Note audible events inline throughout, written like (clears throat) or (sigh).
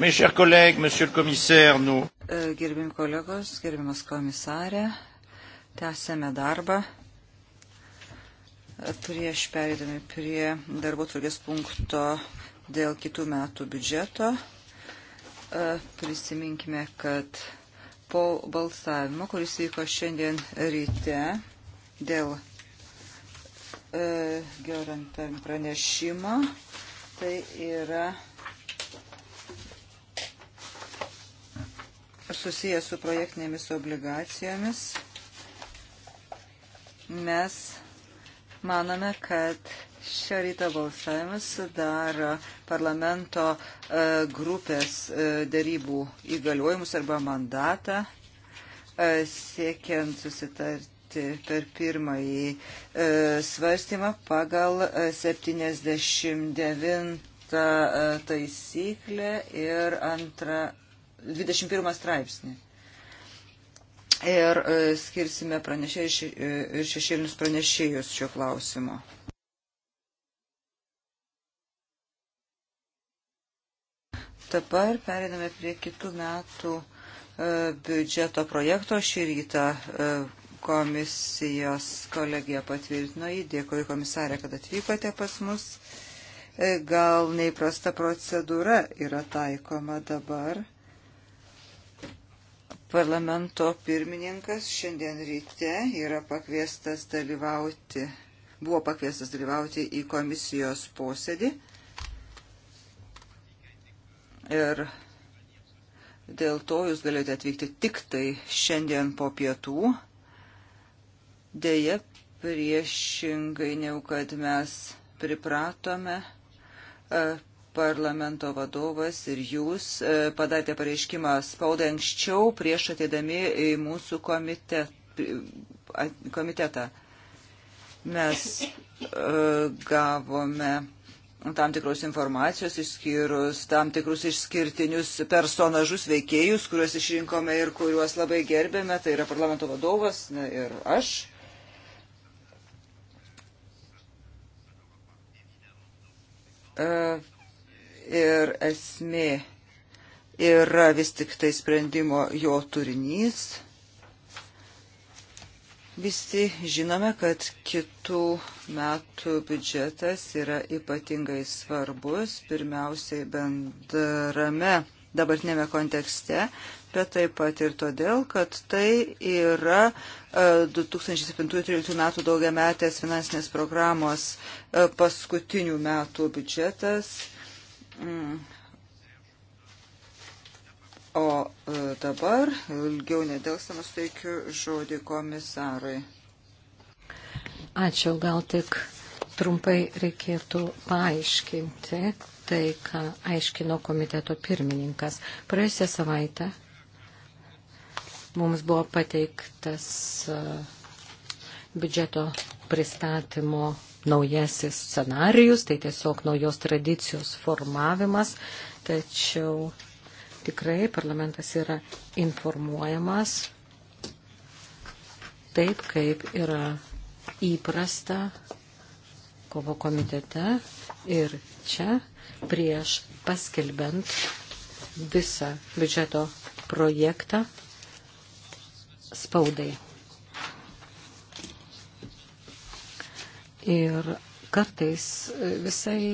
Mes chers collègues, monsieur le commissaire, nous. E, Gerbim kolegos, gerbimas komisarė, tęsėme darbą. E, prieš perėdami prie darbo tvarkės punkto dėl kitų metų biudžeto, e, prisiminkime, kad po balsavimo, kuris vyko šiandien ryte dėl e, gerantą pranešimą, tai yra susijęs su projektinėmis obligacijomis, mes manome, kad šią rytą balsavimas sudaro parlamento e, grupės e, darybų įgaliojimus arba mandatą e, siekiant susitarti priimti per pirmąjį svarstymą pagal 79 taisyklę ir antrą 21 straipsnį. Ir e, skirsime pranešėjus e, ir šešėlinius pranešėjus šio klausimo. Dabar periname prie kitų metų e, biudžeto projekto. Šį rytą komisijos kolegija patvirtino jį. Dėkoju komisarė, kad atvykote pas mus. Gal neįprasta procedūra yra taikoma dabar. Parlamento pirmininkas šiandien ryte yra pakviestas dalyvauti, buvo pakviestas dalyvauti į komisijos posėdį. Ir dėl to jūs galite atvykti tik tai šiandien po pietų. Deja, priešingai negu kad mes pripratome, parlamento vadovas ir jūs e, padatė pareiškimą spaudai anksčiau prieš ateidami į mūsų komitet, komitetą. Mes e, gavome tam tikros informacijos išskyrus, tam tikrus išskirtinius personažus veikėjus, kuriuos išrinkome ir kuriuos labai gerbėme, tai yra parlamento vadovas na, ir aš. E, ir esmė yra vis tik tai sprendimo jo turinys. Visi žinome, kad kitų metų biudžetas yra ypatingai svarbus, pirmiausiai bendrame dabartinėme kontekste, bet taip pat ir todėl, kad tai yra 2007-2013 e, metų daugiametės finansinės programos e, paskutinių metų biudžetas O e, dabar ilgiau nedėlstamas teikiu žodį komisarui. Ačiū, gal tik trumpai reikėtų paaiškinti tai, ką aiškino komiteto pirmininkas. Praėjusią savaitę mums buvo pateiktas e, biudžeto pristatymo naujasis scenarius, tai tiesiog naujos tradicijos formavimas, tačiau tikrai parlamentas yra informuojamas taip, kaip yra įprasta kovo komitete ir čia prieš paskelbent visą biudžeto projektą spaudai. Ir kartais e, visai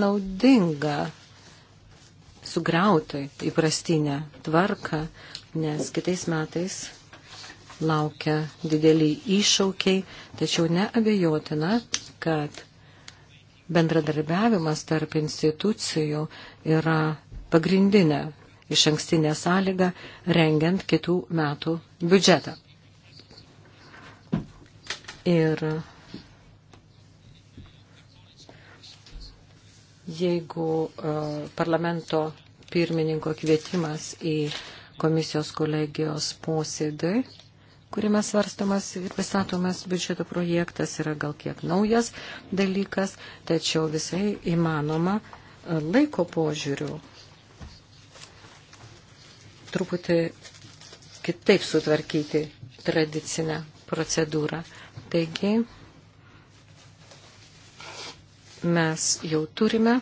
naudinga sugriauti įprastinę tvarką, nes kitais metais laukia dideliai iššaukiai, tačiau neabejotina, kad bendradarbiavimas tarp institucijų yra pagrindinė iš ankstinė sąlyga rengiant kitų metų biudžetą. Ir jeigu e, parlamento pirmininko kvietimas į komisijos kolegijos posėdį, kuriame svarstamas ir pristatomas biudžeto projektas, yra gal kiek naujas dalykas, tačiau visai įmanoma e, laiko požiūrių truputį kitaip sutvarkyti tradicinę procedūrą. Taigi, mes jau turime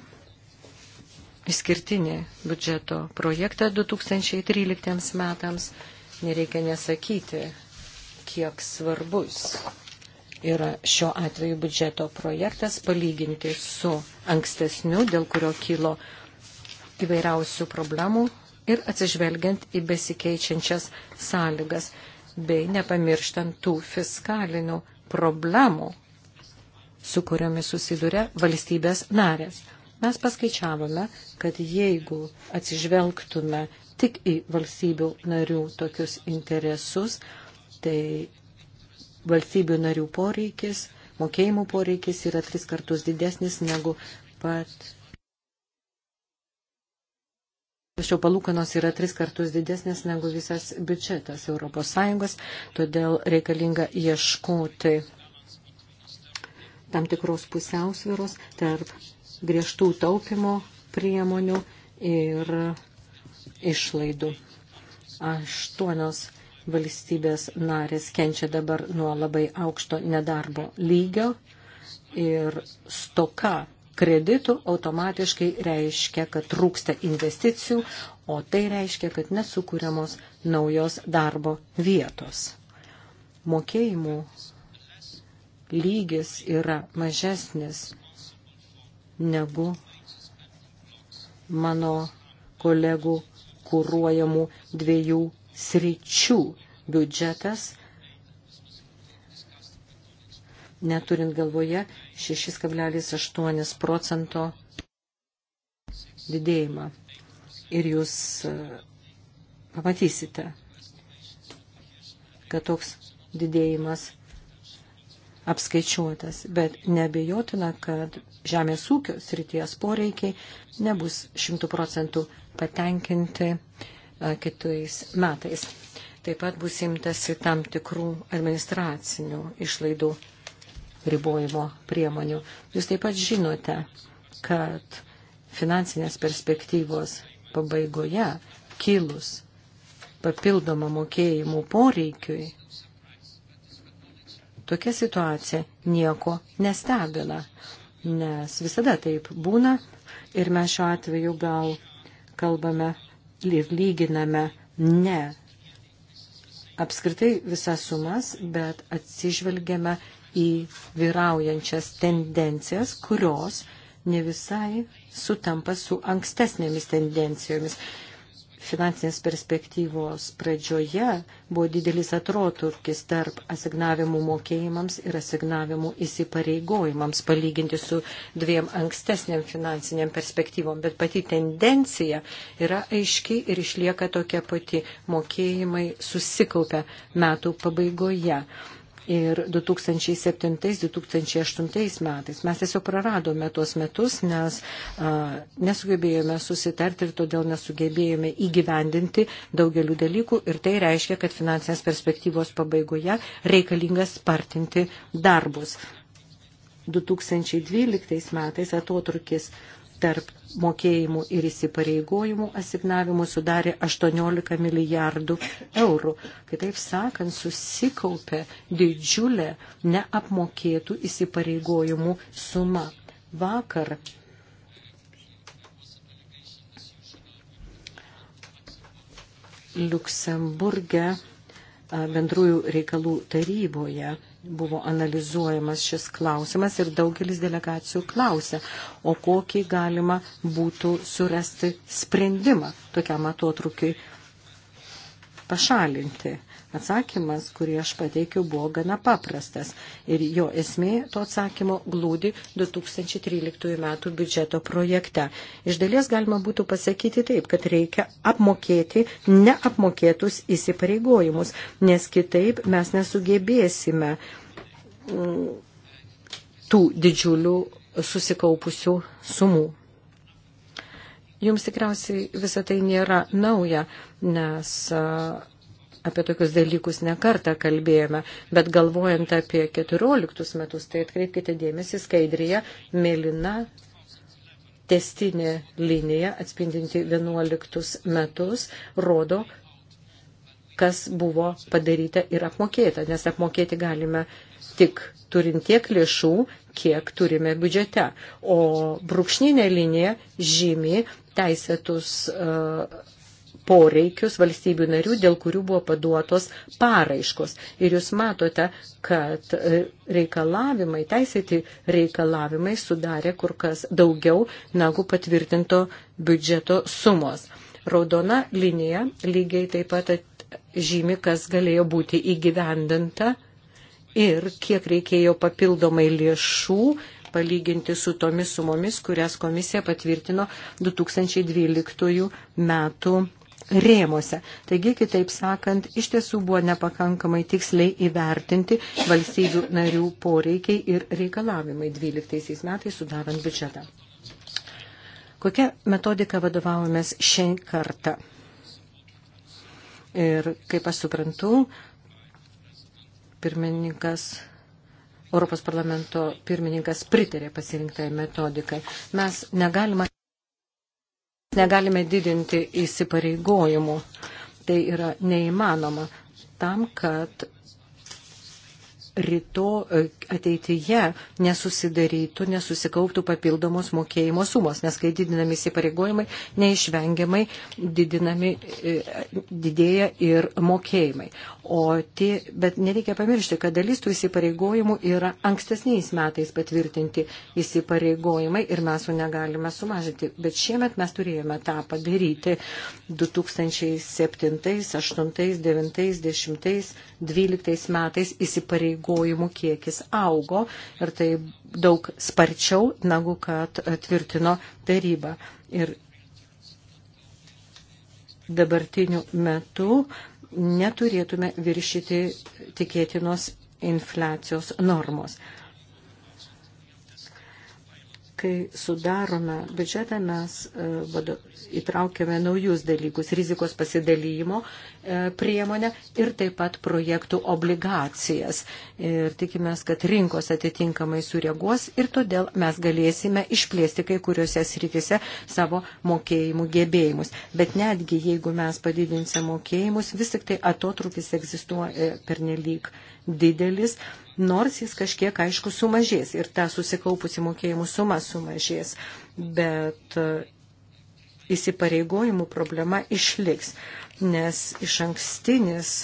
išskirtinį biudžeto projektą 2013 metams. Nereikia nesakyti, kiek svarbus yra šiuo atveju biudžeto projektas palyginti su ankstesniu, dėl kurio kilo įvairiausių problemų ir atsižvelgiant į besikeičiančias sąlygas, bei nepamirštant tų fiskalinių problemų, su kuriomis susiduria valstybės narės. Mes paskaičiavome, kad jeigu atsižvelgtume tik į valstybių narių tokius interesus, tai valstybių narių poreikis, mokėjimų poreikis yra tris kartus didesnis negu pat. Tačiau palūkanos yra tris kartus didesnės negu visas biudžetas ES, todėl reikalinga ieškoti tam tikros pusiausviros tarp griežtų taupimo priemonių ir išlaidų. Aštuonios valstybės narės kenčia dabar nuo labai aukšto nedarbo lygio ir stoka kreditų automatiškai reiškia, kad trūksta investicijų, o tai reiškia, kad nesukūriamos naujos darbo vietos. Mokėjimų lygis yra mažesnis negu mano kolegų kūruojamų dviejų sričių biudžetas, neturint galvoje 6,8 procento didėjimą. Ir jūs e, pamatysite, kad toks didėjimas apskaičiuotas, bet nebejotina, kad žemės ūkio srities poreikiai nebus šimtų procentų patenkinti kitais metais. Taip pat bus imtasi tam tikrų administracinių išlaidų ribojimo priemonių. Jūs taip pat žinote, kad finansinės perspektyvos pabaigoje kilus papildomą mokėjimų poreikiui Tokia situacija nieko nestebina, nes visada taip būna ir mes šiuo atveju gal kalbame ir lyginame ne apskritai visas sumas, bet atsižvelgiame į vyraujančias tendencijas, kurios ne visai sutampa su ankstesnėmis tendencijomis finansinės perspektyvos pradžioje buvo didelis atroturkis tarp asignavimų mokėjimams ir asignavimų įsipareigojimams, palyginti su dviem ankstesniam finansiniam perspektyvom, bet pati tendencija yra aiški ir išlieka tokia pati. Mokėjimai susikaupia metų pabaigoje ir 2007-2008 metais. Mes tiesiog praradome tuos metus, nes a, nesugebėjome susitarti ir todėl nesugebėjome įgyvendinti daugelių dalykų ir tai reiškia, kad finansinės perspektyvos pabaigoje reikalingas spartinti darbus. 2012 metais atotrukis tarp mokėjimų ir įsipareigojimų asignavimų sudarė 18 milijardų eurų. Kitaip sakant, susikaupė didžiulė neapmokėtų įsipareigojimų suma. Vakar Luksemburge bendrųjų reikalų taryboje buvo analizuojamas šis klausimas ir daugelis delegacijų klausė, o kokį galima būtų surasti sprendimą tokiam atotrukiai pašalinti. Atsakymas, kurį aš pateikiau, buvo gana paprastas ir jo esmė to atsakymo glūdi 2013 metų biudžeto projekte. Iš dalies galima būtų pasakyti taip, kad reikia apmokėti neapmokėtus įsipareigojimus, nes kitaip mes nesugebėsime mm, tų didžiulių susikaupusių sumų. Jums tikriausiai visą tai nėra nauja, nes apie tokius dalykus nekartą kalbėjome, bet galvojant apie 14 metus, tai atkreipkite dėmesį skaidrėje mėlyna testinė linija atspindinti 11 metus rodo, kas buvo padaryta ir apmokėta, nes apmokėti galime tik turint tiek lėšų, kiek turime biudžete. O brūkšninė linija žymi teisėtus uh, poreikius valstybių narių, dėl kurių buvo paduotos paraiškos. Ir jūs matote, kad e, reikalavimai, teisėti reikalavimai sudarė kur kas daugiau negu patvirtinto biudžeto sumos. Raudona linija lygiai taip pat žymi, kas galėjo būti įgyvendinta ir kiek reikėjo papildomai lėšų palyginti su tomis sumomis, kurias komisija patvirtino 2012 metų rėmose. Taigi, kitaip sakant, iš tiesų buvo nepakankamai tiksliai įvertinti valstybių narių poreikiai ir reikalavimai 12 metais sudarant biudžetą. Kokia metodika vadovavomės šį kartą? Ir kaip aš suprantu, pirmininkas Europos parlamento pirmininkas pritarė pasirinktai metodikai. Mes negalime Negalime didinti įsipareigojimų. Tai yra neįmanoma tam, kad ryto e, ateityje nesusidarytų, nesusikauptų papildomos mokėjimo sumos, nes kai didinami įsipareigojimai, neišvengiamai didinami, e, didėja ir mokėjimai. O tie, bet nereikia pamiršti, kad dalis tų įsipareigojimų yra ankstesniais metais patvirtinti įsipareigojimai ir mes jų negalime sumažinti. Bet šiemet mes turėjome tą padaryti 2007, 2008, 2009, 2010, 2012 metais įsipareigojimai įsipareigojimų kiekis augo ir tai daug sparčiau, negu kad tvirtino taryba. Ir dabartiniu metu neturėtume viršyti tikėtinos infliacijos normos kai sudarome biudžetą, mes e, įtraukiame naujus dalykus - rizikos pasidalymo e, priemonę ir taip pat projektų obligacijas. Ir tikimės, kad rinkos atitinkamai sureaguos ir todėl mes galėsime išplėsti kai kuriuose srityse savo mokėjimų gebėjimus. Bet netgi jeigu mes padidinsime mokėjimus, vis tik tai atotrukis egzistuoja e, pernelyg didelis nors jis kažkiek, aišku, sumažės ir ta susikaupusi mokėjimų suma sumažės, bet e, įsipareigojimų problema išliks, nes iš ankstinis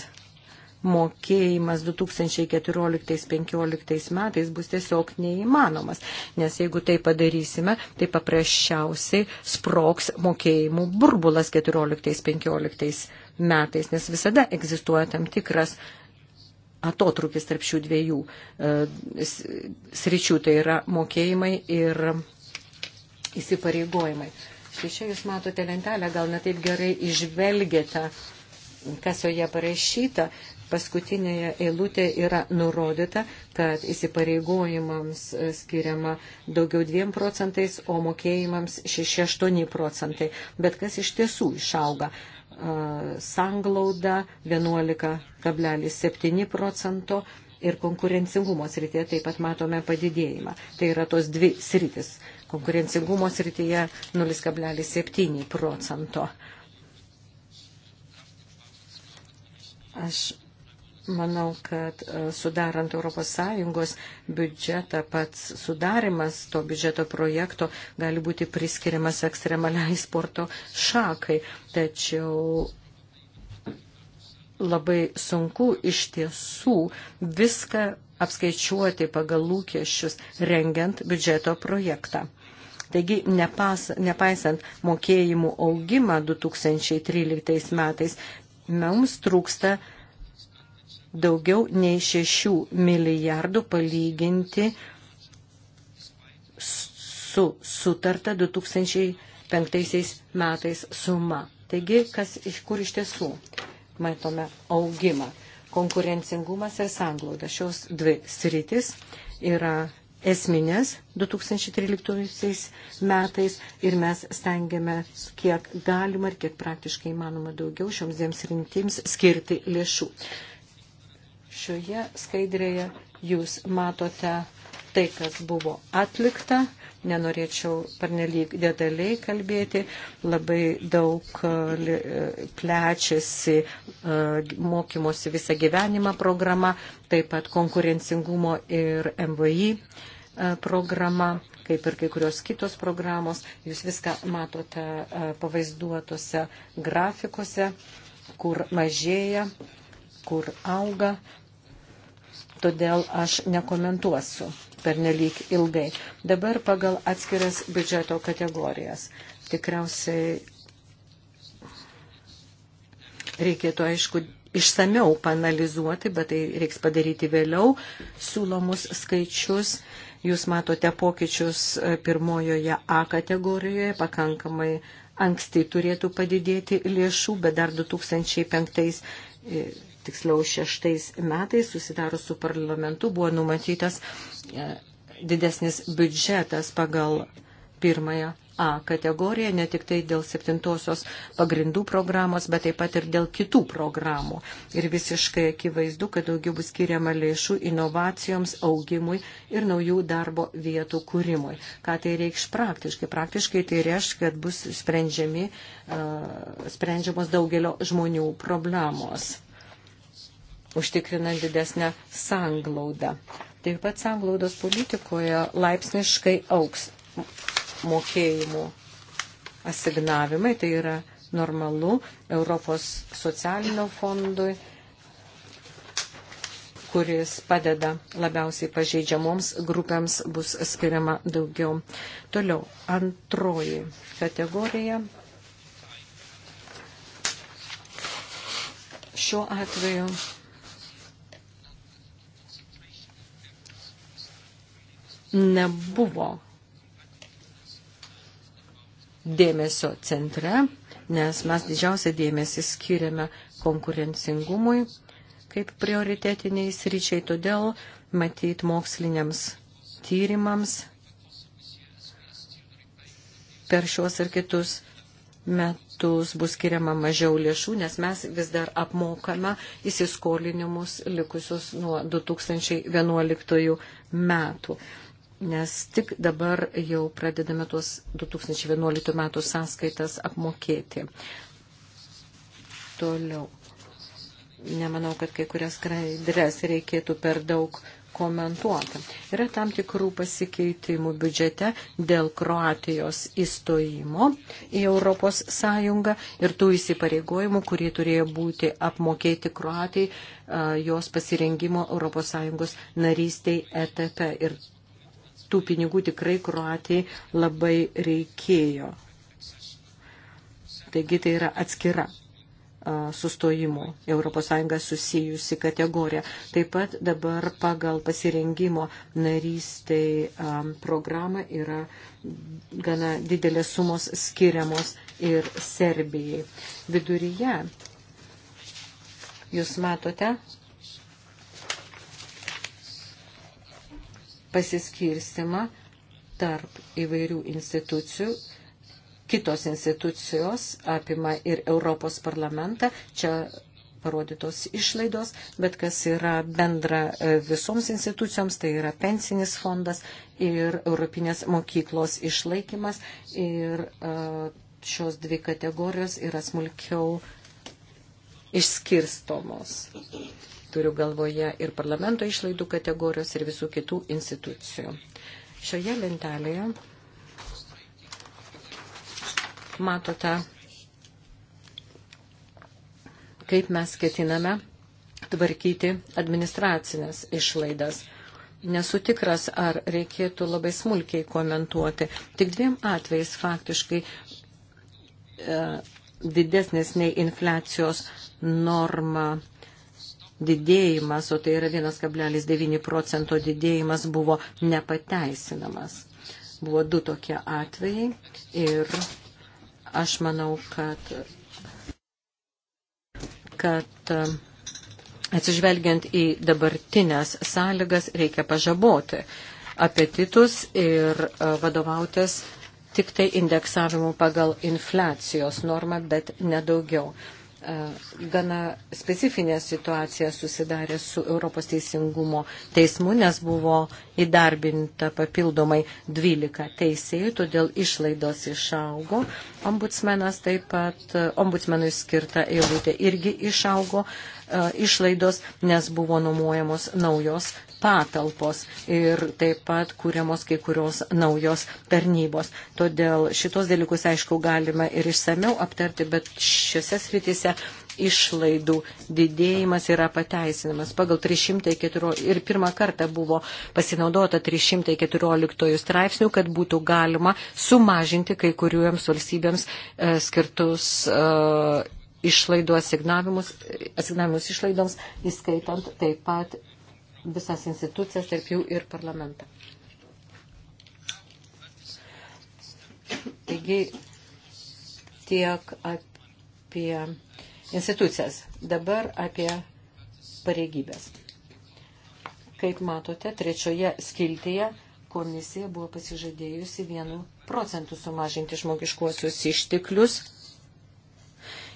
mokėjimas 2014-2015 metais bus tiesiog neįmanomas, nes jeigu tai padarysime, tai paprasčiausiai sproks mokėjimų burbulas 2014-2015 metais, nes visada egzistuoja tam tikras atotrukis tarp šių dviejų e, sričių, tai yra mokėjimai ir įsipareigojimai. Štai čia jūs matote lentelę, gal netaip gerai išvelgėte, kas joje parašyta. Paskutinėje eilutė yra nurodyta, kad įsipareigojimams e, skiriama daugiau 2 procentais, o mokėjimams 6-8 procentai. Bet kas iš tiesų išauga? sanglauda 11,7 procento ir konkurencingumo srityje taip pat matome padidėjimą. Tai yra tos dvi sritis. Konkurencingumo srityje 0,7 procento. Aš Manau, kad e, sudarant ES biudžetą pats sudarimas to biudžeto projekto gali būti priskiriamas ekstremaliai sporto šakai. Tačiau labai sunku iš tiesų viską apskaičiuoti pagal lūkesčius, rengiant biudžeto projektą. Taigi, nepas, nepaisant mokėjimų augimą 2013 metais, mums trūksta daugiau nei 6 milijardų palyginti su sutarta 2005 metais suma. Taigi, kas, iš kur iš tiesų matome augimą. Konkurencingumas ir sanglauda. Šios dvi sritis yra esminės 2013 metais ir mes stengiame kiek galima ir kiek praktiškai įmanoma daugiau šioms dviems rintims skirti lėšų. Šioje skaidrėje jūs matote tai, kas buvo atlikta. Nenorėčiau pernelyg detaliai kalbėti. Labai daug e, e, plečiasi e, mokymosi visą gyvenimą programa, taip pat konkurencingumo ir MVI programa, kaip ir kai kurios kitos programos. Jūs viską matote pavaizduotose grafikuose, kur mažėja, kur auga todėl aš nekomentuosiu per nelik ilgai. Dabar pagal atskiras biudžeto kategorijas. Tikriausiai reikėtų, aišku, išsameu panalizuoti, bet tai reiks padaryti vėliau, siūlomus skaičius. Jūs matote pokyčius e, pirmojoje A kategorijoje, pakankamai anksti turėtų padidėti lėšų, bet dar 2005 tiksliau šeštais metais susidarus su parlamentu buvo numatytas e, didesnis biudžetas pagal pirmąją A kategoriją, ne tik tai dėl septintosios pagrindų programos, bet taip pat ir dėl kitų programų. Ir visiškai akivaizdu, kad daugiau bus skiriama lėšų inovacijoms, augimui ir naujų darbo vietų kūrimui. Ką tai reikš praktiškai? Praktiškai tai reiškia, kad bus sprendžiami, uh, sprendžiamos daugelio žmonių problemos užtikrinant didesnę sanglaudą. Taip pat sanglaudos politikoje laipsniškai auks mokėjimų asignavimai, tai yra normalu Europos socialinio fondui, kuris padeda labiausiai pažeidžiamoms grupėms bus skiriama daugiau. Toliau, antroji kategorija. Šiuo atveju nebuvo dėmesio centre, nes mes didžiausią dėmesį skiriame konkurencingumui kaip prioritetiniai sryčiai, todėl matyt moksliniams tyrimams per šios ir kitus metus bus skiriama mažiau lėšų, nes mes vis dar apmokame įsiskolinimus likusius nuo 2011 metų nes tik dabar jau pradedame tuos 2011 metų sąskaitas apmokėti. Toliau. Nemanau, kad kai kurias skraidrės reikėtų per daug komentuota. Yra tam tikrų pasikeitimų biudžete dėl Kroatijos įstojimo į Europos Sąjungą ir tų įsipareigojimų, kurie turėjo būti apmokėti Kroatijai jos pasirengimo Europos Sąjungos narystiai etape. Ir tų pinigų tikrai Kroatijai labai reikėjo. Taigi tai yra atskira sustojimu ES susijusi kategorija. Taip pat dabar pagal pasirengimo narystai programą yra gana didelės sumos skiriamos ir Serbijai. Viduryje jūs matote pasiskirstimą tarp įvairių institucijų. Kitos institucijos apima ir Europos parlamentą. Čia parodytos išlaidos, bet kas yra bendra e, visoms institucijoms, tai yra pensinis fondas ir Europinės mokyklos išlaikymas. Ir e, šios dvi kategorijos yra smulkiau išskirstomos turiu galvoje ir parlamento išlaidų kategorijos ir visų kitų institucijų. Šioje lentelėje matote, kaip mes ketiname tvarkyti administracinės išlaidas. Nesu tikras, ar reikėtų labai smulkiai komentuoti. Tik dviem atvejais faktiškai e, didesnis nei infliacijos norma didėjimas, o tai yra 1,9 procento didėjimas, buvo nepateisinamas. Buvo du tokie atvejai ir aš manau, kad, kad um, atsižvelgiant į dabartinės sąlygas reikia pažaboti apetitus ir uh, vadovautis tik tai indeksavimu pagal infliacijos normą, bet nedaugiau. E, gana specifinė situacija susidarė su Europos teisingumo teismu, nes buvo įdarbinta papildomai 12 teisėjų, todėl išlaidos išaugo. Ombudsmenas taip pat, ombudsmenui skirta eilutė irgi išaugo. E, išlaidos, nes buvo nuomojamos naujos patalpos ir taip pat kūriamos kai kurios naujos tarnybos. Todėl šitos dalykus, aišku, galima ir išsameu aptarti, bet šiuose sritise išlaidų didėjimas yra pateisinamas. Pagal 314 ir pirmą kartą buvo pasinaudota 314 straipsnių, kad būtų galima sumažinti kai kuriuoms valstybėms e, skirtus e, išlaidų asignavimus, asignavimus išlaidoms, įskaitant taip pat visas institucijas, tarp jų ir parlamentą. Taigi tiek apie institucijas, dabar apie pareigybės. Kaip matote, trečioje skiltyje komisija buvo pasižadėjusi vienu procentu sumažinti žmogiškuosius išteklius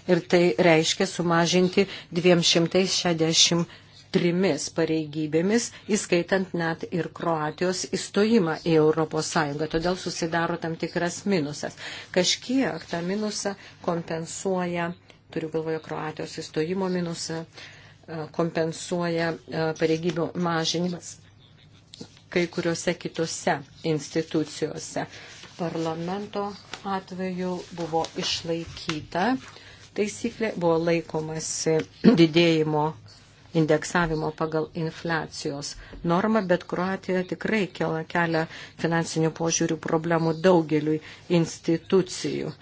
ir tai reiškia sumažinti 263 pareigybėmis, įskaitant net ir Kroatijos įstojimą į Europos Sąjungą. Todėl susidaro tam tikras minusas. Kažkiek tą minusą kompensuoja, turiu galvoje Kroatijos įstojimo minusą, e, kompensuoja e, pareigybių mažinimas kai kuriuose kitose institucijose. Parlamento atveju buvo išlaikyta uh, taisyklė buvo laikomasi (clears throat) didėjimo indeksavimo pagal infliacijos normą, bet Kroatija tikrai kelia, kelia finansinių požiūrių problemų daugeliui institucijų.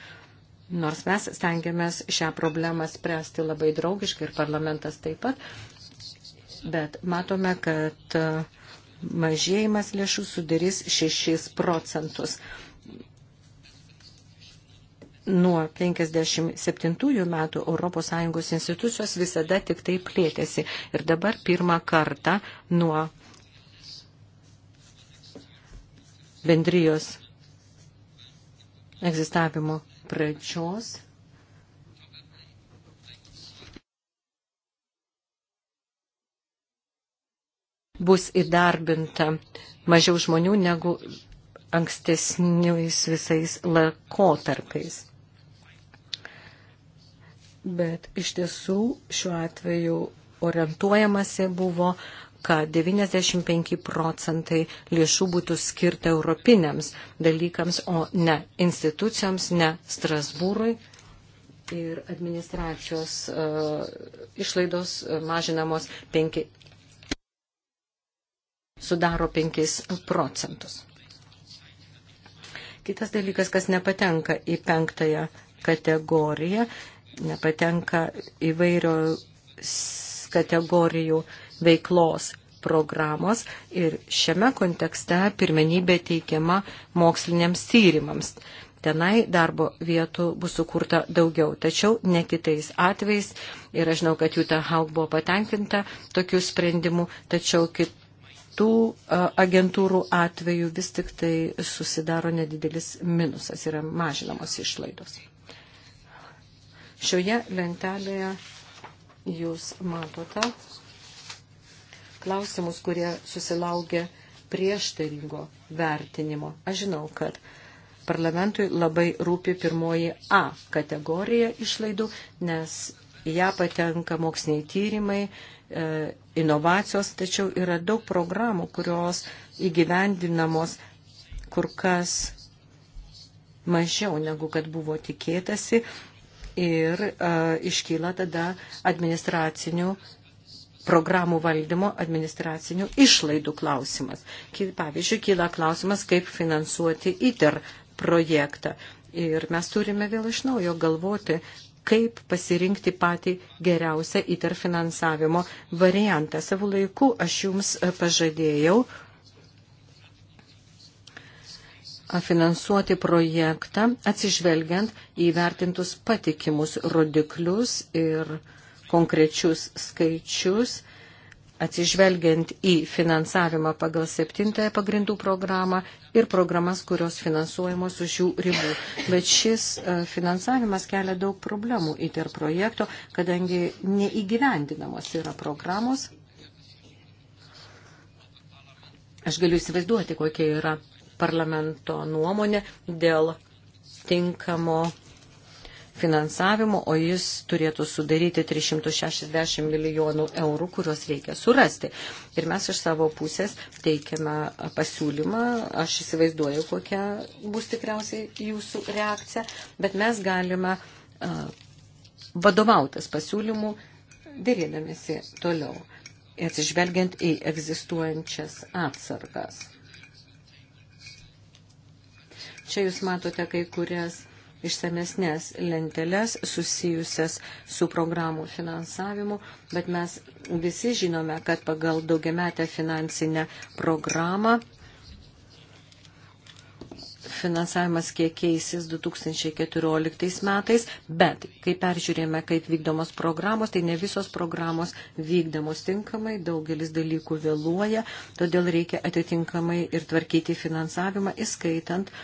Nors mes stengiamės šią problemą spręsti labai draugiškai ir parlamentas taip pat, bet matome, kad uh, mažėjimas lėšų sudarys 6 procentus nuo 57 metų ES institucijos visada tik tai plėtėsi. Ir dabar pirmą kartą nuo bendrijos egzistavimo pradžios bus įdarbinta mažiau žmonių negu ankstesniais visais laikotarpiais bet iš tiesų šiuo atveju orientuojamasi buvo, kad 95 procentai lėšų būtų skirta europiniams dalykams, o ne institucijoms, ne Strasbūrui. Ir administracijos uh, išlaidos mažinamos 5, sudaro 5 procentus. Kitas dalykas, kas nepatenka į penktąją kategoriją, uh, nepatenka įvairios kategorijų veiklos programos ir šiame kontekste pirmenybė teikiama moksliniams tyrimams. Tenai darbo vietų bus sukurta daugiau, tačiau ne kitais atvejais. Ir aš žinau, kad Jūta Haug buvo patenkinta tokių sprendimų, tačiau kitų agentūrų atveju vis tik tai susidaro nedidelis minusas, yra mažinamos išlaidos. Šioje lentelėje jūs matote klausimus, kurie susilaukė prieštaringo vertinimo. Aš žinau, kad parlamentui labai rūpi pirmoji A kategorija išlaidų, nes į ją patenka moksliniai tyrimai, e, inovacijos, tačiau yra daug programų, kurios įgyvendinamos kur kas mažiau negu kad buvo tikėtasi ir uh, iškyla tada administracinių programų valdymo administracinių išlaidų klausimas. Pavyzdžiui, kyla klausimas, kaip finansuoti ITER projektą. Ir mes turime vėl iš naujo galvoti, kaip pasirinkti patį geriausią įterfinansavimo variantą. Savo laiku aš jums e, pažadėjau finansuoti projektą atsižvelgiant į vertintus patikimus rodiklius ir konkrečius skaičius, atsižvelgiant į finansavimą pagal septintąją pagrindų programą ir programas, kurios finansuojamos už jų ribų. Bet šis e, finansavimas kelia daug problemų įter projekto, kadangi neįgyvendinamos yra programos. Aš galiu įsivaizduoti, kokia yra parlamento nuomonę dėl tinkamo finansavimo, o jis turėtų sudaryti 360 milijonų eurų, kuriuos reikia surasti. Ir mes iš savo pusės teikiame pasiūlymą, aš įsivaizduoju, kokia bus tikriausiai jūsų reakcija, bet mes galime vadovautas pasiūlymų dėrėdamėsi toliau, atsižvelgiant į egzistuojančias atsargas. Čia jūs matote kai kurias išsamesnės lenteles susijusias su programų finansavimu, bet mes visi žinome, kad pagal daugiametę finansinę programą finansavimas kiek keisis 2014 metais, bet kai peržiūrėjome, kaip vykdomos programos, tai ne visos programos vykdomos tinkamai, daugelis dalykų vėluoja, todėl reikia atitinkamai ir tvarkyti finansavimą, įskaitant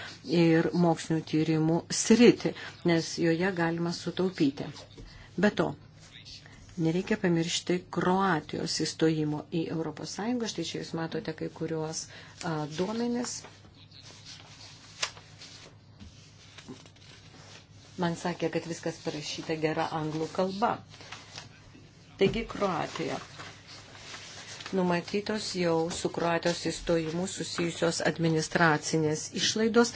ir mokslinių tyrimų sritį, nes joje galima sutaupyti. Be to, Nereikia pamiršti Kroatijos įstojimo į ES. Štai čia jūs matote kai kuriuos a, duomenis. man sakė, kad viskas parašyta gera anglų kalba. Taigi Kroatija. Numatytos jau su Kroatijos įstojimu susijusios administracinės išlaidos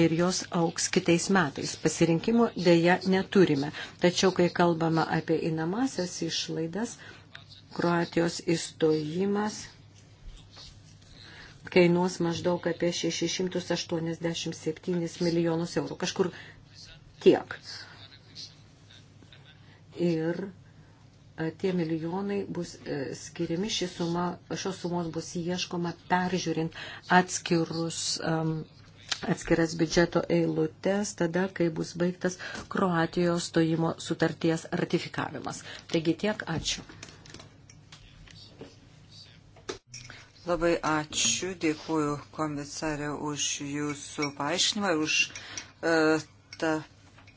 ir jos auks kitais metais. Pasirinkimo dėja neturime. Tačiau, kai kalbama apie įnamasias išlaidas, Kroatijos įstojimas kainuos maždaug apie 687 milijonus eurų. Kažkur tiek. Ir e, tie milijonai bus e, skiriami, ši suma, šios sumos bus ieškoma peržiūrint atskirus, um, atskiras biudžeto eilutes, tada, kai bus baigtas Kroatijos stojimo sutarties ratifikavimas. Taigi tiek, ačiū. Labai ačiū, dėkuoju komisarė už jūsų paaiškinimą ir už uh, tą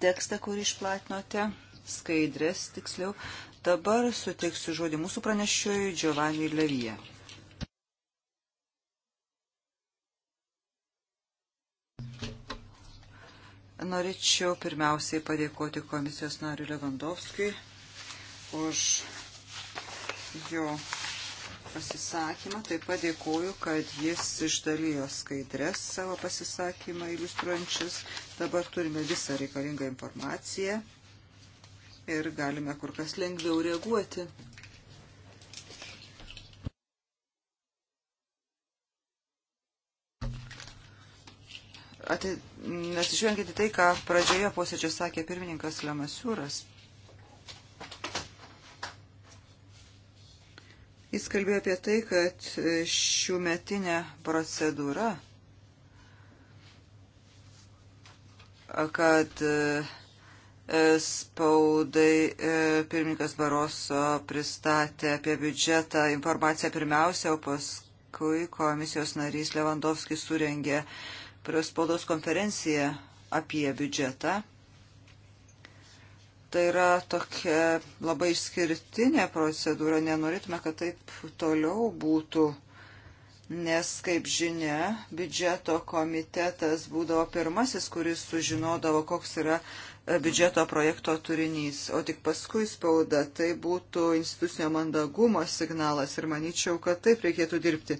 tekstą, kurį išplatinote, skaidrės tiksliau. Dabar suteiksiu žodį mūsų pranešiojui Giovanni Levyje. Norėčiau pirmiausiai padėkoti komisijos nariu Levandovskijui už jo pasisakymą. Taip pat dėkoju, kad jis išdalijo skaidrės savo pasisakymą iliustruojančius. Dabar turime visą reikalingą informaciją ir galime kur kas lengviau reaguoti. Atsižvelgiant į tai, ką pradžioje posėdžio sakė pirmininkas Lemasiūras, Jis kalbėjo apie tai, kad e, šių metinė procedūra, kad e, e, spaudai pirmininkas Baroso pristatė apie biudžetą informaciją pirmiausia, o paskui komisijos narys Levandovskis surengė prieš spaudos konferenciją apie biudžetą Tai yra tokia labai išskirtinė procedūra, nenorėtume, kad taip toliau būtų, nes, kaip žinia, biudžeto komitetas būdavo pirmasis, kuris sužinodavo, koks yra e, biudžeto projekto turinys, o tik paskui spauda, tai būtų institucinio mandagumo signalas ir manyčiau, kad taip reikėtų dirbti.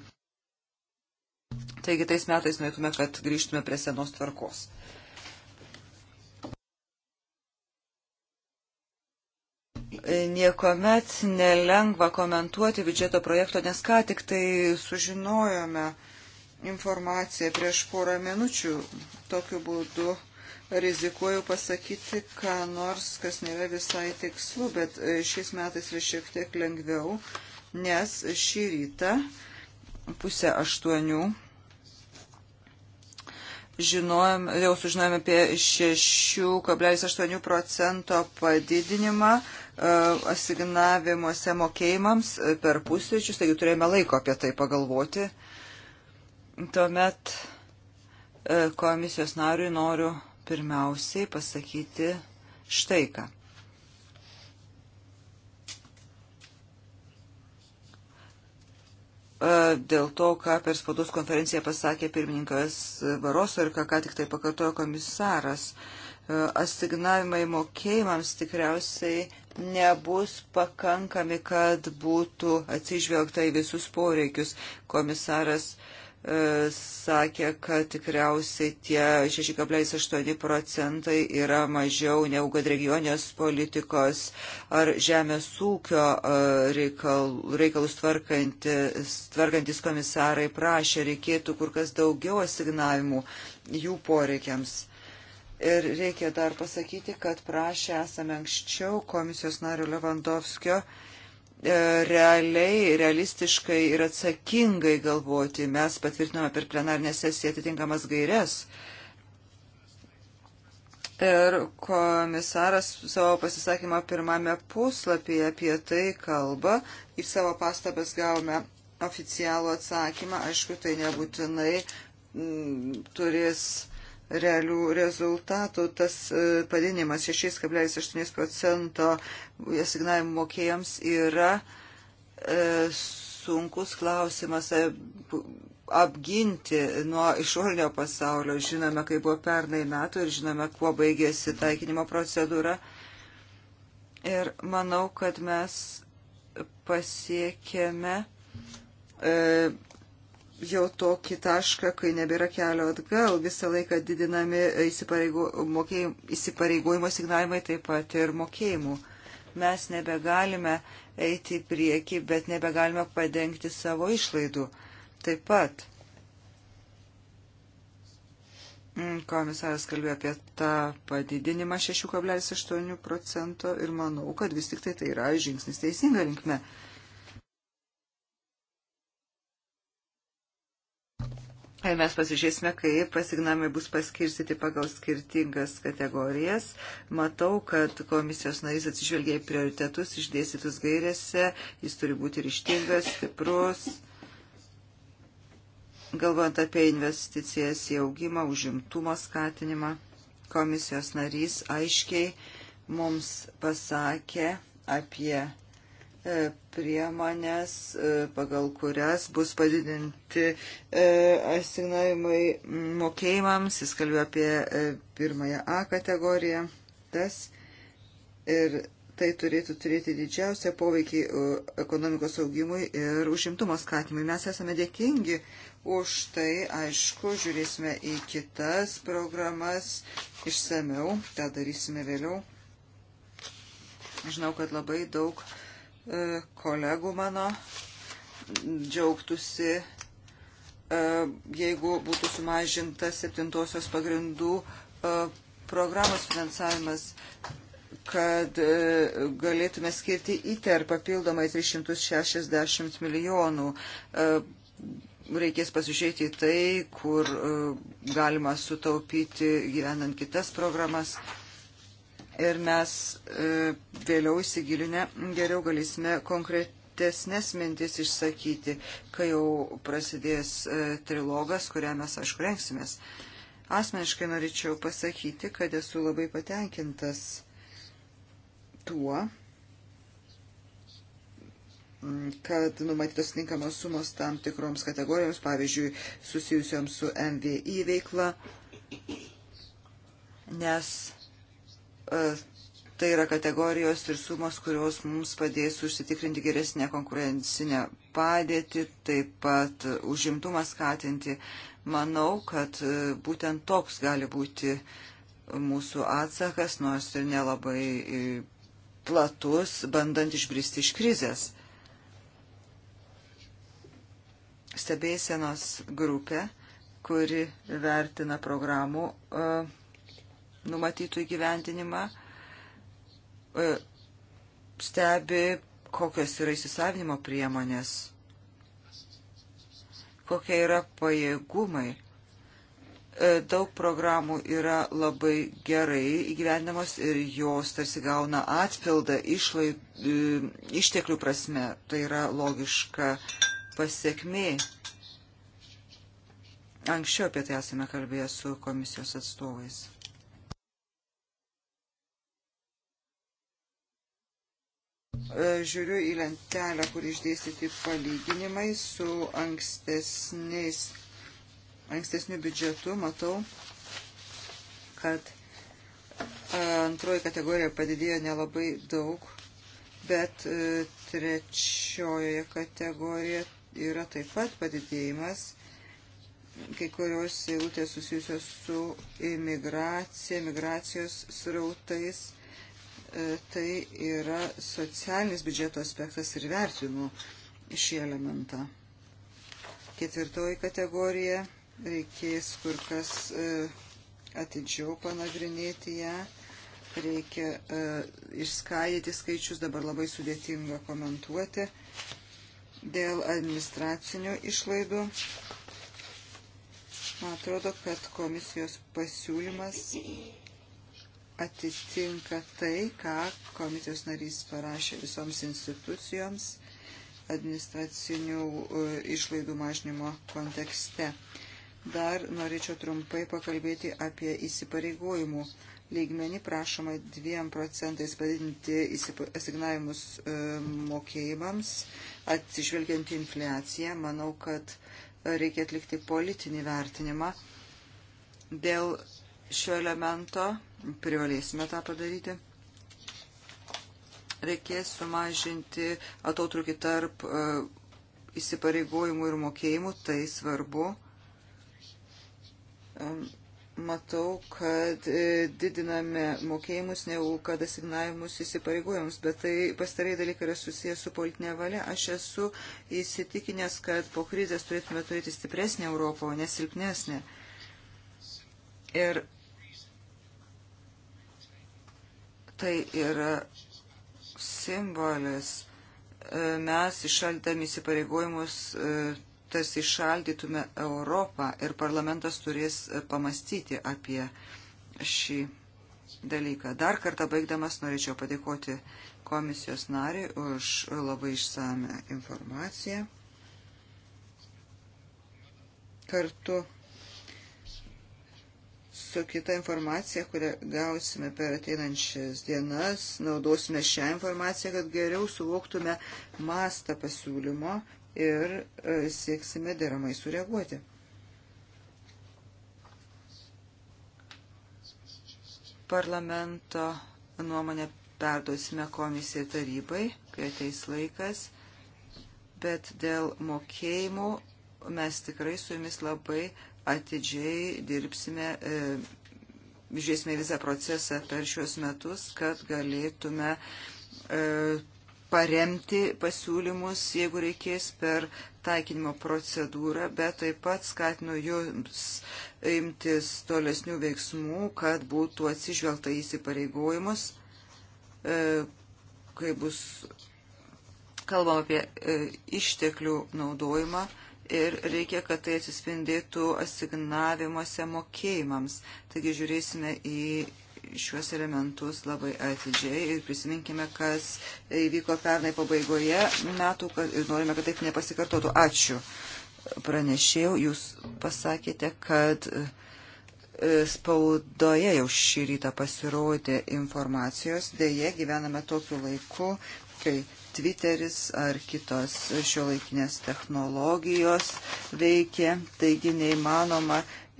Taigi tais metais norėtume, kad grįžtume prie senos tvarkos. Niekuomet nelengva komentuoti biudžeto projekto, nes ką tik tai sužinojome informaciją prieš porą minučių. Tokiu būdu rizikuoju pasakyti, ką nors, kas nėra visai tikslu, bet šiais metais yra šiek tiek lengviau, nes šį rytą pusę aštuonių žinojom, jau sužinojom apie 6,8 procento padidinimą E, asignavimuose mokėjimams e, per pusryčius, taigi turėjome laiko apie tai pagalvoti. Tuomet e, komisijos nariui noriu pirmiausiai pasakyti štai ką. Dėl to, ką per spaudos konferenciją pasakė pirmininkas Baroso ir ką, ką tik tai pakartojo komisaras, asignavimai mokėjimams tikriausiai nebus pakankami, kad būtų atsižvelgta į visus poreikius. Komisaras e, sakė, kad tikriausiai tie 6,8 procentai yra mažiau negu kad regionės politikos ar žemės ūkio e, reikal, reikalus tvarkantis, tvarkantis komisarai prašė, reikėtų kur kas daugiau asignavimų jų poreikiams Ir reikia dar pasakyti, kad prašę esame anksčiau komisijos nario Levandovskio e, realiai, realistiškai ir atsakingai galvoti. Mes patvirtinome per plenarinę sesiją atitinkamas gairias. Ir komisaras savo pasisakymą pirmame puslapyje apie tai kalba. Į savo pastabas gavome oficialų atsakymą. Aišku, tai nebūtinai m, mm, turės realių rezultatų. Tas e, padinimas 6,8 procento asignavimų mokėjams yra e, sunkus klausimas e, apginti nuo išorinio pasaulio. Žinome, kaip buvo pernai metų ir žinome, kuo baigėsi taikinimo procedūra. Ir manau, kad mes pasiekėme jau tokį tašką, kai nebėra kelio atgal, visą laiką didinami įsipareigo, mokėjim, įsipareigojimo signalimai, taip pat ir mokėjimų. Mes nebegalime eiti į priekį, bet nebegalime padengti savo išlaidų. Taip pat mm, komisaras kalbėjo apie tą padidinimą 6,8 procento ir manau, kad vis tik tai tai yra žingsnis teisinga linkme. Ir mes pasižiūrėsime, kaip pasignami bus paskirstyti pagal skirtingas kategorijas. Matau, kad komisijos narys atsižvelgia į prioritetus išdėstytus gairėse. Jis turi būti ryštingas, stiprus. Galvojant apie investicijas į augimą, užimtumo skatinimą, komisijos narys aiškiai mums pasakė apie E, priemonės, e, pagal kurias bus padidinti e, asignavimai mokėjimams. Jis kalbėjo apie pirmąją A kategoriją. Tas ir tai turėtų turėti didžiausią poveikį ekonomikos augimui ir užimtumo skatimui. Mes esame dėkingi už tai, aišku, žiūrėsime į kitas programas išsameu, tą darysime vėliau. Žinau, kad labai daug uh, E, kolegų mano džiaugtųsi, e, jeigu būtų sumažintas septintosios pagrindų e, programos finansavimas, kad galėtume skirti ITER papildomai 360 milijonų reikės pasižiūrėti į tai, kur galima sutaupyti gyvenant kitas programas ir mes e, vėliau įsigilinę geriau galėsime konkretesnės mintis išsakyti, kai jau prasidės e, trilogas, kurią mes aišku rengsimės. Asmeniškai norėčiau pasakyti, kad esu labai patenkintas tuo, kad numatytos tinkamos sumos tam tikroms kategorijoms, pavyzdžiui, susijusioms su MVI veikla, nes E, tai yra kategorijos ir sumos, kurios mums padės užsitikrinti geresnę konkurencinę padėtį, taip pat užimtumą skatinti. Manau, kad e, būtent toks gali būti mūsų atsakas, nors ir nelabai e, platus, bandant išbristi iš krizės. Stebėsenos grupė, kuri vertina programų numatytų įgyvendinimą, e, stebi, kokios yra įsisavinimo priemonės, kokie yra pajėgumai. E, daug programų yra labai gerai įgyvendinamos ir jos tarsi gauna atpildą išlaid, e, išteklių prasme. Tai yra logiška pasiekmė. Anksčiau apie tai esame kalbėję su komisijos atstovais. E, žiūriu į lentelę, kur išdėstyti palyginimai su ankstesniais, ankstesniu biudžetu. Matau, kad e, antroji kategorija padidėjo nelabai daug, bet e, trečiojoje kategorijoje yra taip pat padidėjimas kai kurios eilutės susijusios su imigracija, migracijos srautais E, tai yra socialinis biudžeto aspektas ir vertinu šį elementą. Ketvirtoji kategorija reikės kur kas e, atidžiau panagrinėti ją. Reikia uh, išskaidyti skaičius, dabar labai sudėtinga komentuoti. Dėl administracinių išlaidų, man atrodo, kad komisijos pasiūlymas atitinka tai, ką komisijos narys parašė visoms institucijoms administracinių e, išlaidų mažnymo kontekste. Dar norėčiau trumpai pakalbėti apie įsipareigojimų lygmenį. Prašoma 2 procentais padidinti asignavimus e, mokėjimams, atsižvelgiant į infliaciją. Manau, kad reikia atlikti politinį vertinimą dėl šio elemento privalėsime tą padaryti. Reikės sumažinti atotrukį tarp e, įsipareigojimų ir mokėjimų, tai svarbu. Matau, kad e, didiname mokėjimus negu kad asignavimus įsipareigojimus, bet tai pastarai dalykai yra susijęs su politinė valia. Aš esu įsitikinęs, kad po krizės turėtume turėti stipresnę Europą, o nesilpnesnę. Ir Tai yra simbolis. E, mes išaldami įsipareigojimus e, tarsi išaldytume Europą ir parlamentas turės e, pamastyti apie šį dalyką. Dar kartą baigdamas norėčiau padėkoti komisijos nariai už labai išsame informaciją. Kartu su kita informacija, kurią gausime per ateinančias dienas. Naudosime šią informaciją, kad geriau suvoktume mastą pasiūlymo ir e, sieksime deramai sureaguoti. Parlamento nuomonę perduosime komisijai tarybai, kai ateis laikas, bet dėl mokėjimų mes tikrai su jumis labai atidžiai dirbsime, e, žiūrėsime visą procesą per šiuos metus, kad galėtume e, paremti pasiūlymus, jeigu reikės, per taikinimo procedūrą, bet taip pat skatinu jums imtis tolesnių veiksmų, kad būtų atsižvelgta įsipareigojimus, e, kai bus kalbama apie e, išteklių naudojimą ir reikia, kad tai atsispindėtų asignavimuose mokėjimams. Taigi žiūrėsime į šiuos elementus labai atidžiai ir prisiminkime, kas įvyko pernai pabaigoje metų ir norime, kad taip nepasikartotų. Ačiū. Pranešėjau, jūs pasakėte, kad e, spaudoje jau šį rytą pasirodė informacijos, dėje gyvename tokiu laiku, kai Twitteris ar kitos šiuolaikinės technologijos veikia, taigi neįmanoma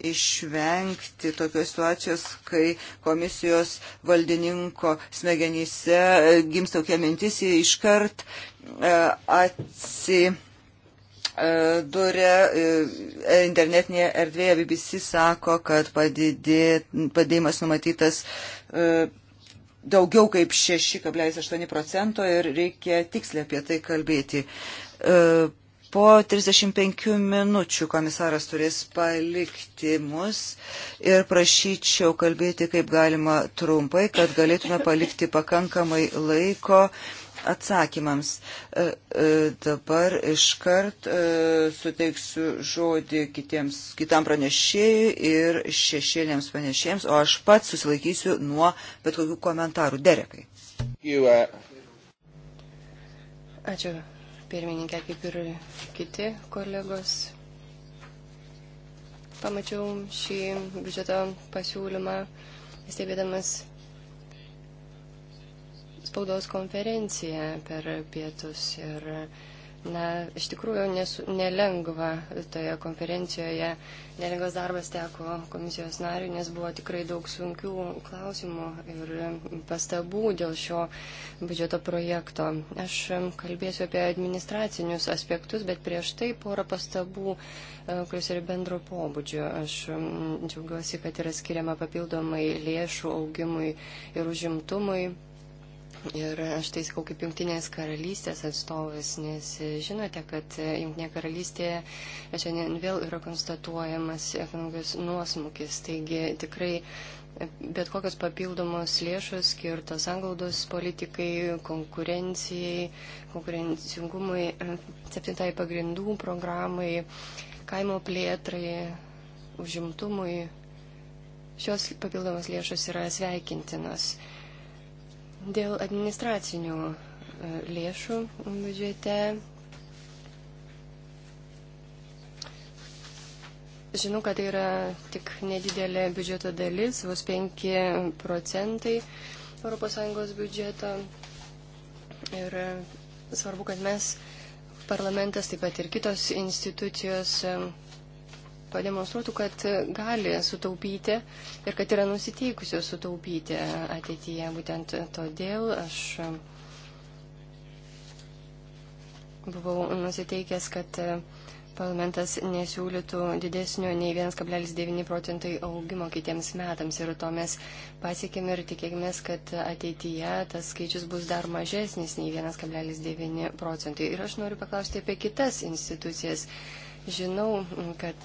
išvengti tokios situacijos, kai komisijos valdininko smegenyse e, gimsta tokia mintis, jie iškart e, atsi e, durė internetinėje erdvėje BBC sako, kad padidė, padėjimas numatytas daugiau kaip 6,8 procento ir reikia tiksliai apie tai kalbėti. E, po 35 minučių komisaras turės palikti mus ir prašyčiau kalbėti kaip galima trumpai, kad galėtume palikti pakankamai laiko atsakymams. E, e, dabar iškart e, suteiksiu žodį kitiems, kitam pranešėjui ir šešėliams pranešėjams, o aš pats susilaikysiu nuo bet kokių komentarų. Derekai. Ačiū, pirmininkė, kaip ir kiti kolegos. Pamačiau šį biudžeto pasiūlymą, stebėdamas spaudos konferenciją per pietus ir Na, iš tikrųjų nesu, nelengva toje konferencijoje, nelengvas darbas teko komisijos nariui, nes buvo tikrai daug sunkių klausimų ir pastabų dėl šio biudžeto projekto. Aš kalbėsiu apie administracinius aspektus, bet prieš tai porą pastabų, e, kurios yra bendro pobūdžio. Aš džiaugiuosi, kad yra skiriama papildomai lėšų augimui ir užimtumui Ir aš tai sakau kaip Junktinės karalystės atstovas, nes žinote, kad Junktinė karalystėje šiandien vėl yra konstatuojamas ekonomikos nuosmukis. Taigi tikrai bet kokios papildomos lėšos skirtos angaudos politikai, konkurencijai, konkurencingumui, septintai pagrindų programai, kaimo plėtrai, užimtumui. Šios papildomos lėšos yra sveikintinos. Dėl administracinių e, lėšų biudžete. Žinau, kad tai yra tik nedidelė biudžeto dalis, vos 5 procentai ES biudžeto. Ir svarbu, kad mes, parlamentas, taip pat ir kitos institucijos pademonstruotų, kad gali sutaupyti ir kad yra nusiteikusios sutaupyti ateityje. Būtent todėl aš buvau nusiteikęs, kad parlamentas nesiūlytų didesnio nei 1,9 procentai augimo kitiems metams ir to mes pasiekime ir tikėkime, kad ateityje tas skaičius bus dar mažesnis nei 1,9 procentai. Ir aš noriu paklausti apie kitas institucijas Žinau, kad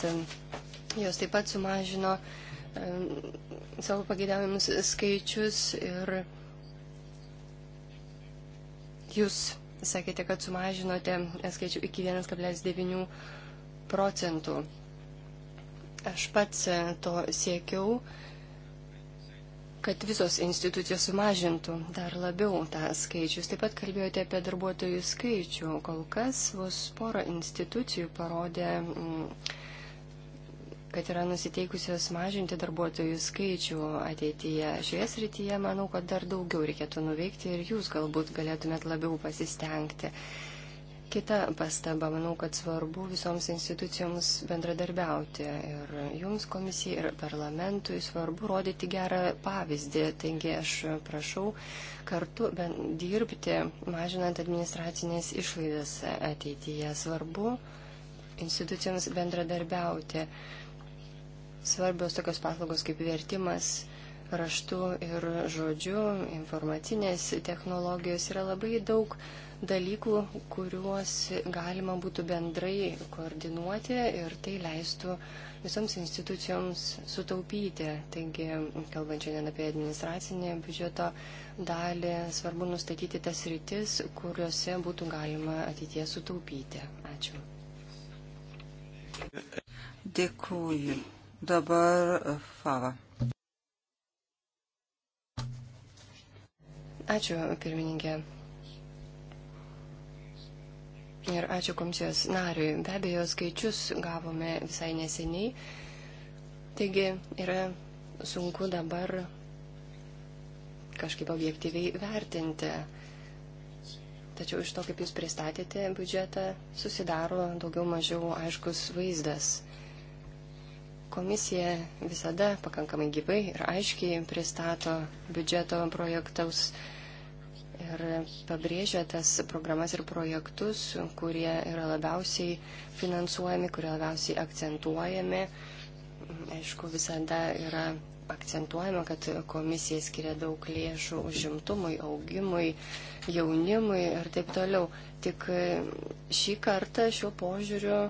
jos taip pat sumažino savo pageidavimus skaičius ir jūs sakėte, kad sumažinote skaičių iki 1,9 procentų. Aš pats e, to siekiau kad visos institucijos sumažintų dar labiau tą skaičių. Jūs taip pat kalbėjote apie darbuotojų skaičių. Kol kas vos pora institucijų parodė, mm, kad yra nusiteikusios mažinti darbuotojų skaičių ateityje. Šioje srityje manau, kad dar daugiau reikėtų nuveikti ir jūs galbūt galėtumėt labiau pasistengti. Kita pastaba, manau, kad svarbu visoms institucijoms bendradarbiauti ir jums komisijai, ir parlamentui svarbu rodyti gerą pavyzdį. Taigi aš prašau kartu dirbti, mažinant administracinės išlaidas ateityje. Svarbu institucijoms bendradarbiauti. Svarbios tokios paslaugos kaip vertimas raštu ir žodžiu, informacinės technologijos yra labai daug dalykų, kuriuos galima būtų bendrai koordinuoti ir tai leistų visoms institucijoms sutaupyti. Taigi, kalbant šiandien apie administracinį biudžeto dalį, svarbu nustatyti tas rytis, kuriuose būtų galima ateitie sutaupyti. Ačiū. Dėkuoju. Dabar e, Fava. Ačiū, pirmininkė. Ir ačiū komisijos nariui. Be abejo, skaičius gavome visai neseniai. Taigi yra sunku dabar kažkaip objektyviai vertinti. Tačiau iš to, kaip jūs pristatėte biudžetą, susidaro daugiau mažiau aiškus vaizdas. Komisija visada pakankamai gyvai ir aiškiai pristato biudžeto projektaus ir pabrėžia tas programas ir projektus, kurie yra labiausiai finansuojami, kurie labiausiai akcentuojami. Aišku, visada yra akcentuojama, kad komisija skiria daug lėšų užimtumui, augimui, jaunimui ir taip toliau. Tik šį kartą šiuo požiūriu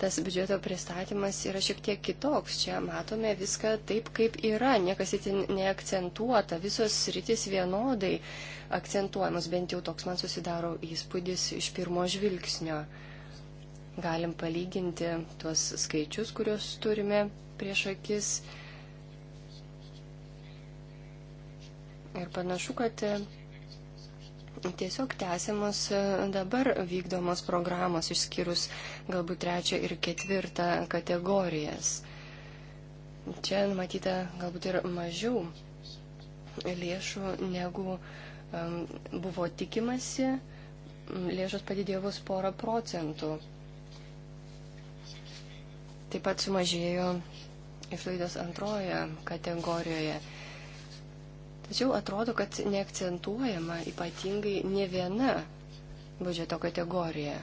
tas biudžeto pristatymas yra šiek tiek kitoks. Čia matome viską taip, kaip yra. Niekas itin neakcentuota. Visos rytis vienodai akcentuojamos. Bent jau toks man susidaro įspūdis iš pirmo žvilgsnio. Galim palyginti tuos skaičius, kuriuos turime prieš akis. Ir panašu, kad e, tiesiog tęsiamos e, dabar vykdomos programos, išskyrus galbūt trečią ir ketvirtą kategorijas. Čia numatyta galbūt ir mažiau lėšų, negu um, buvo tikimasi. Lėšos padidėjo vos porą procentų. Taip pat sumažėjo išlaidos antrojoje kategorijoje. Tačiau atrodo, kad neakcentuojama ypatingai ne viena biudžeto kategorija.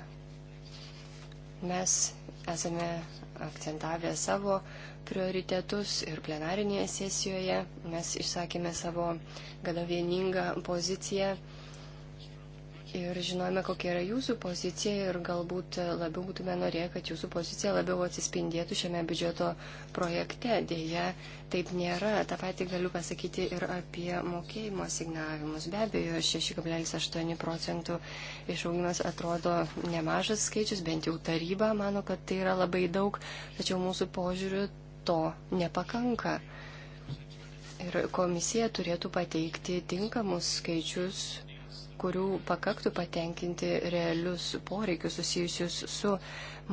Mes esame akcentavę savo prioritetus ir plenarinėje sesijoje mes išsakėme savo gana vieningą poziciją ir žinojame, kokia yra jūsų pozicija ir galbūt labiau būtume norėję, kad jūsų pozicija labiau atsispindėtų šiame biudžeto projekte. Deja, taip nėra. Ta pati galiu pasakyti ir apie mokėjimo signavimus. Be abejo, 6,8 procentų išaugimas atrodo nemažas skaičius, bent jau taryba mano, kad tai yra labai daug, tačiau mūsų požiūriu to nepakanka. Ir komisija turėtų pateikti tinkamus skaičius kurių pakaktų patenkinti realius poreikius susijusius su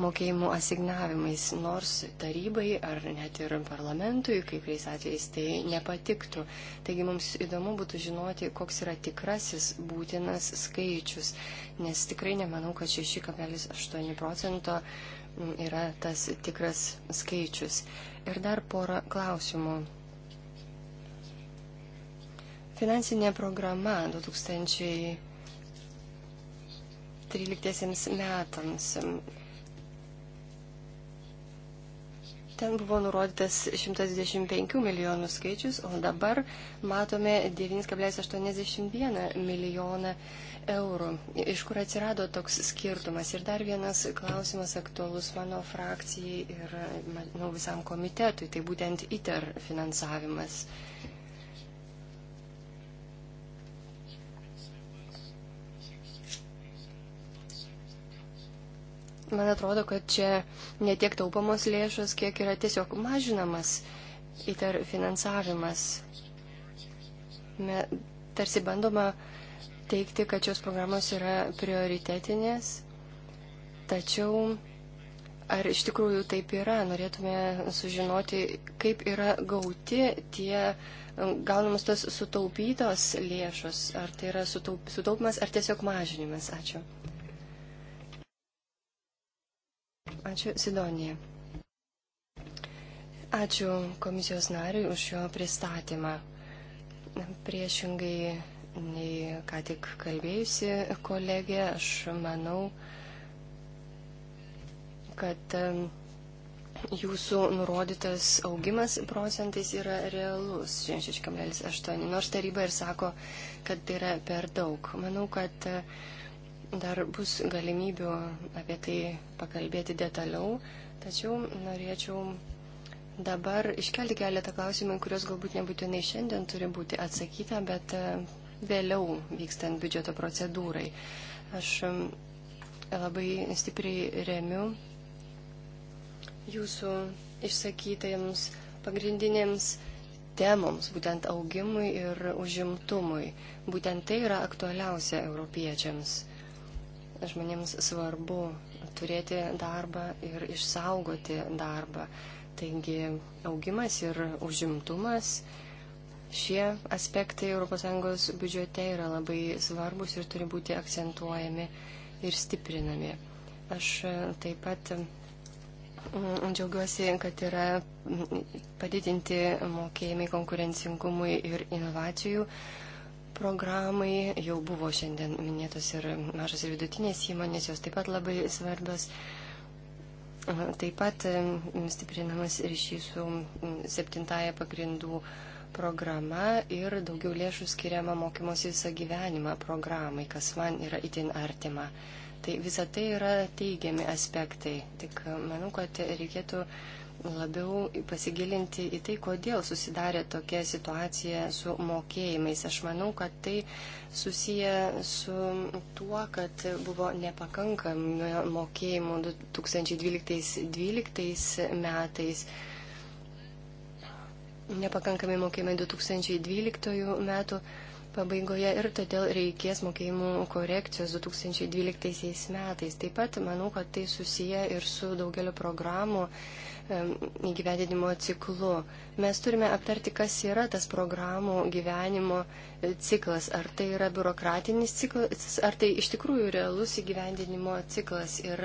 mokėjimų asignavimais, nors tarybai ar net ir parlamentui kai kuriais atvejais tai nepatiktų. Taigi mums įdomu būtų žinoti, koks yra tikrasis būtinas skaičius, nes tikrai nemanau, kad 6,8 procento yra tas tikras skaičius. Ir dar porą klausimų Finansinė programa 2013 metams. Ten buvo nurodytas 125 milijonų skaičius, o dabar matome 9,81 milijoną eurų. Iš kur atsirado toks skirtumas? Ir dar vienas klausimas aktualus mano frakcijai ir manau, visam komitetui, tai būtent ITER finansavimas. Man atrodo, kad čia ne tiek taupamos lėšos, kiek yra tiesiog mažinamas įtar finansavimas. Me, tarsi bandoma teikti, kad šios programos yra prioritetinės, tačiau ar iš tikrųjų taip yra, norėtume sužinoti, kaip yra gauti tie gaunamos tos sutaupytos lėšos, ar tai yra sutaup, sutaupimas, ar tiesiog mažinimas. Ačiū. Ačiū, Sidonija. Ačiū komisijos nariui už jo pristatymą. Priešingai nei ką tik kalbėjusi kolegė, aš manau, kad jūsų nurodytas augimas procentais yra realus 6,8, nors taryba ir sako, kad tai yra per daug. Manau, kad Dar bus galimybių apie tai pakalbėti detaliau, tačiau norėčiau dabar iškelti keletą klausimų, kurios galbūt nebūtinai šiandien turi būti atsakyta, bet e, vėliau vykstant biudžeto procedūrai. Aš e, labai stipriai remiu jūsų išsakytiems pagrindinėms temoms, būtent augimui ir užimtumui. Būtent tai yra aktualiausia europiečiams žmonėms svarbu turėti darbą ir išsaugoti darbą. Taigi augimas ir užimtumas šie aspektai ES biudžete yra labai svarbus ir turi būti akcentuojami ir stiprinami. Aš taip pat mm, džiaugiuosi, kad yra padidinti mokėjimai konkurencingumui ir inovacijų programai. Jau buvo šiandien minėtos ir mažos ir vidutinės įmonės, jos taip pat labai svarbios. Taip pat stiprinamas ryšys su septintaja pagrindų programa ir daugiau lėšų skiriama mokymosi visą gyvenimą programai, kas man yra itin artima. Tai visa tai yra teigiami aspektai. Tik manau, kad reikėtų labiau pasigilinti į tai, kodėl susidarė tokia situacija su mokėjimais. Aš manau, kad tai susiję su tuo, kad buvo nepakankami mokėjimų 2012-2012 metais. Nepakankami mokėjimai 2012 metų pabaigoje ir todėl reikės mokėjimų korekcijos 2012 metais. Taip pat manau, kad tai susiję ir su daugeliu programų įgyvendinimo ciklu. Mes turime aptarti, kas yra tas programų gyvenimo e, ciklas. Ar tai yra biurokratinis ciklas, ar tai iš tikrųjų realus įgyvendinimo ciklas. Ir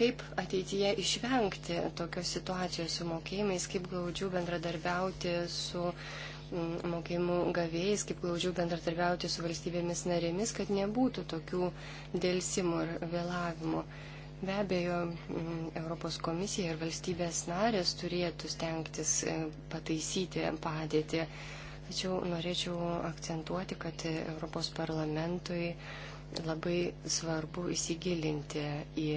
kaip ateityje išvengti tokios situacijos su mokėjimais, kaip glaudžiau bendradarbiauti su mokėjimų gavėjais, kaip glaudžiau bendradarbiauti su valstybėmis narėmis, kad nebūtų tokių dėlsimų ir vėlavimų. Be abejo, mm, Europos komisija ir valstybės narės turėtų stengtis e, pataisyti padėtį. Tačiau norėčiau akcentuoti, kad Europos parlamentui labai svarbu įsigilinti į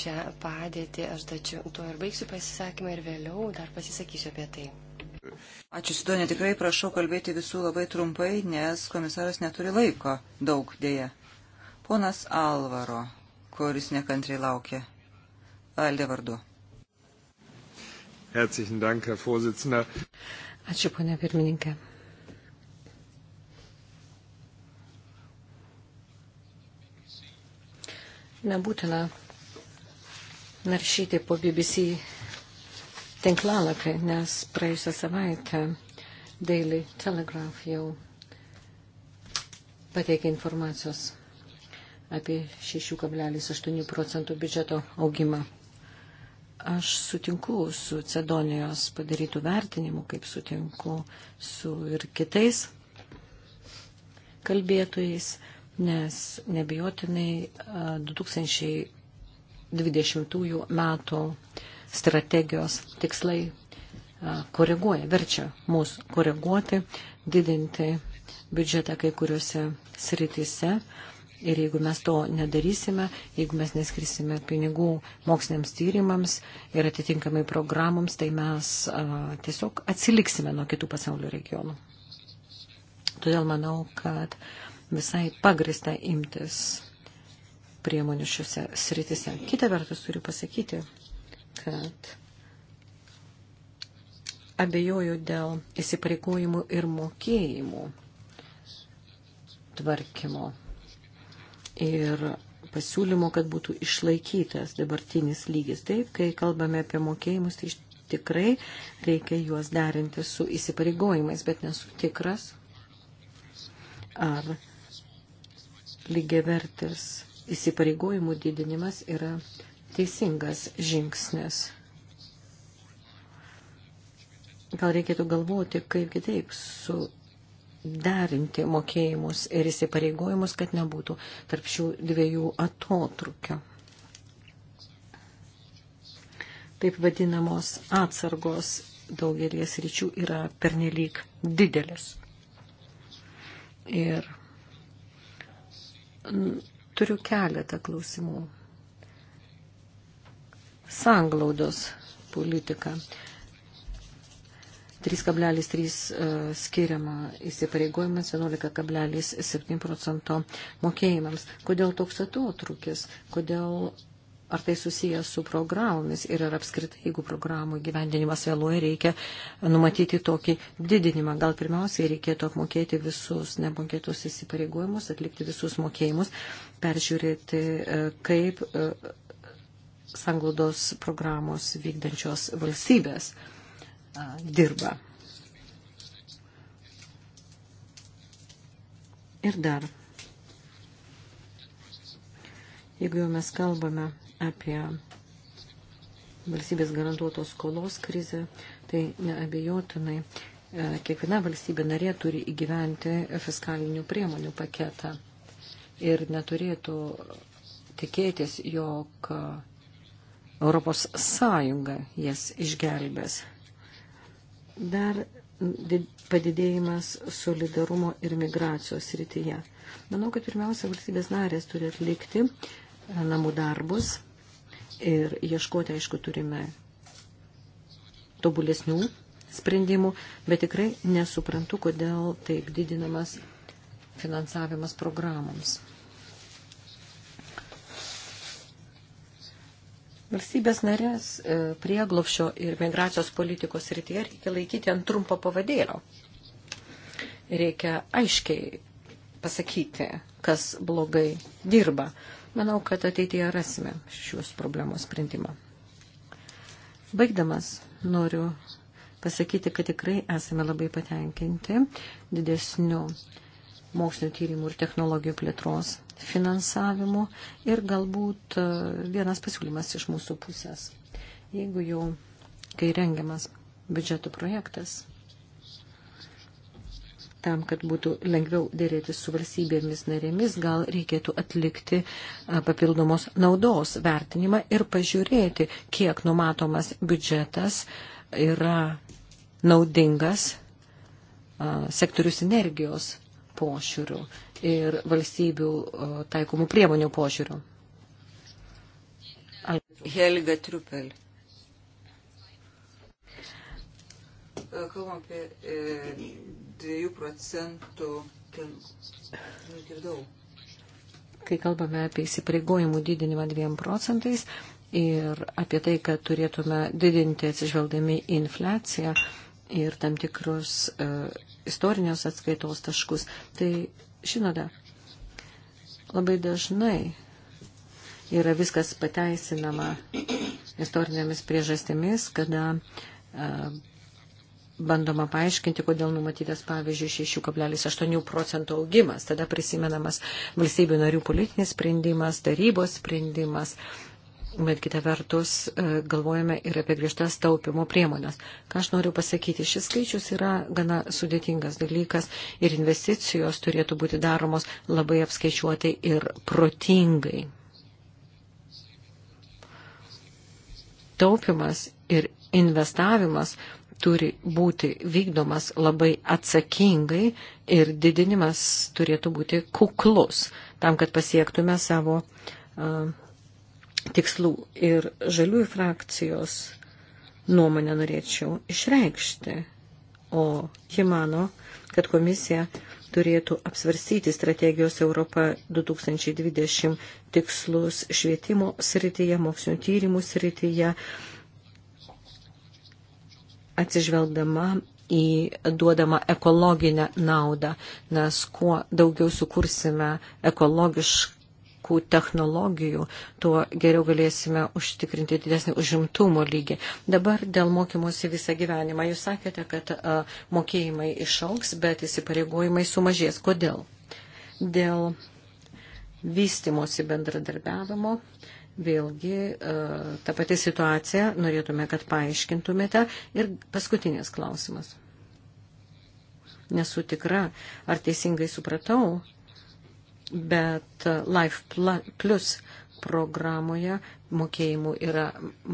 šią padėtį. Aš tačiau tuo ir baigsiu pasisakymą ir vėliau dar pasisakysiu apie tai. Ačiū, Sidonė, tikrai prašau kalbėti visų labai trumpai, nes komisaras neturi laiko daug dėja. Ponas Alvaro, kuris nekantriai laukia. Aldė vardu. Herzlichen Dank, Herr Vorsitzender. Ačiū, ponia pirmininkė. Nebūtina naršyti po BBC tinklalapį, nes praėjusią savaitę Daily Telegraph jau pateikė informacijos apie 6,8 procentų biudžeto augimą. Aš sutinku su Cedonijos padarytų vertinimu, kaip sutinku su ir kitais kalbėtojais, nes nebijotinai 2020 metų strategijos tikslai koreguoja, verčia mus koreguoti, didinti biudžetą kai kuriuose sritise, Ir jeigu mes to nedarysime, jeigu mes neskrisime pinigų moksliniams tyrimams ir atitinkamai programoms, tai mes a, tiesiog atsiliksime nuo kitų pasaulio regionų. Todėl manau, kad visai pagrista imtis priemonių šiuose sritise. Kita vertus turiu pasakyti, kad abejoju dėl įsipareigojimų ir mokėjimų tvarkymo ir pasiūlymo, kad būtų išlaikytas dabartinis lygis. Taip, kai kalbame apie mokėjimus, tai tikrai reikia juos derinti su įsipareigojimais, bet nesu tikras, ar lygiavertis įsipareigojimų didinimas yra teisingas žingsnis. Gal reikėtų galvoti, kaip kitaip su derinti mokėjimus ir įsipareigojimus, kad nebūtų tarp šių dviejų atotrukio. Taip vadinamos atsargos daugelies ryčių yra pernelyg didelis. Ir turiu keletą klausimų. Sanglaudos politika. 3,3 e, skiriama įsipareigojimas, 11,7 procento mokėjimams. Kodėl toks atotrukis? Kodėl ar tai susijęs su programomis ir ar apskritai, jeigu programų gyvendinimas vėluoja, reikia numatyti tokį didinimą. Gal pirmiausiai reikėtų apmokėti visus nemokėtus įsipareigojimus, atlikti visus mokėjimus, peržiūrėti, e, kaip e, sanglaudos programos vykdančios valstybės dirba. Ir dar, jeigu jau mes kalbame apie valstybės garantuotos skolos krizę, tai neabejotinai e, kiekviena valstybė narė turi įgyventi fiskalinių priemonių paketą ir neturėtų tikėtis, jog Europos Sąjunga jas išgelbės. Dar padidėjimas solidarumo ir migracijos rytyje. Manau, kad pirmiausia, valstybės narės turi atlikti e, namų darbus ir ieškoti, aišku, turime tobulesnių sprendimų, bet tikrai nesuprantu, kodėl taip didinamas finansavimas programoms. Valstybės narės e, prieglopšio ir migracijos politikos rytyje reikia laikyti ant trumpo pavadėlio. Reikia aiškiai pasakyti, kas blogai dirba. Manau, kad ateityje rasime šios problemos sprendimą. Baigdamas noriu pasakyti, kad tikrai esame labai patenkinti didesnių mokslinio tyrimų ir technologijų plėtros finansavimu ir galbūt e, vienas pasiūlymas iš mūsų pusės. Jeigu jau, kai rengiamas biudžeto projektas, tam, kad būtų lengviau dėrėti su valstybėmis narėmis, gal reikėtų atlikti e, papildomos naudos vertinimą ir pažiūrėti, kiek numatomas biudžetas yra naudingas e, sektorių sinergijos pošiūrių ir valstybių taikomų priemonių požiūrių. Helga Trupel. Kalbam apie e, 2 procentų, nugirdau. Kai kalbame apie įsipareigojimų didinimą 2 procentais ir apie tai, kad turėtume didinti atsižvelgdami infliaciją ir tam tikrus e, istorinius atskaitos taškus, tai Žinote, labai dažnai yra viskas pateisinama istorinėmis priežastėmis, kada bandoma paaiškinti, kodėl numatytas, pavyzdžiui, 6,8 procentų augimas. Tada prisimenamas valstybių narių politinis sprendimas, tarybos sprendimas, bet kita vertus e, galvojame ir apie griežtas taupimo priemonės. Ką aš noriu pasakyti, šis skaičius yra gana sudėtingas dalykas ir investicijos turėtų būti daromos labai apskaičiuotai ir protingai. Taupimas ir investavimas turi būti vykdomas labai atsakingai ir didinimas turėtų būti kuklus tam, kad pasiektume savo uh, tikslų ir žaliųjų frakcijos nuomonę norėčiau išreikšti, o ji mano, kad komisija turėtų apsvarstyti strategijos Europa 2020 tikslus švietimo srityje, mokslinio tyrimų srityje, atsižvelgdama į duodamą ekologinę naudą, nes kuo daugiau sukursime ekologišką naujokų technologijų, tuo geriau galėsime užtikrinti didesnį užimtumo lygį. Dabar dėl mokymosi visą gyvenimą. Jūs sakėte, kad a, mokėjimai išauks, bet įsipareigojimai sumažės. Kodėl? Dėl vystimosi bendradarbiavimo. Vėlgi, a, ta pati situacija, norėtume, kad paaiškintumėte. Ir paskutinės klausimas nesu tikra, ar teisingai supratau, bet Life Plus programoje mokėjimų yra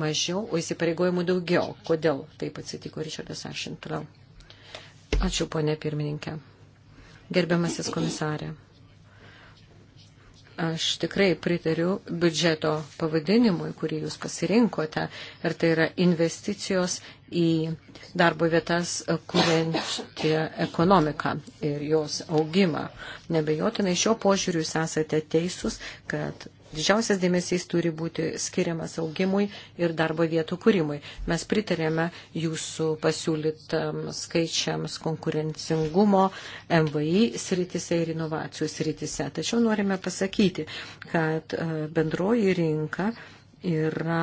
mažiau, o įsipareigojimų daugiau. Kodėl taip atsitiko, Richardas Ašin toliau. Ačiū, ponė pirmininkė. Gerbiamasis komisarė. Aš tikrai pritariu biudžeto pavadinimui, kurį jūs pasirinkote, ir tai yra investicijos į darbo vietas e, kuriantį ekonomiką ir jos augimą. Nebejotinai šio požiūriu jūs esate teisūs, kad Didžiausias dėmesys turi būti skiriamas augimui ir darbo vietų kūrimui. Mes pritarėme jūsų pasiūlytam skaičiams konkurencingumo MVI sritise ir inovacijų sritise. Tačiau norime pasakyti, kad e, bendroji rinka yra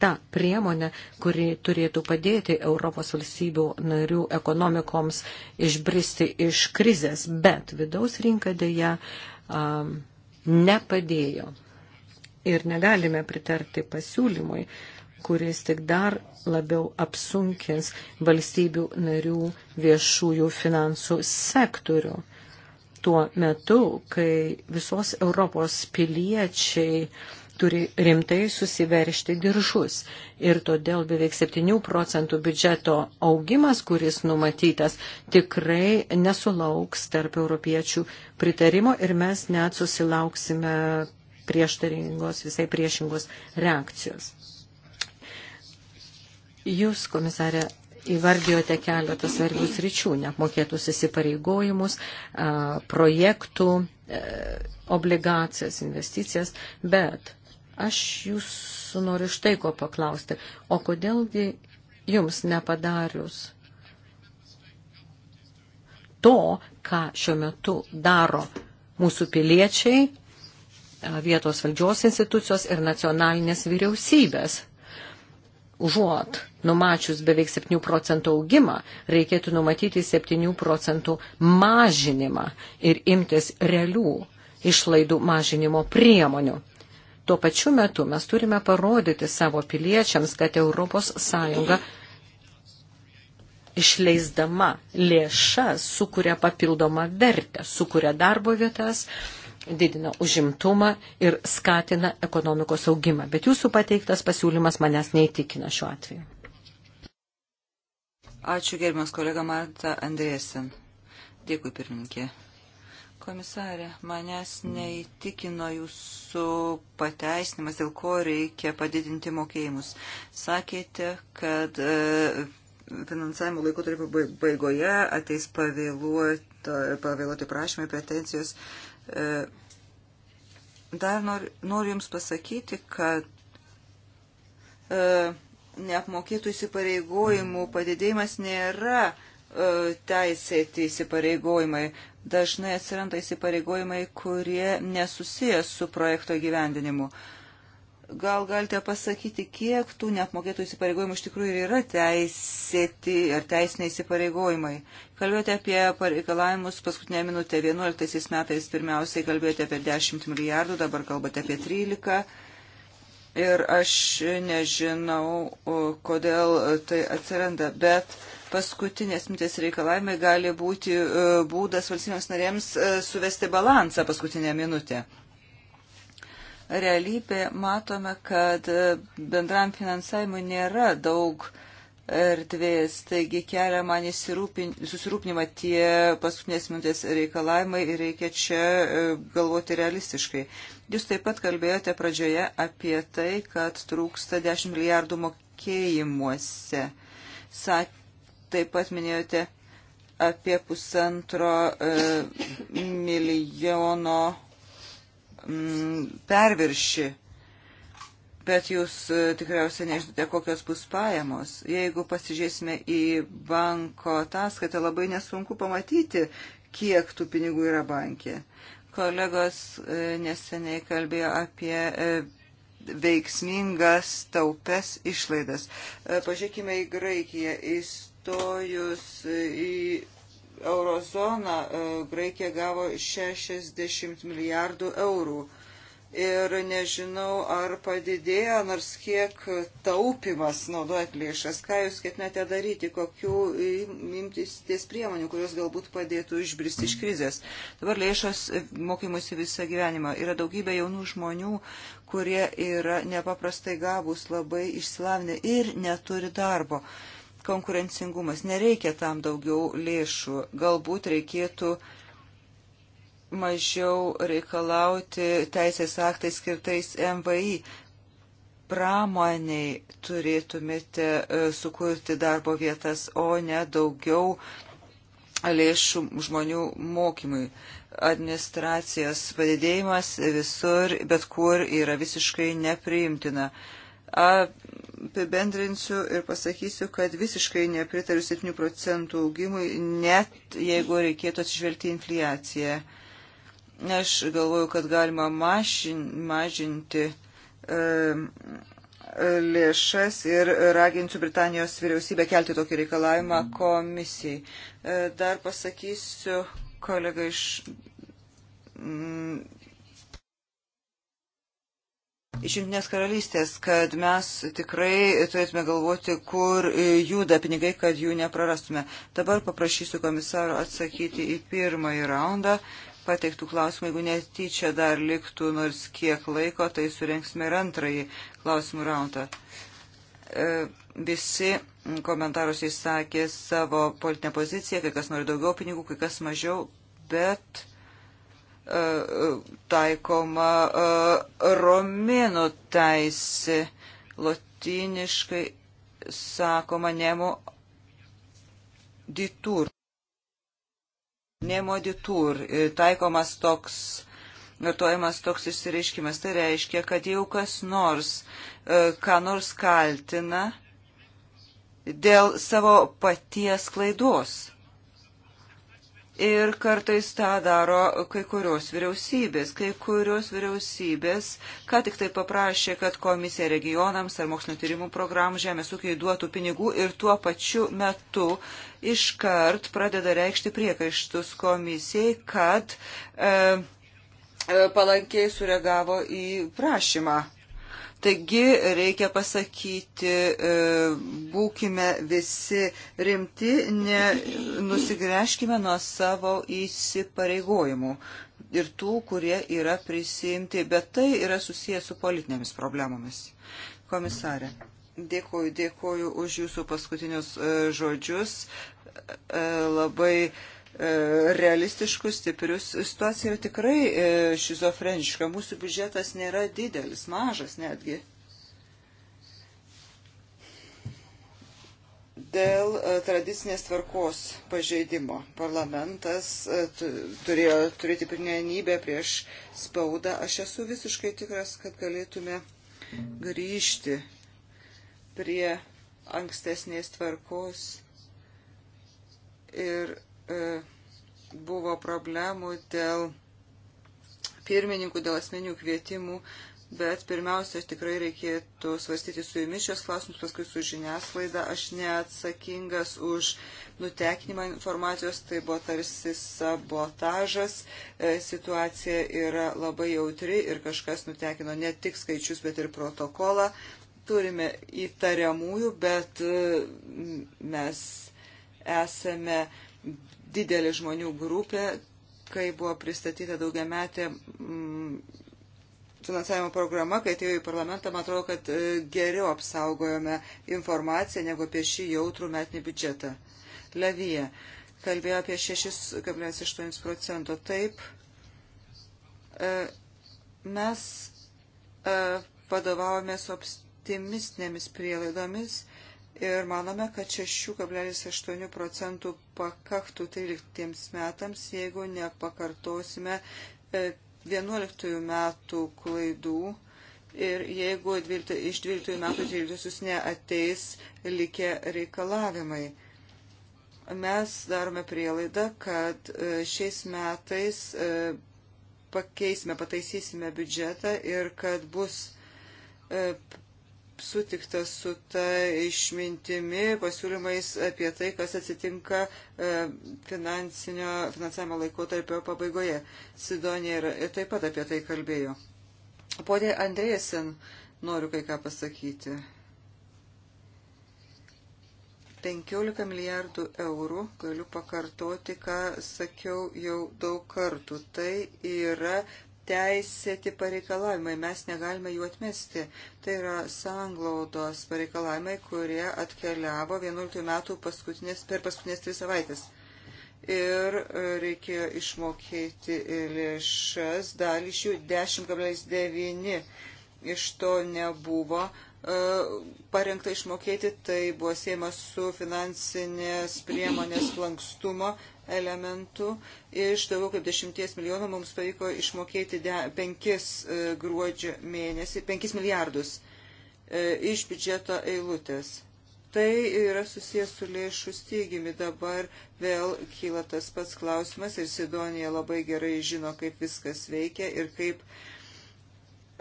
ta priemonė, kuri turėtų padėti Europos valstybių narių ekonomikoms išbristi iš krizės, bet vidaus rinka dėja um, nepadėjo. Ir negalime pritarti pasiūlymui, kuris tik dar labiau apsunkins valstybių narių viešųjų finansų sektorių. Tuo metu, kai visos Europos piliečiai uh, turi rimtai susiveršti diržus. Ir todėl beveik 7 procentų biudžeto augimas, kuris numatytas, tikrai nesulauks tarp europiečių pritarimo ir mes net susilauksime prieštaringos, visai priešingos reakcijos. Jūs, komisarė, įvardijote keletą svarbių sričių - neapmokėtus įsipareigojimus, projektų, e, obligacijas, investicijas, bet Aš jūsų noriu štai ko paklausti. O kodėlgi jums nepadarius to, ką šiuo metu daro mūsų piliečiai, vietos valdžios institucijos ir nacionalinės vyriausybės. Užuot numačius beveik 7 procentų augimą, reikėtų numatyti 7 procentų mažinimą ir imtis realių išlaidų mažinimo priemonių tuo pačiu metu mes turime parodyti savo piliečiams, kad ES išleisdama lėšas sukuria papildomą vertę, sukuria darbo vietas, didina užimtumą ir skatina ekonomikos augimą. Bet jūsų pateiktas pasiūlymas manęs neįtikina šiuo atveju. Ačiū gerbiamas kolega Marta Andrėsen. Dėkui pirmininkė. Komisarė, manęs neįtikino jūsų pateisinimas, dėl ko reikia padidinti mokėjimus. Sakėte, kad e, finansavimo laiko tarp baigoje ateis pavėluoti prašymai, pretencijos. E, dar noriu, noriu Jums pasakyti, kad e, neapmokėtų įsipareigojimų padidėjimas nėra teisėti įsipareigojimai dažnai atsiranda įsipareigojimai, kurie nesusijęs su projekto gyvendinimu. Gal galite pasakyti, kiek tų neapmokėtų įsipareigojimų iš tikrųjų yra teisėti ar teisiniai įsipareigojimai? Kalbėjote apie pareikalavimus paskutinę minutę 11 metais, pirmiausiai kalbėjote apie 10 milijardų, dabar kalbate apie 13. Ir aš nežinau, kodėl tai atsiranda, bet paskutinės mintės reikalavimai gali būti e, būdas valstybėms narėms e, suvesti balansą paskutinę minutę. Realybė matome, kad e, bendram finansavimui nėra daug erdvės, taigi kelia man susirūpinimą tie paskutinės mintės reikalavimai ir reikia čia galvoti realistiškai. Jūs taip pat kalbėjote pradžioje apie tai, kad trūksta 10 milijardų mokėjimuose. Sakė, taip pat minėjote apie pusantro e, milijono mm, perviršį, bet jūs e, tikriausiai nežinote, kokios bus pajamos. Jeigu pasižiūrėsime į banko ataskaitą, labai nesunku pamatyti, kiek tų pinigų yra bankė. Kolegos e, neseniai kalbėjo apie veiksmingas taupes išlaidas. Pažiūrėkime į Graikiją. Jis įstojus į eurozoną, e, Graikija gavo 60 milijardų eurų. Ir nežinau, ar padidėjo nors kiek taupimas naudojant lėšas. Ką jūs ketinate daryti, kokių imtis ties priemonių, kurios galbūt padėtų išbristi iš krizės. Dabar lėšas e, mokymosi visą gyvenimą. Yra daugybė jaunų žmonių, kurie yra nepaprastai gabus, labai išsilavinę ir neturi darbo. Uh, konkurencingumas. Nereikia tam daugiau lėšų. Galbūt reikėtų mažiau reikalauti teisės aktais skirtais MVI. Pramoniai turėtumėte e, sukurti darbo vietas, o ne daugiau lėšų žmonių mokymui. Administracijos padidėjimas visur, bet kur yra visiškai nepriimtina. Uh, apibendrinsiu ir pasakysiu, kad visiškai nepritariu 7 procentų augimui, net jeigu reikėtų atsižvelgti infliaciją. Aš galvoju, kad galima mažin, mažinti e, lėšas ir raginsiu Britanijos vyriausybę kelti tokį reikalavimą komisijai. E, dar pasakysiu kolega iš. Mm, iš Junktinės karalystės, kad mes tikrai turėtume galvoti, kur juda pinigai, kad jų neprarastume. Dabar paprašysiu komisaro atsakyti į pirmąjį raundą pateiktų klausimų. Jeigu netyčia dar liktų nors kiek laiko, tai surenksime ir antrąjį klausimų raundą. E, visi komentaruose įsakė savo politinę poziciją, kai kas nori daugiau pinigų, kai kas mažiau, bet E, e, taikoma e, romėnų teisė, lotiniškai sakoma nemo ditur. Nemo ditur ir taikomas toks, vartojamas toks išsireiškimas. Tai reiškia, kad jau kas nors, ką nors kaltina dėl savo paties klaidos Ir kartais tą daro kai kurios vyriausybės. Kai kurios vyriausybės, ką tik tai paprašė, kad komisija regionams ar mokslinio tyrimų programų žemės ūkiai duotų pinigų ir tuo pačiu metu iškart pradeda reikšti priekaištus komisijai, kad e, e palankiai sureagavo į prašymą. Taigi reikia pasakyti, e, būkime visi rimti, nusigręžkime nuo savo įsipareigojimų ir tų, kurie yra prisimti, bet tai yra susijęs su politinėmis problemomis. Komisarė, dėkoju, dėkoju už jūsų paskutinius e, žodžius. E, labai E, realistiškus, stiprius. Situacija yra tikrai e, šizofreniška. Mūsų biudžetas nėra didelis, mažas netgi. Dėl e, tradicinės tvarkos pažeidimo parlamentas turėjo turėti pirmienybę prieš spaudą. Aš esu visiškai tikras, kad galėtume grįžti prie ankstesnės tvarkos ir E, buvo problemų dėl pirmininkų, dėl asmenių kvietimų, bet pirmiausia, tikrai reikėtų svarstyti su jumis šios klausimus, paskui su žiniasklaida. Aš neatsakingas už nutekinimą informacijos, tai buvo tarsi sabotažas. E, situacija yra labai jautri ir kažkas nutekino ne tik skaičius, bet ir protokolą. Turime įtariamųjų, bet mes esame didelė žmonių grupė, kai buvo pristatyta daugiametė mm, finansavimo programa, kai atėjo į parlamentą, man atrodo, kad e, geriau apsaugojome informaciją negu apie šį jautrų metinį biudžetą. Levija kalbėjo apie 6,8 procento. Taip, e, mes e, vadovavomės optimistinėmis prielaidomis ir manome, kad 6,8 procentų pakaktų 13 metams, jeigu nepakartosime 11 e, metų klaidų ir jeigu 12, iš 12 metų 13 neateis likę reikalavimai. Mes darome prielaidą, kad e, šiais metais e, pakeisime, pataisysime biudžetą ir kad bus sutikta su ta išmintimi, pasiūlymais apie tai, kas atsitinka e, finansavimo laikotarpio pabaigoje. Sidonė ir, ir taip pat apie tai kalbėjo. Pone Andrėsen, noriu kai ką pasakyti. 15 milijardų eurų, galiu pakartoti, ką sakiau jau daug kartų. Tai yra teisėti pareikalavimai, mes negalime jų atmesti. Tai yra sanglaudos pareikalavimai, kurie atkeliavo 11 metų paskutinės, per paskutinės tris savaitės. Ir e, reikėjo išmokėti lėšas, dalį iš jų 10,9 iš to nebuvo e, parengta išmokėti, tai buvo siejama su finansinės priemonės lankstumo elementų. Iš daugiau kaip 10 milijonų mums pavyko išmokėti 5 e, gruodžio mėnesį, 5 milijardus e, iš biudžeto eilutės. Tai yra susijęs su lėšų stygimi. Dabar vėl kyla tas pats klausimas ir Sidonija labai gerai žino, kaip viskas veikia ir kaip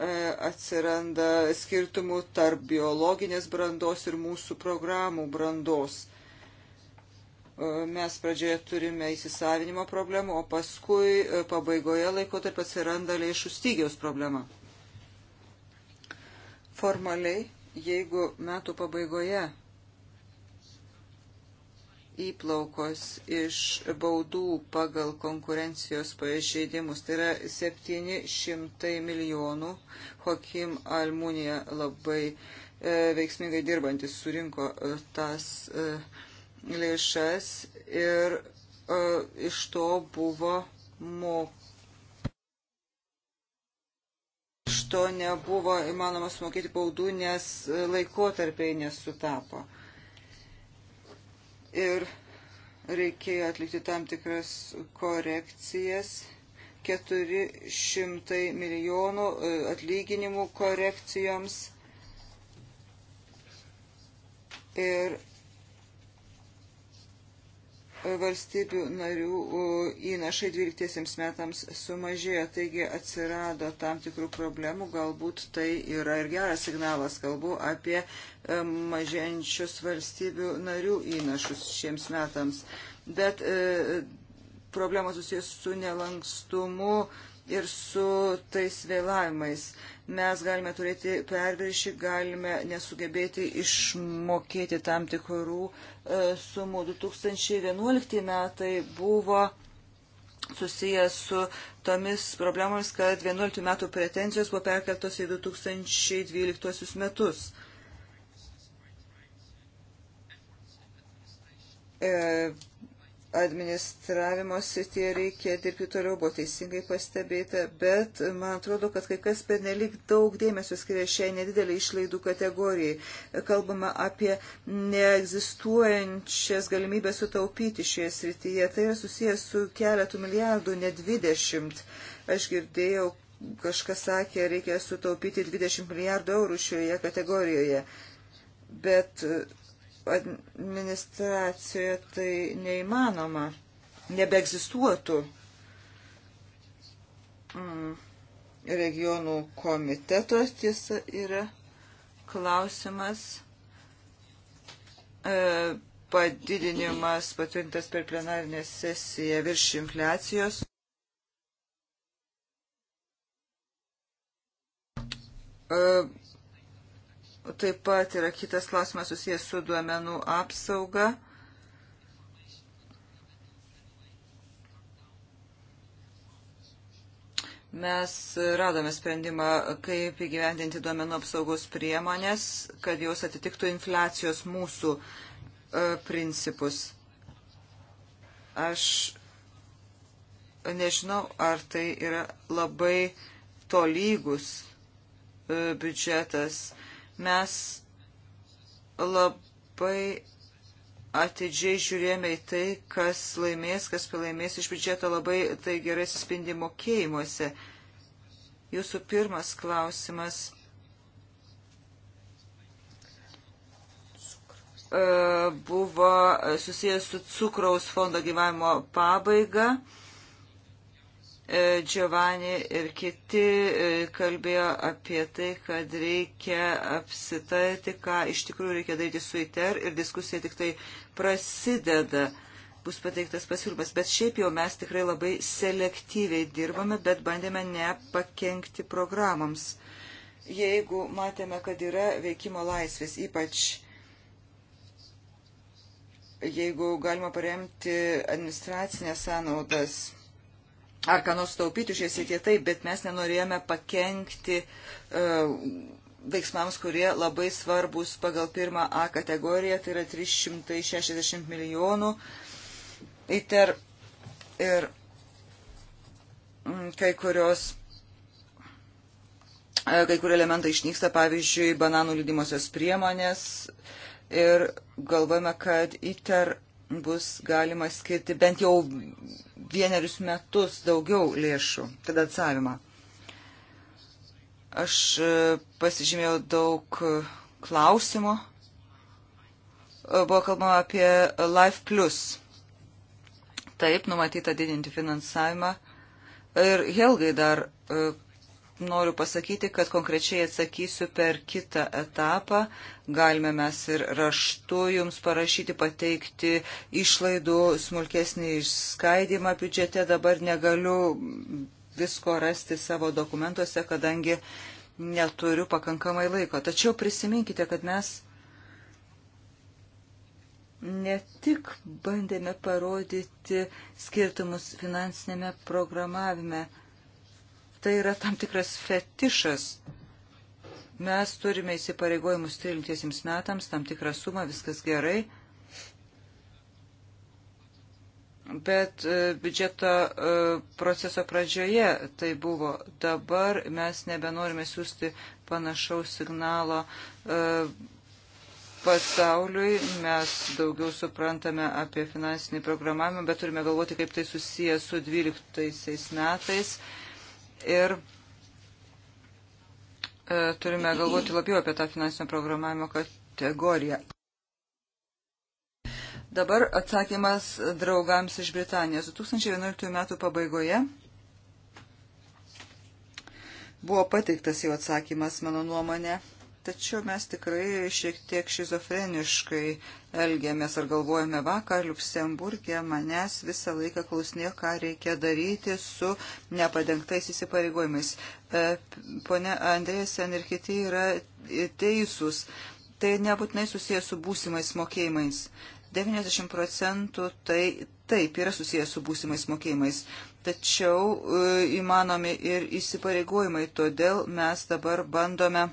e, atsiranda skirtumų tarp biologinės brandos ir mūsų programų brandos. E, mes pradžioje turime įsisavinimo problemų, o paskui e, pabaigoje laiko tarp atsiranda lėšų stygiaus problema. Formaliai, jeigu metų pabaigoje įplaukos iš baudų pagal konkurencijos pažeidimus, tai yra 700 milijonų, Hokim Almunija labai e, veiksmingai dirbantis surinko e, tas e, lėšas ir uh, iš to buvo mokama. Iš to nebuvo įmanoma sumokėti baudų, nes laikotarpiai nesutapo. Ir reikėjo atlikti tam tikras korekcijas. 400 milijonų e, atlyginimų korekcijoms. Ir valstybių narių įnašai 12 metams sumažėjo, taigi atsirado tam tikrų problemų, galbūt tai yra ir geras signalas, kalbu apie e, mažėjančius valstybių narių įnašus šiems metams. Bet e, problemos susijęs su nelankstumu, ir su tais vėlavimais. Mes galime turėti perviršį, galime nesugebėti išmokėti tam tikrų e, sumų. 2011 metai buvo susijęs su tomis problemomis, kad 11 metų pretenzijos buvo perkeltos į 2012 metus. E, administravimo sitie reikia dirbti toliau, buvo teisingai pastebėta, bet man atrodo, kad kai kas pernelik daug dėmesio skiria šiai nedidelį išlaidų kategorijai. Kalbama apie neegzistuojančias galimybės sutaupyti šioje srityje. Tai yra susijęs su keletų milijardų, ne dvidešimt. Aš girdėjau, kažkas sakė, reikia sutaupyti 20 milijardų eurų šioje kategorijoje. Bet administracijoje tai neįmanoma, nebeegzistuotų mm, regionų komitetos tiesa yra klausimas e, padidinimas patvirtintas per plenarinę sesiją virš infliacijos. E, Taip pat yra kitas klausimas susijęs su duomenų apsauga. Mes radome sprendimą, kaip įgyvendinti duomenų apsaugos priemonės, kad jos atitiktų infliacijos mūsų e, principus. Aš nežinau, ar tai yra labai tolygus e, biudžetas Mes labai atidžiai žiūrėjome į tai, kas laimės, kas pralaimės iš biudžeto, labai tai gerai suspindi mokėjimuose. Jūsų pirmas klausimas. E, buvo susijęs su cukraus fondo gyvavimo pabaiga. E, Giovanni ir kiti e, kalbėjo apie tai, kad reikia apsitarti, ką iš tikrųjų reikia daryti su ITER ir diskusija tik tai prasideda, bus pateiktas pasiūlymas. Bet šiaip jau mes tikrai labai selektyviai dirbame, bet bandėme nepakenkti programoms. Jeigu matėme, kad yra veikimo laisvės, ypač jeigu galima paremti administracinės sąnaudas ar ką nors taupyti šioje srityje taip, bet mes nenorėjome pakengti e, veiksmams, kurie labai svarbus pagal pirmą A kategoriją, tai yra 360 milijonų. ITER ir mm, kai kurios e, kai kurie elementai išnyksta, pavyzdžiui, bananų lydimosios priemonės ir galvojame, kad ITER bus galima skirti bent jau vienerius metus daugiau lėšų finansavimą. Aš e, pasižymėjau daug klausimų. E, buvo kalbama apie Life Plus. Taip, numatyta didinti finansavimą. Ir Helgai dar e, noriu pasakyti, kad konkrečiai atsakysiu per kitą etapą. Galime mes ir raštu jums parašyti, pateikti išlaidų smulkesnį išskaidimą biudžete. Dabar negaliu visko rasti savo dokumentuose, kadangi neturiu pakankamai laiko. Tačiau prisiminkite, kad mes ne tik bandėme parodyti skirtumus finansinėme programavime, tai yra tam tikras fetišas. Mes turime įsipareigojimus 13 metams, tam tikrą sumą, viskas gerai. Bet e, biudžeto e, proceso pradžioje tai buvo. Dabar mes nebenorime siūsti panašaus signalo e, pasauliui. Mes daugiau suprantame apie finansinį programavimą, bet turime galvoti, kaip tai susijęs su 12 metais Ir e, turime galvoti labiau apie tą finansinio programavimo kategoriją. Dabar atsakymas draugams iš Britanijos. 2011 metų pabaigoje buvo pateiktas jau atsakymas, mano nuomonė, tačiau mes tikrai šiek tiek šizofreniškai elgiamės ar galvojame vakar Luksemburgė manęs visą laiką klausinėjo, ką reikia daryti su nepadengtais įsipareigojimais. E, pone Andrėsen ir kiti yra teisūs. Tai nebūtinai susijęs su būsimais mokėjimais. 90 procentų tai taip yra susijęs su būsimais mokėjimais, tačiau e, įmanomi ir įsipareigojimai, todėl mes dabar bandome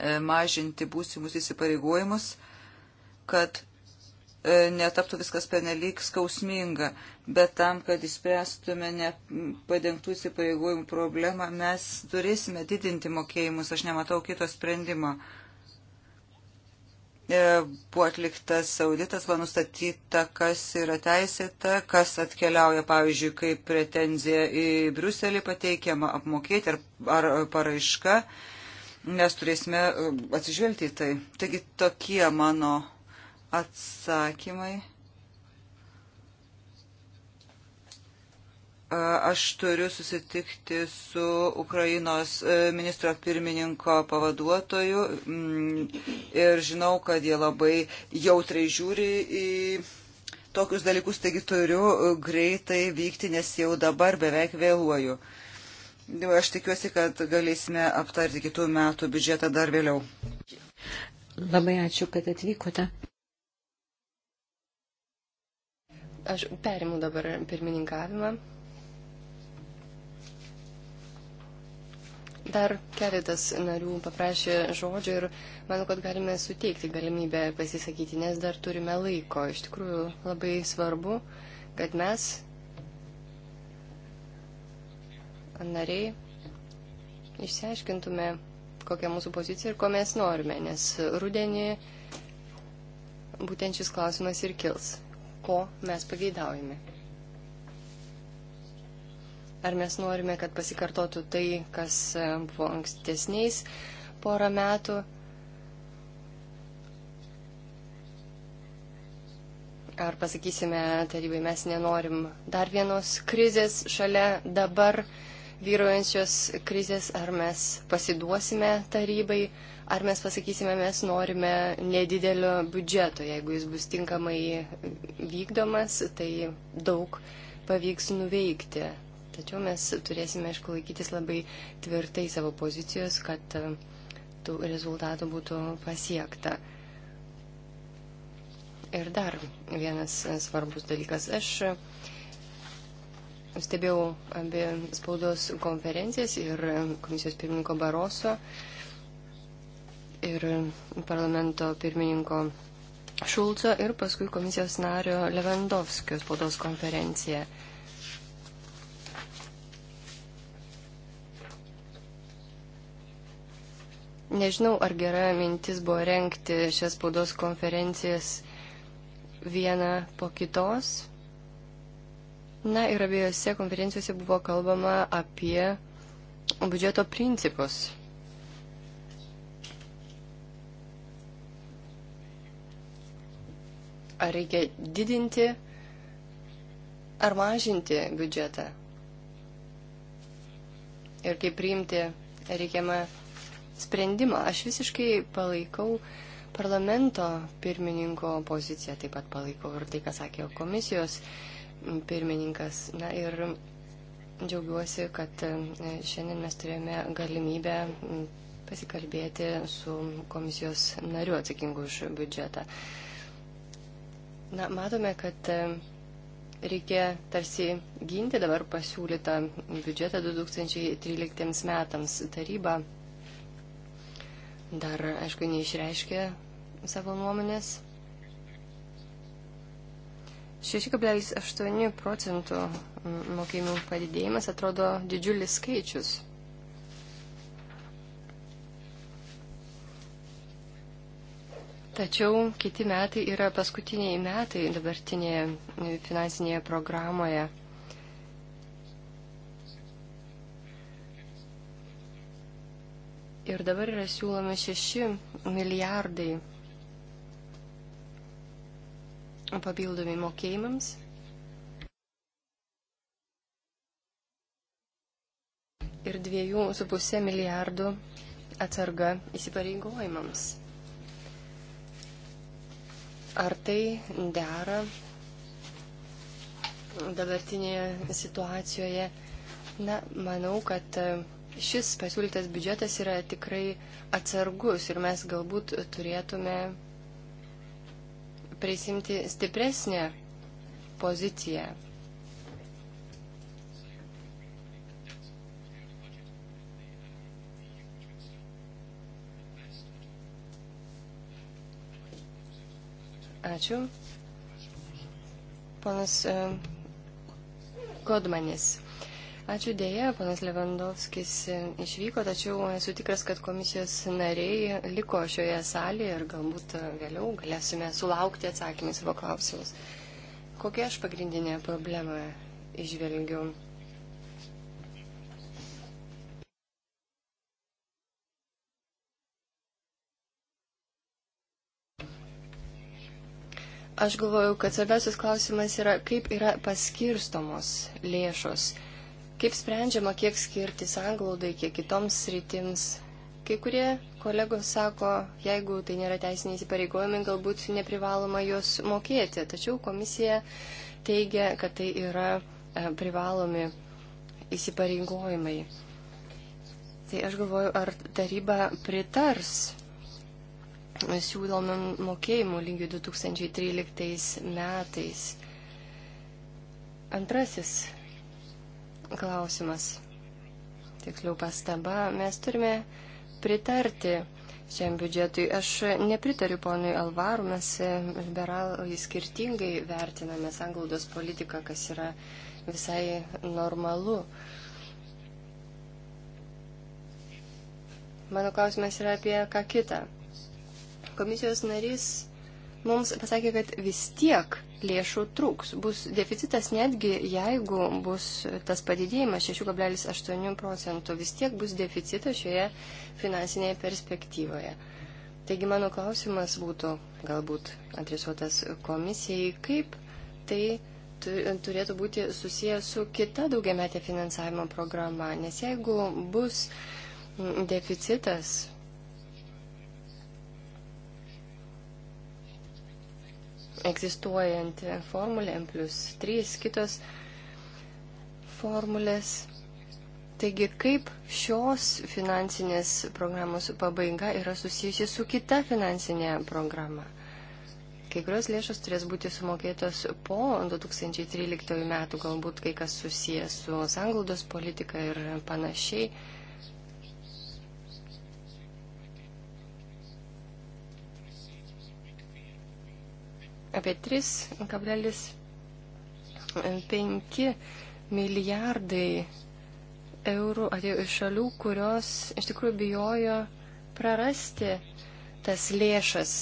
E, mažinti būsimus įsipareigojimus, kad e, netaptų viskas penelyg skausminga, bet tam, kad įspręstume nepadengtų įsipareigojimų problemą, mes turėsime didinti mokėjimus, aš nematau kito sprendimo. E, buvo atliktas auditas, buvo nustatyta, kas yra teisėta, kas atkeliauja, pavyzdžiui, kaip pretenzija į Bruselį pateikiama apmokėti ar, ar paraiška. Ar mes turėsime e, atsižvelgti į tai. Taigi tokie mano atsakymai. E, aš turiu susitikti su Ukrainos e, ministro pirmininko pavaduotoju mm, ir žinau, kad jie labai jautrai žiūri į tokius dalykus, taigi turiu greitai vykti, nes jau dabar beveik vėluoju. Aš tikiuosi, kad galėsime aptarti kitų metų biudžetą dar vėliau. Labai ačiū, kad atvykote. Aš perimu dabar pirmininkavimą. Dar keletas narių paprašė žodžio ir manau, kad galime suteikti galimybę pasisakyti, nes dar turime laiko. Iš tikrųjų labai svarbu, kad mes nariai išsiaiškintume, kokia mūsų pozicija ir ko mes norime, nes rudenį būtent šis klausimas ir kils. Ko mes pageidaujame? Ar mes norime, kad pasikartotų tai, kas e, buvo ankstesniais porą metų? Ar pasakysime tarybai, mes nenorim dar vienos krizės šalia dabar? Uh, vyruojančios krizės, ar mes pasiduosime tarybai, ar mes pasakysime, mes norime nedidelio biudžeto. Jeigu jis bus tinkamai vykdomas, tai daug pavyks nuveikti. Tačiau mes turėsime, aišku, laikytis labai tvirtai savo pozicijos, kad e, tų rezultatų būtų pasiekta. Ir dar vienas svarbus dalykas. Aš stebėjau abi spaudos konferencijas ir komisijos pirmininko Baroso ir parlamento pirmininko Šulco ir paskui komisijos nario Levendovskio spaudos konferenciją. Nežinau, ar gera mintis buvo renkti šias spaudos konferencijas vieną po kitos, Na ir abiejose konferencijose buvo kalbama apie biudžeto principus. Ar reikia didinti ar mažinti biudžetą? Ir kaip priimti reikiamą sprendimą. Aš visiškai palaikau parlamento pirmininko poziciją, taip pat palaikau ir tai, ką sakė komisijos pirmininkas. Na ir džiaugiuosi, kad e, šiandien mes turėjome galimybę pasikalbėti su komisijos nariu atsakingu už biudžetą. Na, matome, kad e, reikia tarsi ginti dabar pasiūlytą biudžetą 2013 metams. Taryba dar, aišku, neišreiškė savo nuomonės 6,8 procentų mokėjimų padidėjimas atrodo didžiulis skaičius. Tačiau kiti metai yra paskutiniai metai dabartinėje finansinėje programoje. Ir dabar yra siūlomi 6 milijardai papildomi mokėjimams. Ir 2,5 milijardų atsarga įsipareigojimams. Ar tai dera dabartinėje situacijoje? Na, manau, kad e, šis pasiūlytas biudžetas yra tikrai atsargus ir mes galbūt turėtume prisimti stipresnę poziciją. Ačiū. Ponas e, Godmanis. Ačiū dėja, panas Levandovskis išvyko, tačiau esu tikras, kad komisijos nariai liko šioje salėje ir galbūt vėliau galėsime sulaukti atsakymį savo klausimus. Kokia aš pagrindinė problema išvelgiu? Aš galvoju, kad svarbiausias klausimas yra, kaip yra paskirstomos lėšos Kaip sprendžiama, kiek skirti sanglaudai, kiek kitoms sritims. Kai kurie kolegos sako, jeigu tai nėra teisiniai įsipareigojimai, galbūt neprivaloma juos mokėti. Tačiau komisija teigia, kad tai yra e, privalomi įsipareigojimai. Tai aš galvoju, ar taryba pritars siūlomam mokėjimų lygių 2013 metais. Antrasis klausimas, tiksliau pastaba, mes turime pritarti šiam biudžetui. Aš nepritariu ponui Alvaru, mes liberalai skirtingai vertiname sanglaudos politiką, kas yra visai normalu. Mano klausimas yra apie ką kitą. Komisijos narys mums pasakė, kad vis tiek lėšų trūks. Bus deficitas netgi jeigu bus tas padidėjimas 6,8 procentų, vis tiek bus deficitas šioje finansinėje perspektyvoje. Taigi mano klausimas būtų galbūt adresuotas komisijai, kaip tai turėtų būti susijęs su kita daugiametė finansavimo programa, nes jeigu bus deficitas egzistuojanti formulė M plus 3, kitos formulės. Taigi, kaip šios finansinės programos pabaiga yra susijusi su kita finansinė programa? Kai kurios lėšos turės būti sumokėtos po 2013 metų, galbūt kai kas susijęs su sanglaudos politika ir panašiai. apie 3,5 milijardai eurų atėjo iš šalių, kurios iš tikrųjų bijojo prarasti tas lėšas.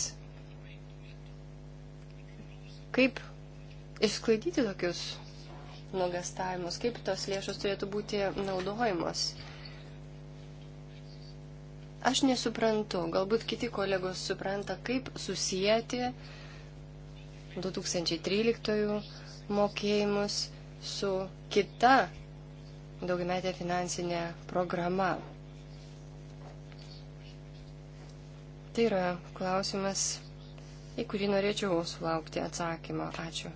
Kaip išsklaidyti tokius nuogastavimus, kaip tos lėšos turėtų būti naudojamos. Aš nesuprantu, galbūt kiti kolegos supranta, kaip susijęti 2013 mokėjimus su kita daugiametė finansinė programa. Tai yra klausimas, į kurį norėčiau sulaukti atsakymą. Ačiū.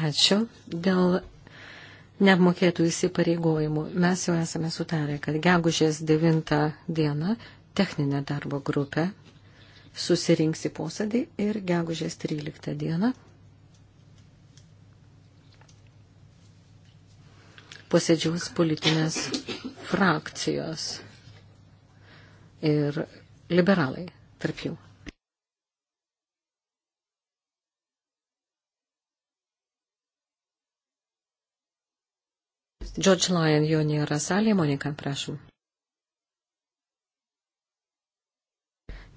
Ačiū dėl neapmokėtų įsipareigojimų. Mes jau esame sutarę, kad gegužės 9 dieną techninę darbo grupę susirinks į posėdį ir gegužės 13 dieną posėdžiaus politinės frakcijos ir liberalai tarp jų. George Lyon jo nėra salėje, Monika, prašom.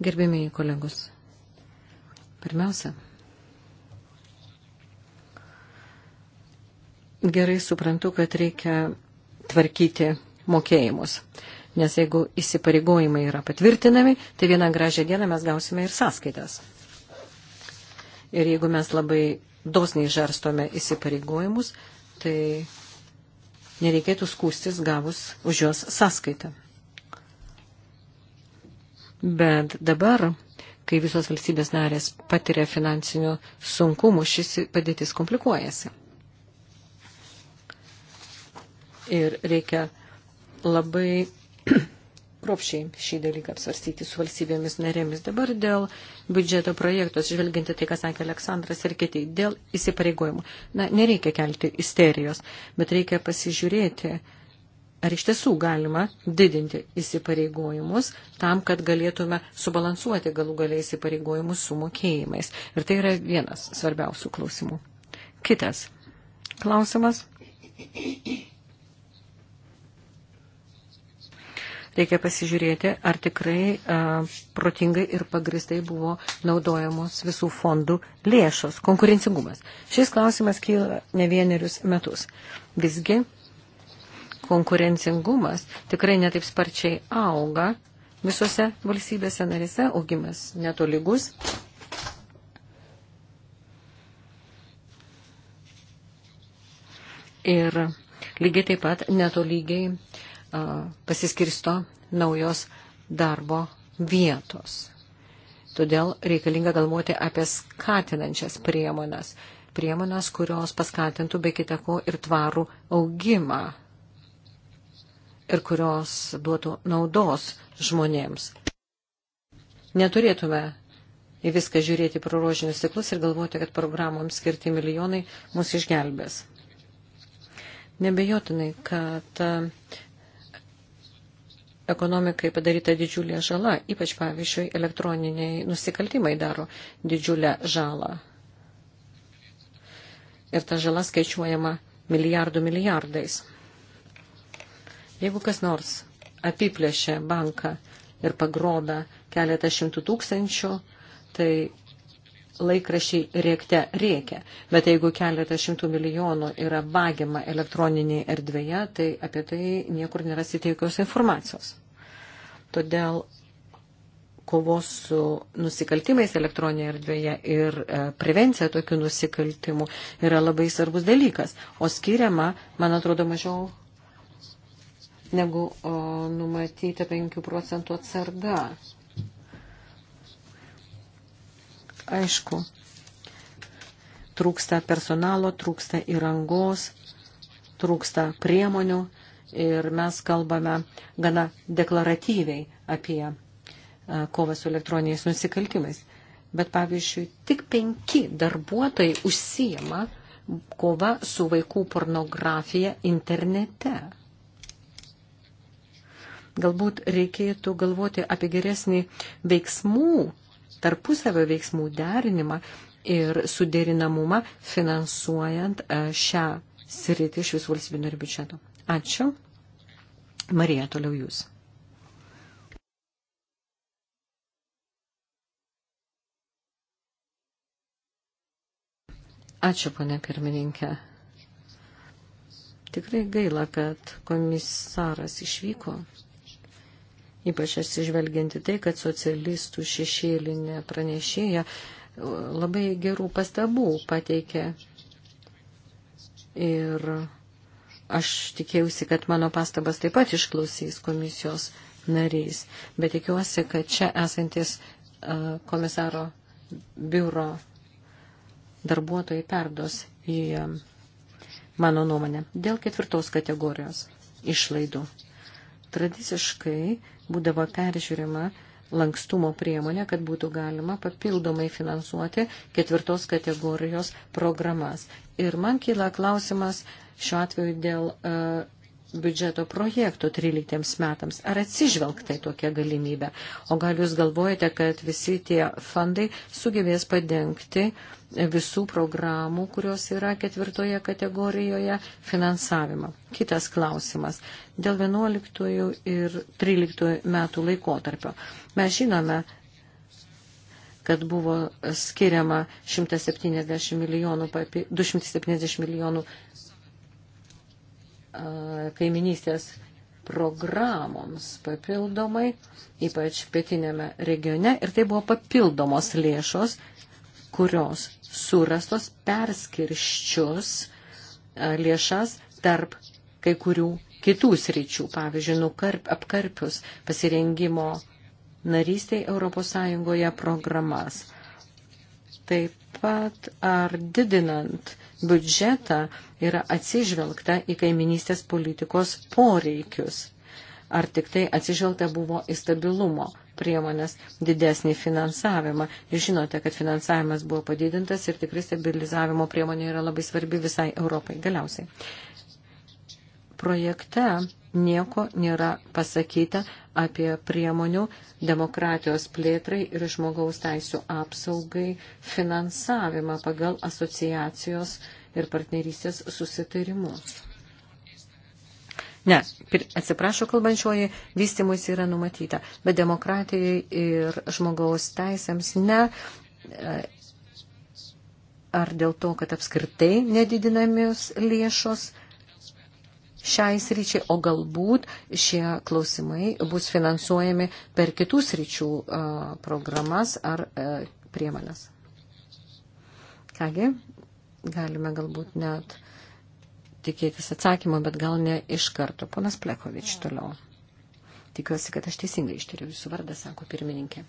Gerbėmiai kolegos, pirmiausia, gerai suprantu, kad reikia tvarkyti mokėjimus, nes jeigu įsipareigojimai yra patvirtinami, tai vieną gražią dieną mes gausime ir sąskaitas. Ir jeigu mes labai dosniai žarstome įsipareigojimus, tai nereikėtų skūstis gavus už juos sąskaitą. Bet dabar, kai visos valstybės narės patiria finansinių sunkumų, šis padėtis komplikuojasi. Ir reikia labai (clears throat) kropšiai šį dalyką apsvarstyti su valstybėmis narėmis. Dabar dėl biudžeto projektos, žvelginti tai, ką sakė Aleksandras ir kiti, dėl įsipareigojimų. Na, nereikia kelti isterijos, bet reikia pasižiūrėti, ar iš tiesų galima didinti įsipareigojimus tam, kad galėtume subalansuoti galų galiai įsipareigojimus su mokėjimais. Ir tai yra vienas svarbiausių klausimų. Kitas klausimas. Reikia pasižiūrėti, ar tikrai a, protingai ir pagristai buvo naudojamos visų fondų lėšos, konkurencingumas. Šis klausimas kyla ne vienerius metus. Visgi konkurencingumas tikrai netaip sparčiai auga visose valstybėse narise, augimas netolygus. Ir lygiai taip pat netolygiai uh, pasiskirsto naujos darbo vietos. Todėl reikalinga galvoti apie skatinančias priemonas. Priemonas, kurios paskatintų be kitako ir tvarų augimą ir kurios duotų naudos žmonėms. Neturėtume į viską žiūrėti pro rožinius stiklus ir galvoti, kad programoms skirti milijonai mus išgelbės. Nebejotinai, kad e, ekonomikai padaryta didžiulė žala, ypač pavyzdžiui elektroniniai nusikaltimai daro didžiulę žalą. Ir ta žala skaičiuojama milijardų milijardais. Jeigu kas nors apiplėšia banką ir pagrobia keletą šimtų tūkstančių, tai laikrašiai rėkte rėkia. Bet jeigu keletą šimtų milijonų yra vagiama elektroniniai erdvėje, tai apie tai niekur nerasite jokios informacijos. Todėl kovos su nusikaltimais elektroninėje erdvėje ir e, prevencija tokių nusikaltimų yra labai svarbus dalykas, o skiriama, man atrodo, mažiau negu o, numatyta 5 procentų atsarga. Aišku, trūksta personalo, trūksta įrangos, trūksta priemonių ir mes kalbame gana deklaratyviai apie e, kovą su elektroniniais nusikaltimais. Bet pavyzdžiui, tik penki darbuotojai užsijama kova su vaikų pornografija internete. Galbūt reikėtų galvoti apie geresnį veiksmų, tarpusavio veiksmų derinimą ir suderinamumą finansuojant e, šią sritį iš visų valstybių narių biudžeto. Ačiū. Marija, toliau jūs. Ačiū, ponė pirmininkė. Tikrai gaila, kad komisaras išvyko, ypač atsižvelgianti tai, kad socialistų šešėlinė pranešėja e, labai gerų pastabų pateikė. Ir aš tikėjausi, kad mano pastabas taip pat išklausys komisijos narys, bet tikiuosi, kad čia esantis e, komisaro biuro darbuotojai perdos į e, mano nuomonę dėl ketvirtos kategorijos išlaidų. Tradiciškai būdavo peržiūrima lankstumo priemonė, kad būtų galima papildomai finansuoti ketvirtos kategorijos programas. Ir man kyla klausimas šiuo atveju dėl uh, biudžeto projekto 13 metams. Ar atsižvelgtai tokia galimybė? O gal jūs galvojate, kad visi tie fondai sugebės padengti visų programų, kurios yra ketvirtoje kategorijoje, finansavimą? Kitas klausimas. Dėl 11 ir 13 metų laikotarpio. Mes žinome, kad buvo skiriama 170 milijonų, 270 milijonų kaiminystės programoms papildomai, ypač pietinėme regione. Ir tai buvo papildomos lėšos, kurios surastos perskirščius lėšas tarp kai kurių kitų sričių, pavyzdžiui, nukarp, apkarpius pasirengimo narystiai ES programas. Taip pat ar didinant biudžetą yra atsižvelgta į kaiminystės politikos poreikius. Ar tik tai atsižvelgta buvo į stabilumo priemonės didesnį finansavimą. Jūs žinote, kad finansavimas buvo padidintas ir tikrai stabilizavimo priemonė yra labai svarbi visai Europai. Galiausiai. Projekte nieko nėra pasakyta apie priemonių demokratijos plėtrai ir žmogaus teisų apsaugai finansavimą pagal asociacijos ir partnerystės susitarimus. Ne, atsiprašau kalbančioji, vystimus yra numatyta, bet demokratijai ir žmogaus teisėms ne. E, ar dėl to, kad apskritai nedidinamios lėšos šiai sričiai, o galbūt šie klausimai bus finansuojami per kitų sričių programas ar e, priemonės. Kągi, galime galbūt net tikėtis atsakymą, bet gal ne iš karto. Ponas Plekovič toliau. Tikiuosi, kad aš teisingai ištiriu jūsų vardą, sako pirmininkė.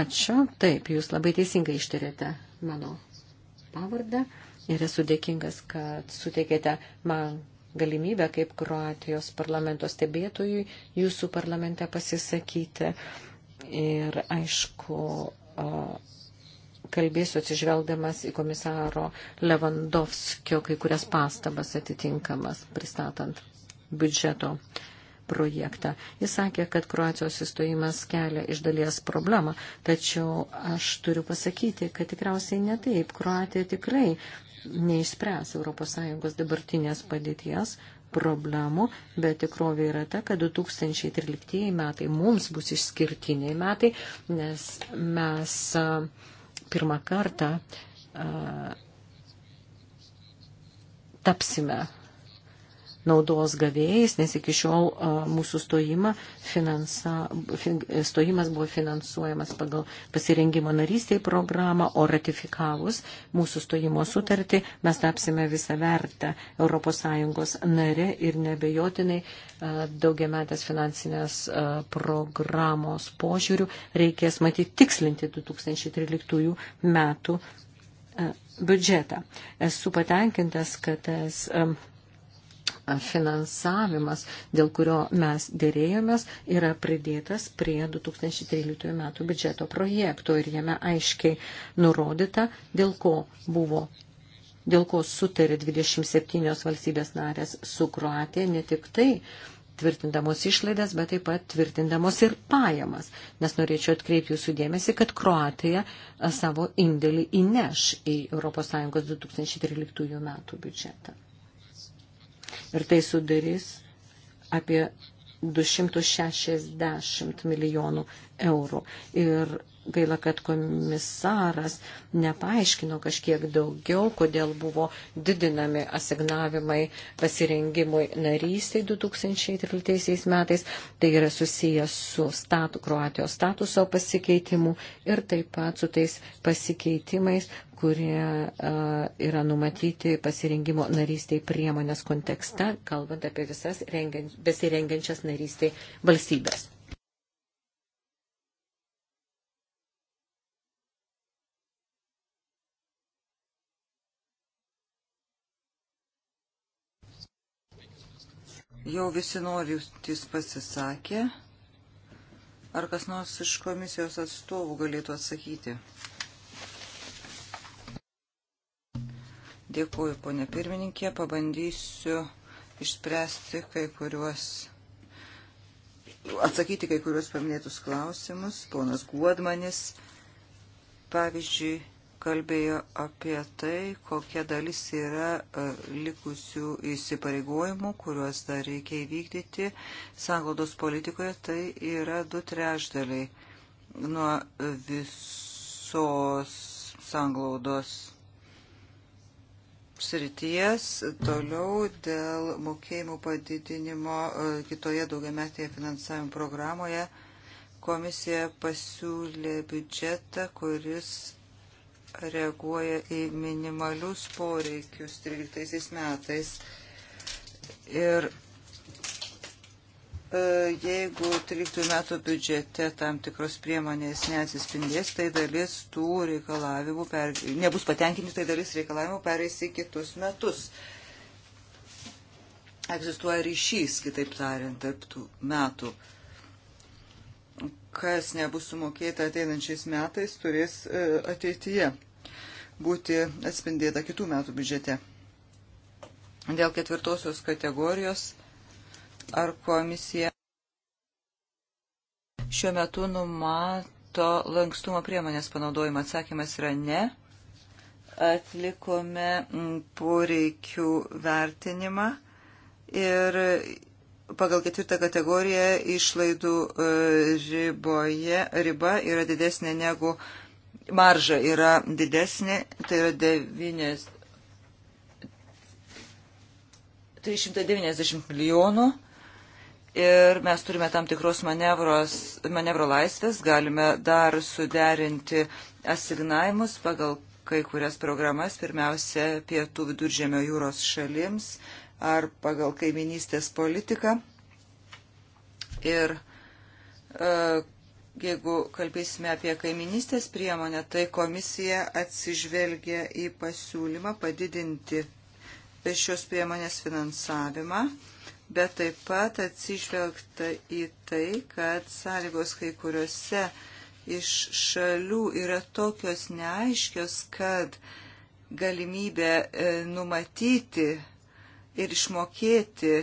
Ačiū. Taip, jūs labai teisingai ištirėte mano pavardę ir esu dėkingas, kad suteikėte man galimybę kaip Kroatijos parlamento stebėtojui jūsų parlamente pasisakyti. Ir aišku, kalbėsiu atsižvelgdamas į komisaro Levandovskio kai kurias pastabas atitinkamas pristatant biudžeto projektą. Jis sakė, kad Kroacijos įstojimas kelia iš dalies problemą, tačiau aš turiu pasakyti, kad tikriausiai ne taip. Kroatija tikrai neišspręs ES dabartinės padėties problemų, bet tikrovė yra ta, kad 2013 metai mums bus išskirtiniai metai, nes mes pirmą kartą tapsime naudos gavėjais, nes iki šiol mūsų stojimą finansa, fin, stojimas buvo finansuojamas pagal pasirengimo narystėj programą, o ratifikavus mūsų stojimo sutartį mes tapsime visą vertę ES nare ir nebejotinai daugiametės finansinės programos požiūrių reikės matyti tikslinti 2013 metų biudžetą. Esu patenkintas, kad tas finansavimas, dėl kurio mes dėrėjomės, yra pridėtas prie 2013 metų biudžeto projekto ir jame aiškiai nurodyta, dėl ko buvo dėl ko sutarė 27 valstybės narės su Kroatija, ne tik tai tvirtindamos išlaidas, bet taip pat tvirtindamos ir pajamas. Nes norėčiau atkreipti jūsų dėmesį, kad Kroatija e, savo indėlį įneš į ES 2013 metų biudžetą ir tai sudarys apie 260 milijonų eurų. Ir Gaila, kad komisaras nepaaiškino kažkiek daugiau, kodėl buvo didinami asignavimai pasirengimui narystiai 2013 metais. Tai yra susijęs su statu, Kroatijos statuso pasikeitimu ir taip pat su tais pasikeitimais, kurie uh, yra numatyti pasirengimo narystiai priemonės kontekste, kalbant apie visas rengiant, besirengiančias narystiai valstybės. Jau visi norintys pasisakė. Ar kas nors iš komisijos atstovų galėtų atsakyti? Dėkuoju, ponė pirmininkė. Pabandysiu išspręsti kai kuriuos atsakyti kai kuriuos paminėtus klausimus. Ponas Guodmanis, pavyzdžiui, kalbėjo apie tai, kokia dalis yra e, likusių įsipareigojimų, kuriuos dar reikia įvykdyti. Sanglaudos politikoje tai yra du trešdaliai nuo visos sanglaudos srities. Toliau dėl mokėjimų padidinimo e, kitoje daugiametėje finansavimo programoje komisija pasiūlė biudžetą, kuris reaguoja į minimalius poreikius 13 metais. Ir e, jeigu 13 metų biudžete tam tikros priemonės neatsispindės, tai dalis tų reikalavimų per, nebus patenkinti, tai dalis reikalavimų pereis į kitus metus. Egzistuoja ryšys, kitaip tariant, tarp tų metų. Kas nebus sumokėta ateinančiais metais, turės e, ateityje būti atspindėta kitų metų biudžete. Dėl ketvirtosios kategorijos ar komisija šiuo metu numato lankstumo priemonės panaudojimą? Atsakymas yra ne. Atlikome mm, poreikių vertinimą ir pagal ketvirtą kategoriją išlaidų e, riboje, riba yra didesnė negu uh, marža yra didesnė, tai yra 9, 390 milijonų ir mes turime tam tikros manevros, manevro laisvės, galime dar suderinti asignavimus pagal kai kurias programas, pirmiausia, pietų viduržėmio jūros šalims ar pagal kaiminystės politiką. Ir e, Jeigu kalbėsime apie kaiminystės priemonę, tai komisija atsižvelgia į pasiūlymą padidinti šios priemonės finansavimą, bet taip pat atsižvelgta į tai, kad sąlygos kai kuriuose iš šalių yra tokios neaiškios, kad galimybė e, numatyti ir išmokėti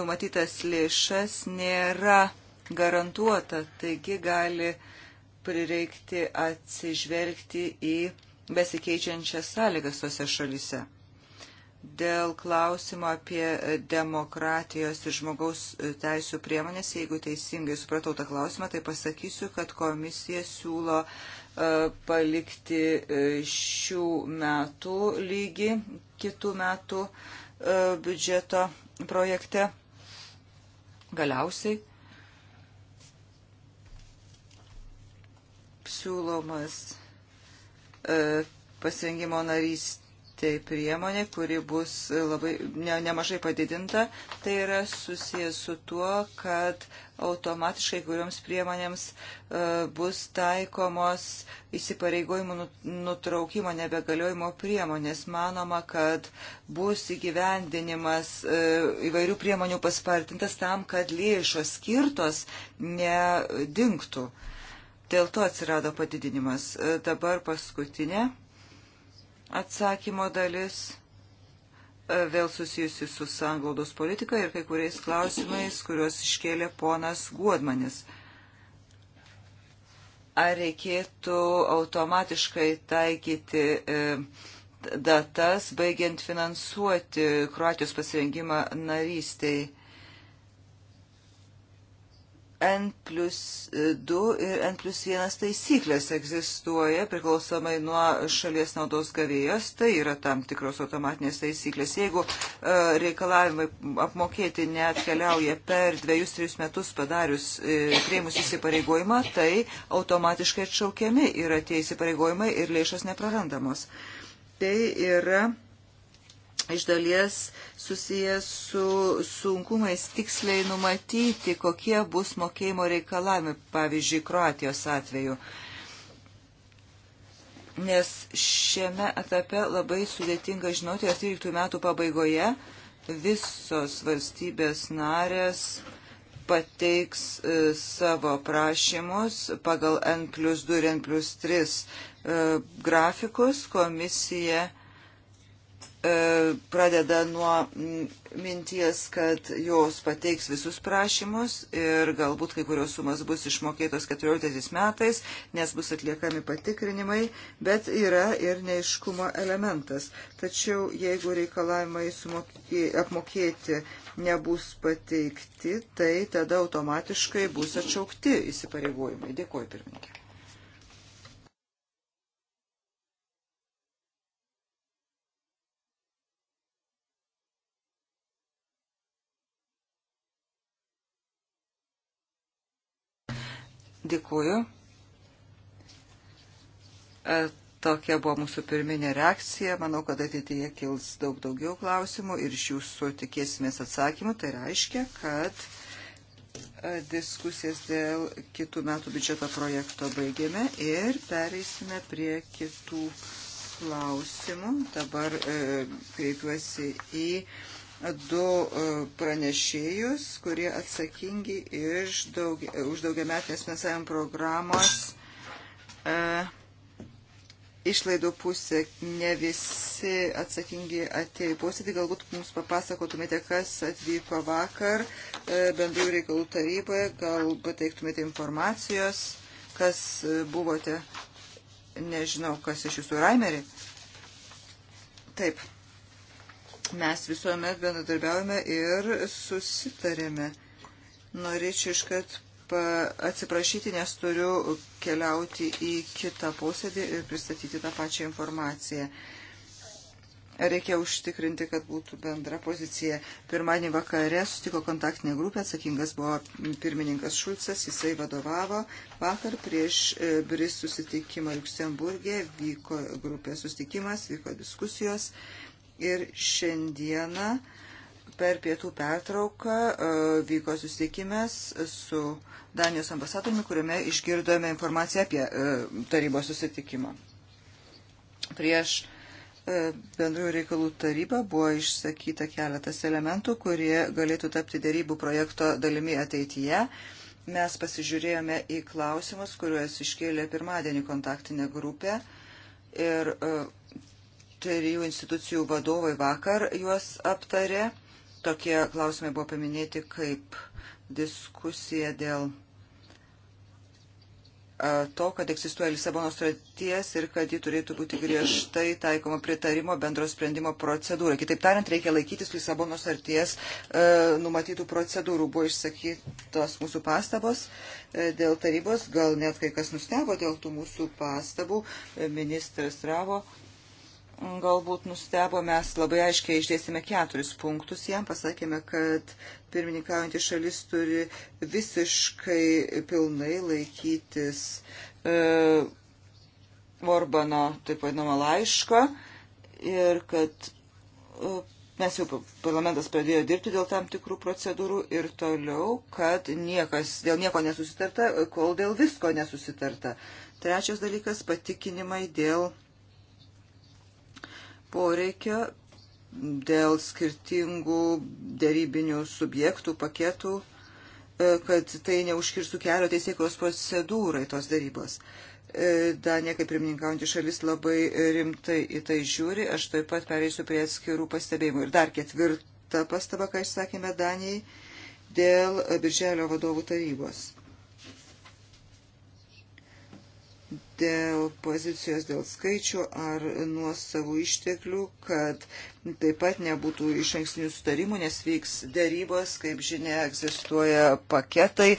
numatytas lėšas nėra garantuota, taigi gali prireikti atsižvelgti į besikeičiančias sąlygas tose šalyse. Dėl klausimo apie demokratijos ir žmogaus teisų priemonės, jeigu teisingai supratau tą klausimą, tai pasakysiu, kad komisija siūlo e, palikti e, šių metų lygį kitų metų e, biudžeto projekte. Galiausiai siūlomas e, pasirengimo narystė priemonė, kuri bus labai ne, nemažai padidinta. Tai yra susijęs su tuo, kad automatiškai kuriuoms priemonėms e, bus taikomos įsipareigojimų nu, nutraukimo nebegaliojimo priemonės. Manoma, kad bus įgyvendinimas e, įvairių priemonių paspartintas tam, kad lėšos skirtos nedingtų. E, Dėl to atsirado padidinimas. E, dabar paskutinė atsakymo dalis e, vėl susijusi su sanglaudos politika ir kai kuriais klausimais, kuriuos iškėlė ponas Guodmanis. Ar reikėtų automatiškai taikyti e, datas, baigiant finansuoti Kroatijos pasirengimą narystiai? N plus 2 ir N plus 1 taisyklės egzistuoja priklausomai nuo šalies naudos gavėjos, tai yra tam tikros automatinės taisyklės. Jeigu e, reikalavimai apmokėti neatkeliauja per dviejus, trijus metus padarius e, prieimus įsipareigojimą, tai automatiškai atšaukiami yra tie įsipareigojimai ir lėšos neprarandamos. Tai yra iš dalies susijęs su sunkumais tiksliai numatyti, kokie bus mokėjimo reikalavimai, pavyzdžiui, Kroatijos atveju nes šiame etape labai sudėtinga žinoti, ar 13 metų pabaigoje visos valstybės narės pateiks e, savo prašymus pagal N plus 2 ir N plus 3 e, grafikus. Komisija E, pradeda nuo minties, kad jos pateiks visus prašymus ir galbūt kai kurios sumas bus išmokėtos 14 metais, nes bus atliekami patikrinimai, bet yra ir neiškumo elementas. Tačiau jeigu reikalavimai sumokė, apmokėti nebus pateikti, tai tada automatiškai bus atšaukti įsipareigojimai. Dėkuoju pirmininkė. Dėkuoju. E, tokia buvo mūsų pirminė reakcija. Manau, kad ateityje kils daug daugiau klausimų ir iš jūsų tikėsimės atsakymų. Tai reiškia, kad e, diskusijas dėl kitų metų biudžeto projekto baigėme ir pereisime prie kitų klausimų. Dabar e, kreipiuosi į. E, du e, pranešėjus, kurie atsakingi daug, už daugiametinės finansavimo programos e, išlaidų pusę. Ne visi atsakingi atėjo į posėdį, galbūt mums papasakotumėte, kas atvyko vakar e, bendrų reikalų taryboje, gal pateiktumėte informacijos, kas e, buvote, nežinau, kas iš jūsų raimerį. Taip mes visuomet bendradarbiaujame ir susitarėme. Norėčiau iškart atsiprašyti, nes turiu keliauti į kitą posėdį ir pristatyti tą pačią informaciją. Reikia užtikrinti, kad būtų bendra pozicija. Pirmadienį vakare sutiko kontaktinė grupė, atsakingas buvo pirmininkas Šulcas, jisai vadovavo. Vakar prieš e, BRIS susitikimą Luksemburgė vyko grupės susitikimas, vyko diskusijos ir šiandieną per pietų pertrauką e, vyko susitikimas su Danijos ambasadoriumi, kuriame išgirdome informaciją apie e, tarybos susitikimą. Prieš e, bendrųjų reikalų taryba buvo išsakyta keletas elementų, kurie galėtų tapti dėrybų projekto dalimi ateityje. Mes pasižiūrėjome į klausimus, kuriuos iškėlė pirmadienį kontaktinė grupė ir uh, trijų institucijų vadovai vakar juos aptarė. Tokie klausimai buvo paminėti kaip diskusija dėl to, kad egzistuoja Lisabono straties ir kad ji turėtų būti griežtai taikoma pritarimo bendro sprendimo procedūrai. Kitaip tariant, reikia laikytis Lisabono straties e, numatytų procedūrų. Buvo išsakytos mūsų pastabos e, dėl tarybos, gal net kai kas nustebo dėl tų mūsų pastabų. E, ministras Ravo galbūt nustebo, mes labai aiškiai išdėsime keturis punktus. Jam pasakėme, kad pirmininkaujantys šalis turi visiškai pilnai laikytis e, Orbano, taip vadinamo, laiško ir kad e, mes jau parlamentas pradėjo dirbti dėl tam tikrų procedūrų ir toliau, kad niekas dėl nieko nesusitarta, kol dėl visko nesusitarta. Trečias dalykas - patikinimai dėl poreikio dėl skirtingų dėrybinių subjektų, paketų, e, kad tai neužkirstų kelio teisėkos procedūrai tos dėrybos. E, Danija, kaip pirmininkaujantys šalis, labai rimtai į tai žiūri. Aš taip pat pereisiu prie atskirų pastebėjimų. Ir dar ketvirta pastaba, ką išsakėme Danijai, dėl Birželio vadovų tarybos. dėl pozicijos, dėl skaičių ar nuosavų išteklių, kad taip pat nebūtų iš ankstinių sutarimų, nes vyks dėrybos, kaip žinia, egzistuoja paketai e,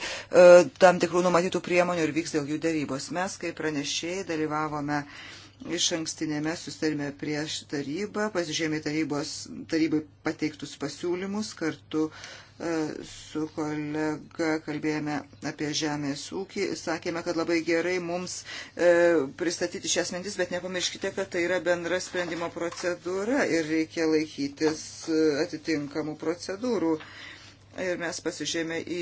tam tikrų numatytų priemonių ir vyks dėl jų dėrybos. Mes, kaip pranešėjai, dalyvavome uh, iš ankstinėme sustarime prieš tarybą, pasižiūrėjome tarybos, tarybai pateiktus pasiūlymus, kartu e, su kolega kalbėjome apie žemės ūkį, sakėme, kad labai gerai mums e, pristatyti šias mintis, bet nepamirškite, kad tai yra bendra sprendimo procedūra ir reikia laikytis e, atitinkamų procedūrų. Ir mes pasižiūrėjome į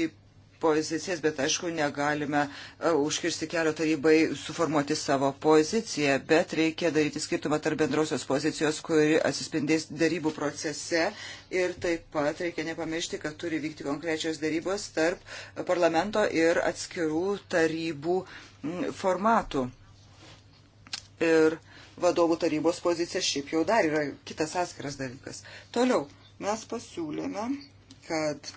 pozicijas, bet aišku, negalime e, užkirsti kelio tarybai suformuoti savo poziciją, bet reikia daryti skirtumą tarp bendrosios pozicijos, kuri atsispindės darybų procese ir taip pat reikia nepamiršti, kad turi vykti konkrečios darybos tarp parlamento ir atskirų tarybų formatų. Ir vadovų tarybos pozicija šiaip jau dar yra kitas atskiras dalykas. Toliau mes pasiūlėme, kad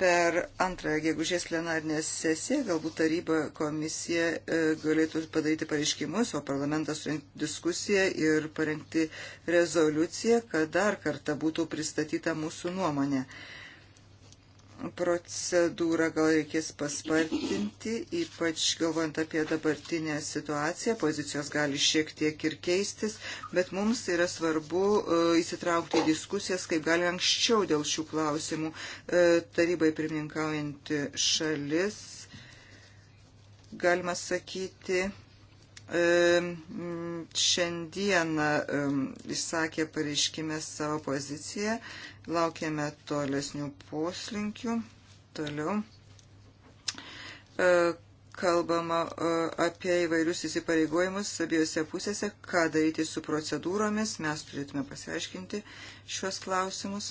per antrąją gegužės plenarinę sesiją galbūt taryba komisija e, galėtų padaryti pareiškimus, o parlamentas surinkti diskusiją ir parengti rezoliuciją, kad dar kartą būtų pristatyta mūsų nuomonė procedūrą gal reikės paspartinti, ypač galvant apie dabartinę situaciją, pozicijos gali šiek tiek ir keistis, bet mums yra svarbu e, įsitraukti į diskusijas, kaip gali anksčiau dėl šių klausimų e, tarybai pirmininkaujanti šalis, galima sakyti, šiandieną išsakė pareiškime savo poziciją, laukiame tolesnių poslinkių. Toliau e, kalbama e, apie įvairius įsipareigojimus abiejose pusėse, ką daryti su procedūromis, mes turėtume pasiaiškinti šiuos klausimus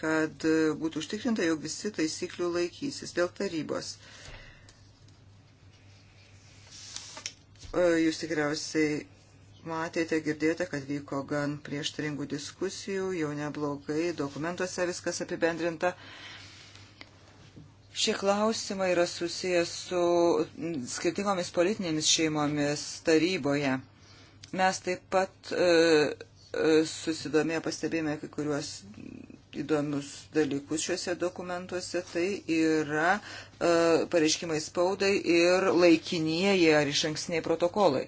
kad e, būtų užtikrinta, jog visi taisyklių laikysis dėl tarybos. Uh, E, jūs tikriausiai matėte, girdėjote, kad vyko gan prieštaringų diskusijų, jau neblogai, dokumentuose viskas apibendrinta. Šie klausimai yra susijęs su skirtingomis politinėmis šeimomis taryboje. Mes taip pat e, e susidomėję pastebėjome kai kuriuos įdomius dalykus šiuose dokumentuose, tai yra e, pareiškimai spaudai ir laikinieji ar iš ankstiniai protokolai.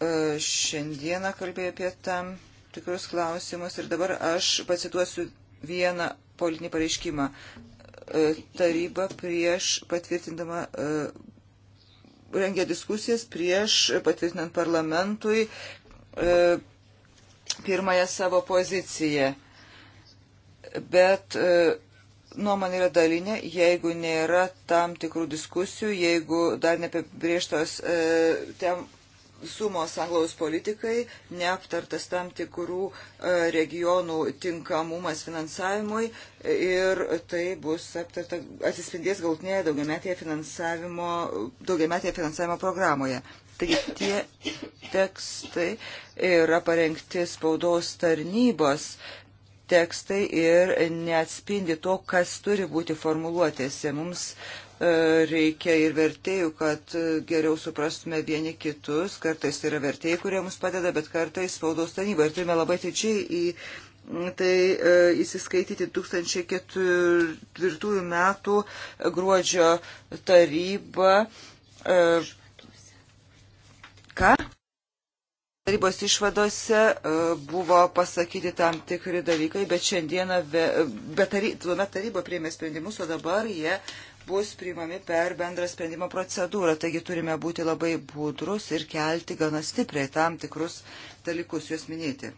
E, šiandieną kalbėjau apie tam tikrus klausimus ir dabar aš pacituosiu vieną politinį pareiškimą. E, taryba prieš patvirtindama. E, rengia diskusijas prieš patvirtinant parlamentui e, pirmąją savo poziciją. Bet e, nuomonė yra dalinė, jeigu nėra tam tikrų diskusijų, jeigu dar neapibrieštos e, tem, sumos anglaus politikai, neaptartas tam tikrų e, regionų tinkamumas finansavimui e, ir tai bus aptarta, atsispindės galtinėje daugiametėje finansavimo, daugiametėje finansavimo programoje. Taigi tie tekstai yra parengti spaudos tarnybos tekstai ir neatspindi to, kas turi būti formuluotėse. Mums e, reikia ir vertėjų, kad e, geriau suprastume vieni kitus. Kartais yra vertėjai, kurie mums padeda, bet kartais spaudos taryba. Ir turime labai tyčiai į tai e, įsiskaityti 2004 metų gruodžio tarybą. E, Tarybos išvadose e, buvo pasakyti tam tikri dalykai, bet šiandieną, e, bet tuomet taryba priėmė sprendimus, o dabar jie bus priimami per bendrą sprendimo procedūrą. Taigi turime būti labai būdrus ir kelti gana stipriai tam tikrus dalykus, juos minėti.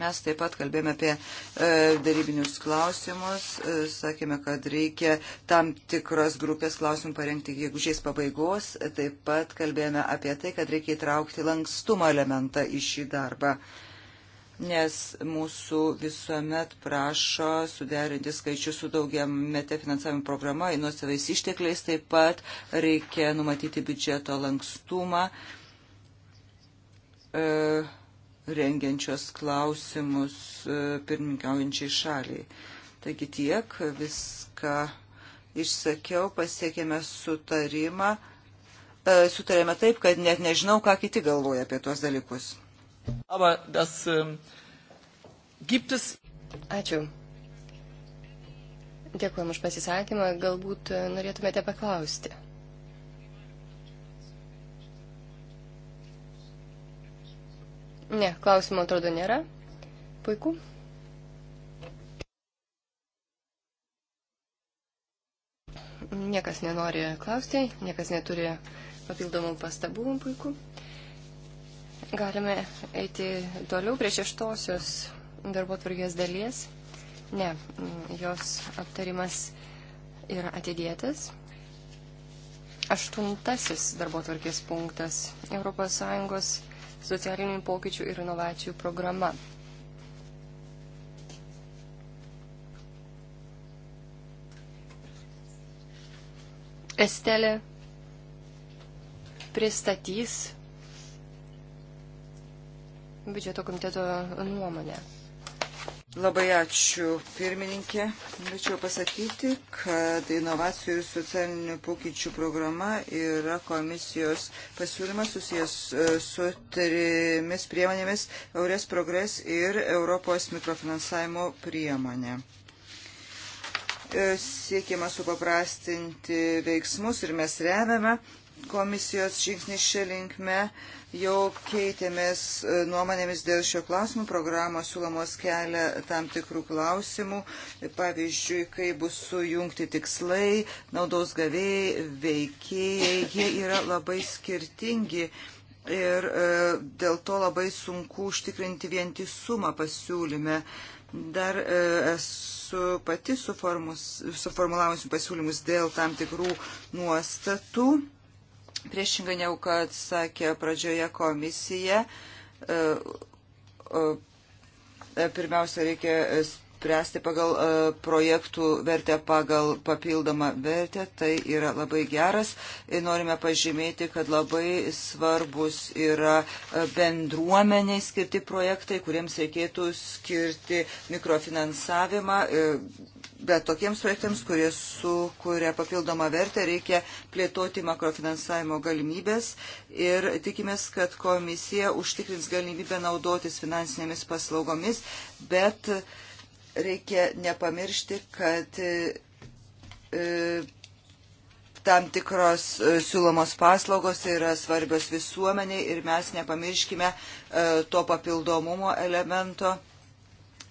Mes taip pat kalbėjome apie e, darybinius klausimus, e, sakėme, kad reikia tam tikros grupės klausimų parengti gegužės pabaigos, taip pat kalbėjome apie tai, kad reikia įtraukti lankstumo elementą į šį darbą, nes mūsų visuomet prašo suderinti skaičius su daugiamete finansavimo programa, nuosavais ištekliais taip pat reikia numatyti biudžeto lankstumą. E, rengiančios klausimus e, pirmininkaujančiai šaliai. Taigi tiek, viską išsakiau, pasiekėme sutarimą, e, sutarėme taip, kad net nežinau, ką kiti galvoja apie tuos dalykus. Aber das um, gibt es. Ačiū. Dėkuojam už pasisakymą. Galbūt e, norėtumėte paklausti. Ne, klausimų atrodo nėra. Puiku. Niekas nenori klausti, niekas neturi papildomų pastabų, puiku. Galime eiti toliau prie šeštosios darbo tvarkės dalies. Ne, jos aptarimas yra atidėtas. Aštuntasis darbo tvarkės punktas ES socialinių pokyčių ir inovacijų programa. Estelė pristatys biudžeto komiteto nuomonę. Labai ačiū pirmininkė. Norėčiau pasakyti, kad inovacijų ir socialinių pokyčių programa yra komisijos pasiūlymas susijęs e, su trimis priemonėmis Eurės progres ir Europos mikrofinansavimo priemonė. E, siekiama supaprastinti veiksmus ir mes remiame komisijos žingsnį šią linkmę. Jau keitėmės e, nuomonėmis dėl šio klausimų, programos siūlomos kelia tam tikrų klausimų, pavyzdžiui, kai bus sujungti tikslai, naudos gavėjai, veikėjai, jie yra labai skirtingi. Ir e, dėl to labai sunku užtikrinti vientisumą pasiūlyme. Dar e, esu pati suformus, suformulavusi pasiūlymus dėl tam tikrų nuostatų Priešingai negu kad sakė pradžioje komisija, e, e, pirmiausia reikia spręsti pagal e, projektų vertę, pagal papildomą vertę. Tai yra labai geras. Ir norime pažymėti, kad labai svarbus yra bendruomeniai skirti projektai, kuriems reikėtų skirti mikrofinansavimą. Bet tokiems projektams, kurie sukuria papildomą vertę, reikia plėtoti makrofinansavimo galimybės ir tikimės, kad komisija užtikrins galimybę naudotis finansinėmis paslaugomis, bet reikia nepamiršti, kad e, tam tikros e, siūlomos paslaugos yra svarbios visuomeniai ir mes nepamirškime e, to papildomumo elemento.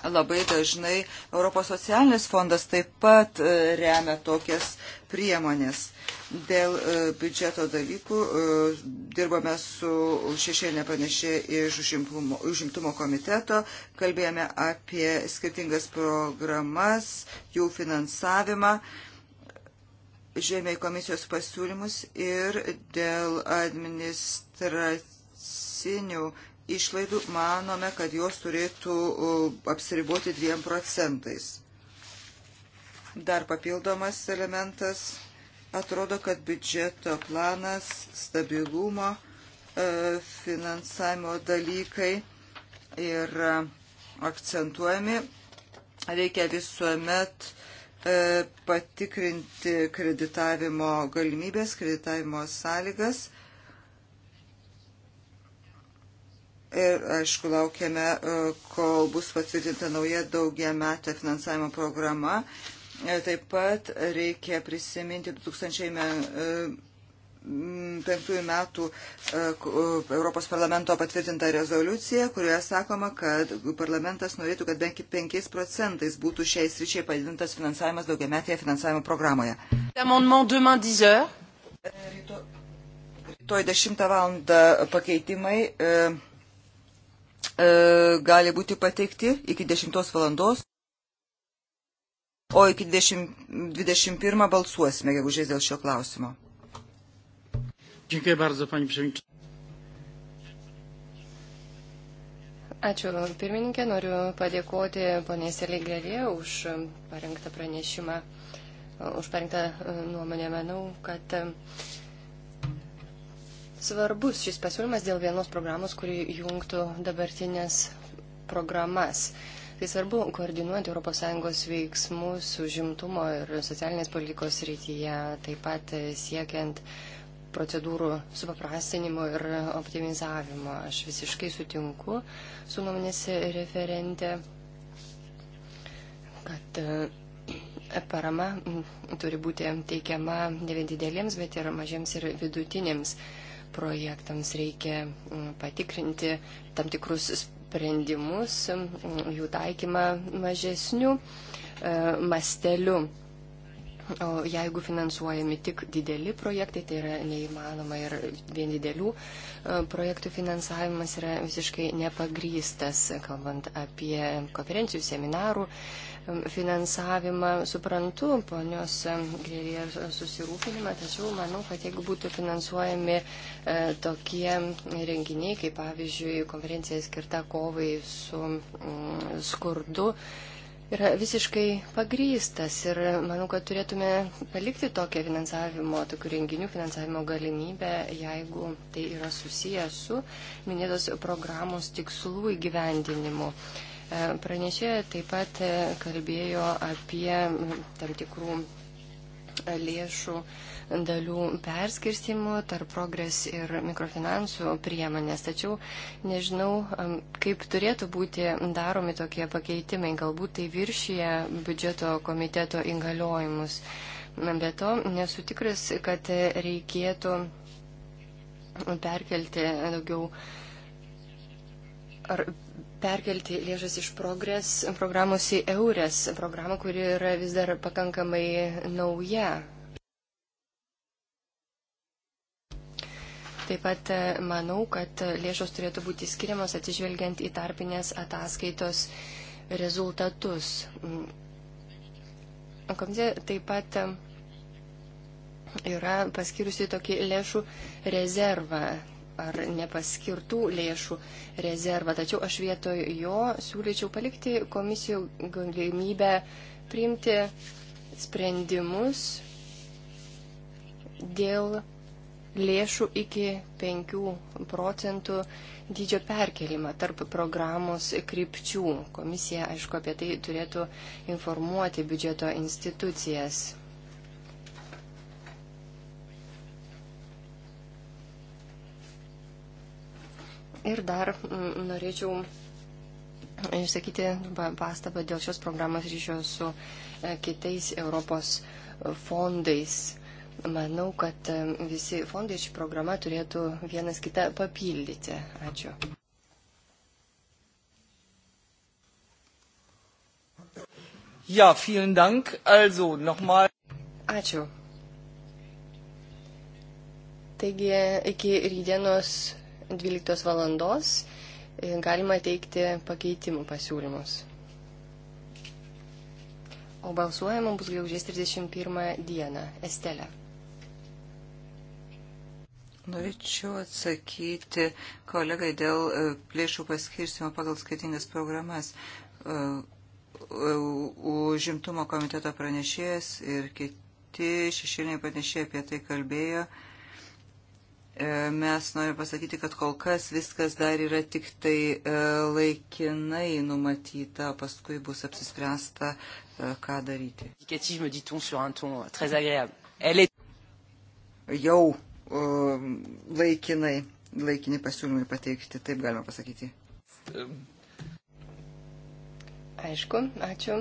Labai dažnai Europos socialinis fondas taip pat e, remia tokias priemonės. Dėl e, biudžeto dalykų e, dirbame su šešėlinė panešė iš užimtumo, užimtumo komiteto, kalbėjome apie skirtingas programas, jų finansavimą žemėjai komisijos pasiūlymus ir dėl administracinių išlaidų manome, kad jos turėtų apsiriboti 2 procentais. Dar papildomas elementas atrodo, kad biudžeto planas, stabilumo, e, finansavimo dalykai yra akcentuojami. Reikia visuomet e, patikrinti kreditavimo galimybės, kreditavimo sąlygas Ir, aišku, laukiame, e, kol bus patvirtinta nauja daugia metą finansavimo programa. E, taip pat reikia prisiminti 2005 e, metų Europos parlamento patvirtintą rezoliuciją, kurioje sakoma, kad parlamentas norėtų, kad bent 5 procentais būtų šiai sričiai padidintas finansavimas daugiametėje finansavimo programoje. Rytoj 10 val. pakeitimai. E, E, gali būti pateikti iki 10 valandos, o iki 10, 21 balsuosime, jeigu žiais dėl šio klausimo. Dziękuję bardzo, pani przewodnicząca. Ačiū pirmininkė, noriu padėkoti ponė Seligėlė už parengtą pranešimą, už parengtą e, nuomonę. Manau, kad uh, svarbus šis pasiūlymas dėl vienos programos, kuri jungtų dabartinės programas. Tai svarbu koordinuoti ES veiksmus užimtumo ir socialinės politikos rytyje, taip pat siekiant procedūrų supaprastinimo ir optimizavimo. Aš visiškai sutinku su nuomonės referente, kad e, parama turi būti teikiama ne vien didelėms, bet ir mažiems ir vidutinėms projektams reikia mm, patikrinti tam tikrus sprendimus, mm, jų taikymą mažesnių e, mastelių. O jeigu finansuojami tik dideli projektai, tai yra neįmanoma ir vien didelių e, projektų finansavimas yra visiškai nepagrystas, kalbant apie konferencijų, seminarų e, finansavimą. Suprantu ponios e, Grėlėje susirūpinimą, tačiau manau, kad jeigu būtų finansuojami tokie renginiai, kaip pavyzdžiui konferencija skirta kovai su mm, skurdu, yra visiškai pagrystas ir manau, kad turėtume palikti tokią finansavimo, tokių renginių finansavimo galimybę, jeigu tai yra susijęs su minėtos programos tikslų įgyvendinimu. E, Pranešėja taip pat e, kalbėjo apie tam tikrų e, lėšų dalių perskirstimų tarp progres ir mikrofinansų priemonės. Tačiau nežinau, kaip turėtų būti daromi tokie pakeitimai. Galbūt tai viršyje biudžeto komiteto įgaliojimus. Be to, nesu tikras, kad reikėtų perkelti daugiau ar perkelti lėšas iš progres programos į eurės programą, kuri yra vis dar pakankamai nauja. Taip pat e, manau, kad lėšos turėtų būti skiriamos atsižvelgiant į tarpinės ataskaitos rezultatus. Mm. Komisija taip pat e, yra paskiriusi tokį lėšų rezervą ar nepaskirtų lėšų rezervą. Tačiau aš vietoj jo siūlyčiau palikti komisijų galimybę priimti sprendimus dėl lėšų iki 5 procentų dydžio perkelimą tarp programos krypčių. Komisija, aišku, apie tai turėtų informuoti biudžeto institucijas. Ir dar mm, norėčiau išsakyti pastabą dėl šios programos ryšio su e, kitais Europos fondais. Manau, kad visi fondai šį programą turėtų vienas kitą papildyti. Ačiū. Ja, vielen Dank. Also, nochmal. Ačiū. Taigi, iki rydienos 12 valandos e, galima teikti pakeitimų pasiūlymus. O balsuojama bus gegužės 31 dieną. Estelė. Norėčiau atsakyti kolegai dėl e, lėšų paskirstimo pagal skirtingas programas. E, e, užimtumo komiteto pranešėjas ir kiti šešėliniai pranešėjai apie tai kalbėjo. Mes norime pasakyti, kad kol kas viskas dar yra tik tai laikinai numatyta, paskui bus apsispręsta, ką daryti. Euh, Jau laikinai, laikini pasiūlymai pateikti, taip galima pasakyti. Aišku, ačiū.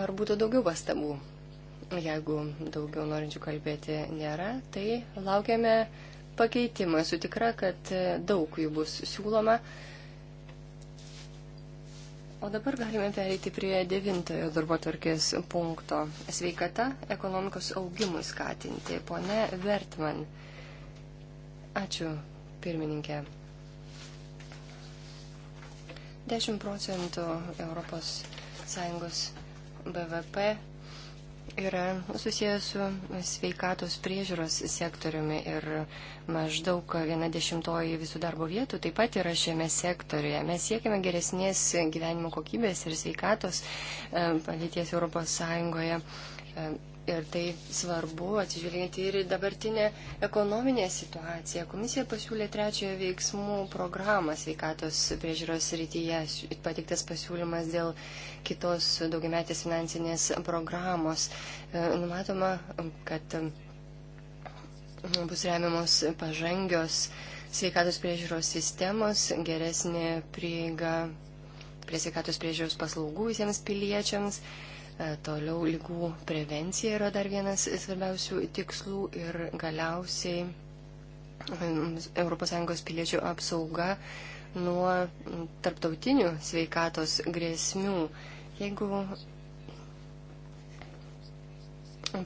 Ar būtų daugiau pastabų? Jeigu daugiau norinčių kalbėti nėra, tai laukiame pakeitimą. Esu tikra, kad daug jų bus siūloma. O dabar galime pereiti prie devintojo darbo tvarkės punkto. Sveikata ekonomikos augimui skatinti. Pone Vertman. Ačiū, pirmininkė. 10 procentų ES BVP yra susijęs su sveikatos priežiūros sektoriumi ir maždaug viena dešimtoji visų darbo vietų taip pat yra šiame sektoriuje. Mes siekime geresnės gyvenimo kokybės ir sveikatos e, padėties Europos Sąjungoje. E, Ir tai svarbu atsižiūrėti ir į dabartinę ekonominę situaciją. Komisija pasiūlė trečiojo veiksmų programą sveikatos priežiūros rytyje. Patiktas pasiūlymas dėl kitos daugiametės finansinės programos. E, numatoma, kad e, bus remiamos pažangios sveikatos priežiūros sistemos, geresnė prieiga prie sveikatos priežiūros paslaugų visiems piliečiams. E, toliau lygų prevencija yra dar vienas svarbiausių tikslų ir galiausiai mm, ES piliečių apsauga nuo tarptautinių sveikatos grėsmių. Jeigu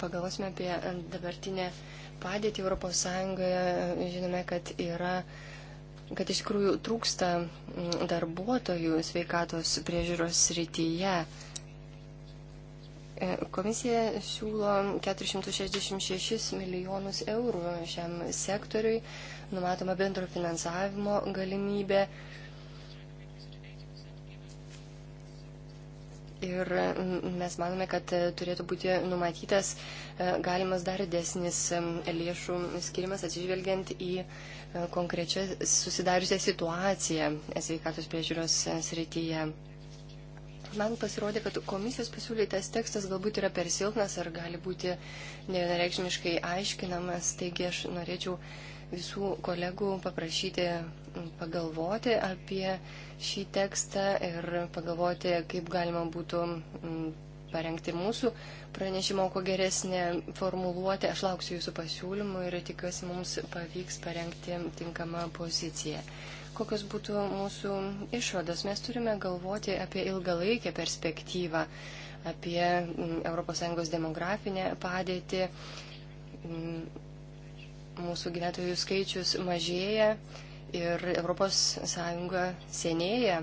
pagalvosime apie dabartinę padėtį ES, žinome, kad yra kad iš tikrųjų trūksta mm, darbuotojų sveikatos priežiūros srityje. E, komisija siūlo 466 milijonus eurų šiam sektoriui, numatoma bendro finansavimo galimybė. Ir mes manome, kad turėtų būti numatytas e, galimas dar desnis e, lėšų skirimas atsižvelgiant į konkrečią susidariusią situaciją sveikatos priežiūros srityje man pasirodė, kad komisijos pasiūlytas tekstas galbūt yra per silpnas ar gali būti nevienareikšmiškai aiškinamas, taigi aš norėčiau visų kolegų paprašyti pagalvoti apie šį tekstą ir pagalvoti, kaip galima būtų parengti mūsų pranešimo, ko geresnė formuluoti. Aš lauksiu jūsų pasiūlymų ir tikiuosi mums pavyks parengti tinkamą poziciją kokios būtų mūsų išvados. Mes turime galvoti apie ilgalaikę perspektyvą, apie mm, ES demografinę padėtį. Mm, mūsų gyventojų skaičius mažėja ir ES senėja.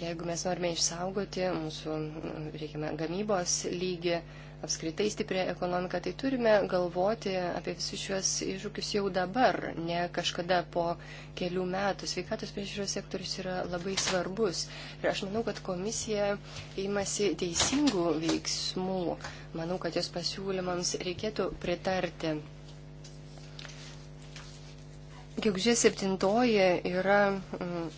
Jeigu mes norime išsaugoti mūsų, mm, reikiame, gamybos lygį, apskritai stiprią ekonomiką, tai turime galvoti apie visus šiuos iššūkius jau dabar, ne kažkada po kelių metų. Sveikatos priežiūros sektorius yra labai svarbus ir aš manau, kad komisija įmasi teisingų veiksmų. Manau, kad jos pasiūlymams reikėtų pritarti. Gegužės 7 yra. Mm,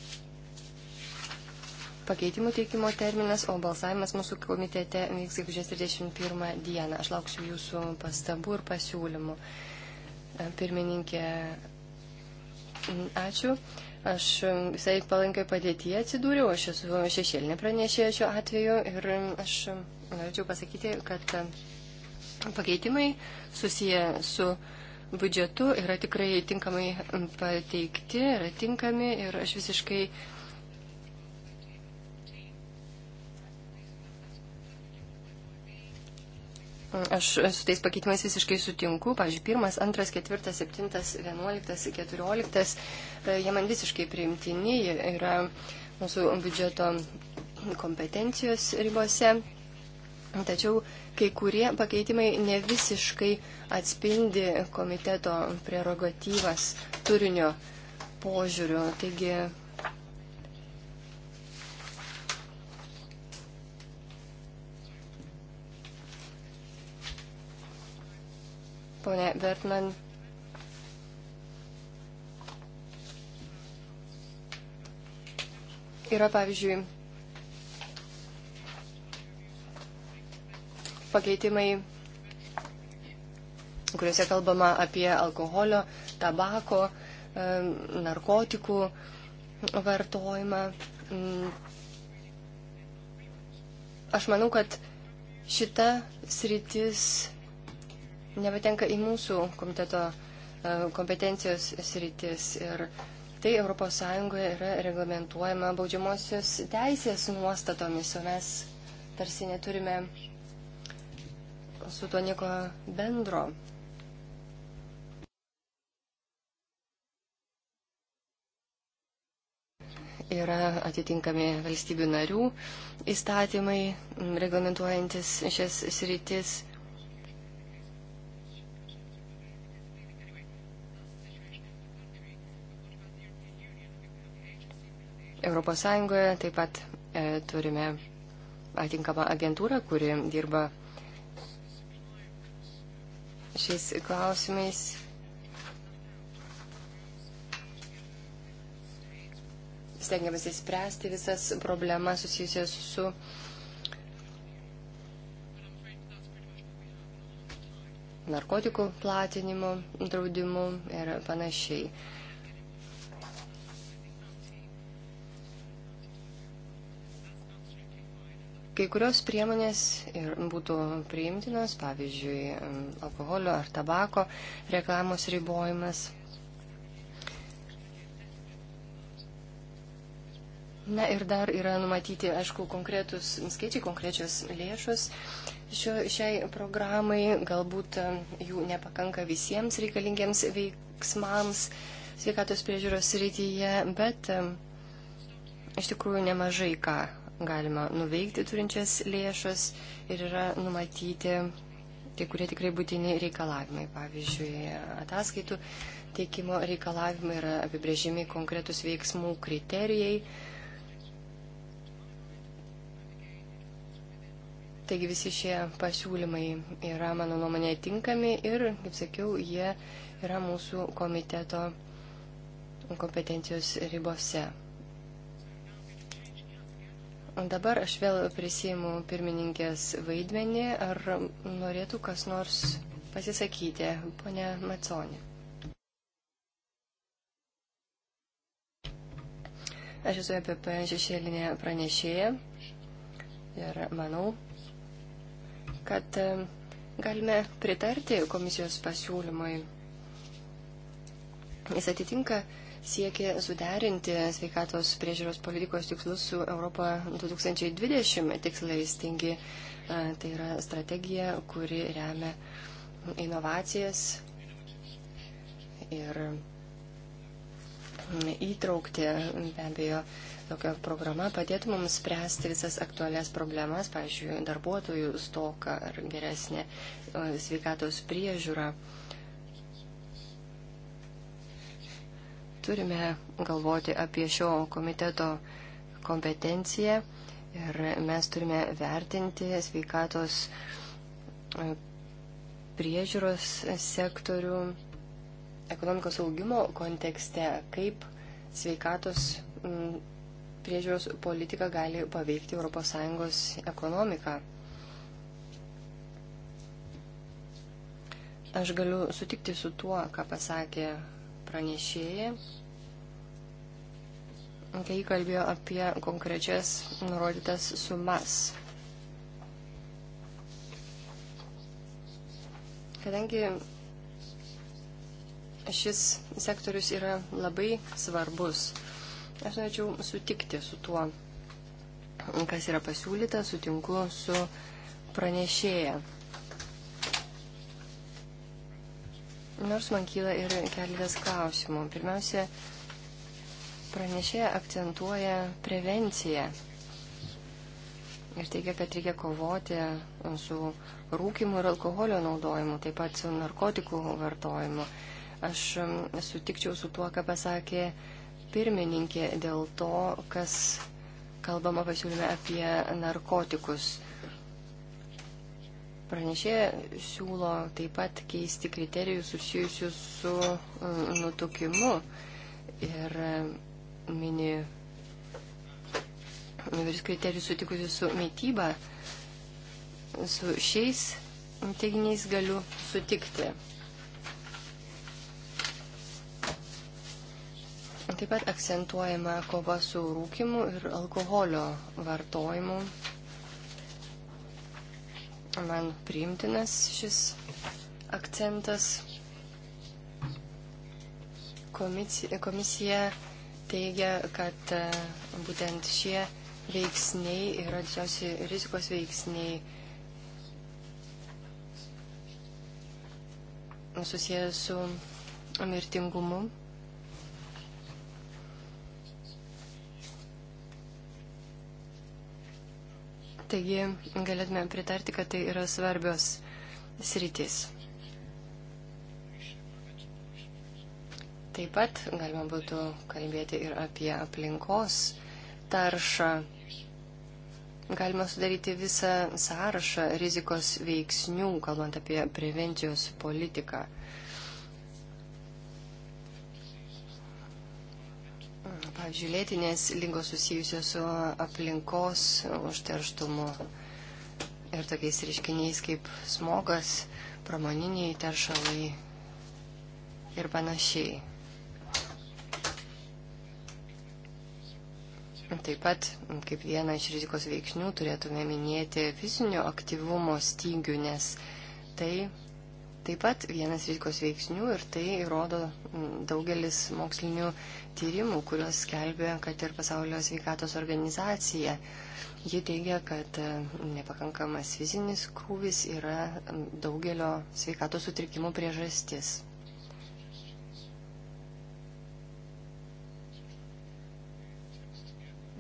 pakeitimų teikimo terminas, o balsavimas mūsų komitete vyks gegužės 31 dieną. Aš lauksiu jūsų pastabų ir pasiūlymų. E, pirmininkė, ačiū. Aš visai palankiai padėtyje atsidūriau, aš esu šešėlinė pranešėja šiuo atveju ir aš norėčiau pasakyti, kad pakeitimai susiję su biudžetu yra tikrai tinkamai pateikti, yra tinkami ir aš visiškai Aš su tais pakeitimais visiškai sutinku. Pavyzdžiui, pirmas, antras, ketvirtas, septintas, vienuoliktas, keturioliktas, e, jie man visiškai priimtini, jie yra mūsų biudžeto kompetencijos ribose. Tačiau kai kurie pakeitimai ne visiškai atspindi komiteto prerogatyvas turinio požiūriu. Taigi Pone Bertman. Yra, pavyzdžiui, pakeitimai, kuriuose kalbama apie alkoholio, tabako, narkotikų vartojimą. Aš manau, kad šita sritis nepatenka į mūsų komiteto e, kompetencijos sritis. Ir tai ES yra reglamentuojama baudžiamosios teisės nuostatomis, o mes tarsi neturime su tuo nieko bendro. Yra atitinkami valstybių narių įstatymai, reglamentuojantis šias sritis. Europos Sąjungoje taip pat e, turime atinkamą agentūrą, kuri dirba šiais klausimais. Stengiamės įspręsti visas problemas susijusias su narkotikų platinimu, draudimu ir panašiai. Kai kurios priemonės būtų priimtinos, pavyzdžiui, alkoholio ar tabako reklamos ribojimas. Na ir dar yra numatyti, aišku, konkretus skaičiai, konkrečios lėšos šio, šiai programai, galbūt jų nepakanka visiems reikalingiems veiksmams sveikatos priežiūros rytyje, bet iš tikrųjų nemažai ką galima nuveikti turinčias lėšas ir yra numatyti kai kurie tikrai būtini reikalavimai. Pavyzdžiui, ataskaitų teikimo reikalavimai yra apibrėžimi konkretus veiksmų kriterijai. Taigi visi šie pasiūlymai yra, mano nuomonė, tinkami ir, kaip sakiau, jie yra mūsų komiteto kompetencijos ribose. Dabar aš vėl prisimu pirmininkės vaidmenį. Ar norėtų kas nors pasisakyti, ponė Maconi? Aš esu apie e šešėlinę pranešėją ir manau, kad e, galime pritarti komisijos pasiūlymui. Jis atitinka siekia suderinti sveikatos priežiūros politikos tikslus su Europa 2020 tikslais. Taigi tai yra strategija, kuri remia inovacijas ir įtraukti be abejo tokia programa padėtų mums spręsti visas aktualias problemas, pavyzdžiui, darbuotojų stoką ar geresnę sveikatos priežiūrą. Turime galvoti apie šio komiteto kompetenciją ir mes turime vertinti sveikatos e, priežiūros sektorių ekonomikos augimo kontekste, kaip sveikatos priežiūros politika gali paveikti ES ekonomiką. Aš galiu sutikti su tuo, ką pasakė pranešėja, kai jį kalbėjo apie konkrečias nurodytas sumas. Kadangi šis sektorius yra labai svarbus, aš norėčiau sutikti su tuo, kas yra pasiūlyta, sutinku su pranešėja. Nors man kyla ir keletas klausimų. Pirmiausia, pranešėja akcentuoja prevenciją ir teigia, kad reikia kovoti su rūkimu ir alkoholio naudojimu, taip pat su narkotikų vartojimu. Aš sutikčiau su tuo, ką pasakė pirmininkė dėl to, kas kalbama pasiūlyme apie narkotikus. Pranešė siūlo taip pat keisti kriterijus susijusius su e, nutukimu ir e, mini įvairius kriterijus sutikusius su mytyba. Su šiais teiginiais galiu sutikti. Taip pat akcentuojama kova su rūkimu ir alkoholio vartojimu Man priimtinas šis akcentas. Komisija, komisija teigia, kad e, būtent šie veiksniai yra didžiausi rizikos veiksniai susijęs su mirtingumu Taigi galėtume pritarti, kad tai yra svarbios sritys. Taip pat galima būtų kalbėti ir apie aplinkos taršą. Galima sudaryti visą sąrašą rizikos veiksnių, kalbant apie prevencijos politiką. pavyzdžiui, lėtinės lygos susijusios su aplinkos užterštumu ir tokiais reiškiniais kaip smogas, pramoniniai teršalai ir panašiai. Taip pat, kaip vieną iš rizikos veiksnių, turėtume minėti fizinio aktyvumo stygių, nes tai taip pat vienas rizikos veiksnių ir tai įrodo daugelis mokslinių tyrimų, kuriuos skelbė, kad ir pasaulio sveikatos organizacija. Ji teigia, kad e, nepakankamas fizinis krūvis yra daugelio sveikatos sutrikimų priežastis.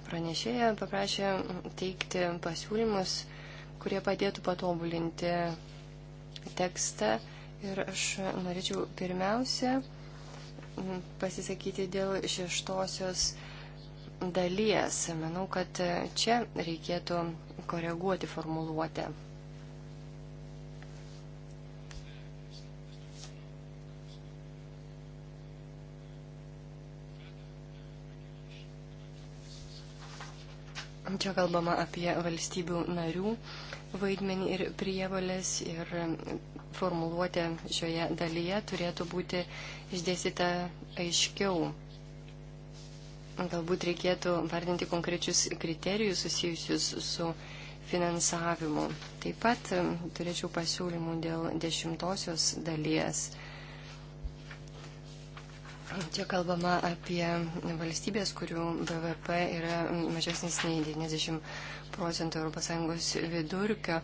Pranešėja paprašė teikti pasiūlymus, kurie padėtų patobulinti tekstą ir aš norėčiau pirmiausia pasisakyti dėl šeštosios dalies. Manau, kad čia reikėtų koreguoti formuluotę. Čia kalbama apie valstybių narių vaidmenį ir prievalės ir formuluotė šioje dalyje turėtų būti išdėstyta aiškiau. Galbūt reikėtų vardinti konkrečius kriterijus susijusius su finansavimu. Taip pat um, turėčiau pasiūlymų dėl dešimtosios dalies Čia kalbama apie valstybės, kurių BVP yra mažesnis nei 90 procentų ES vidurkio.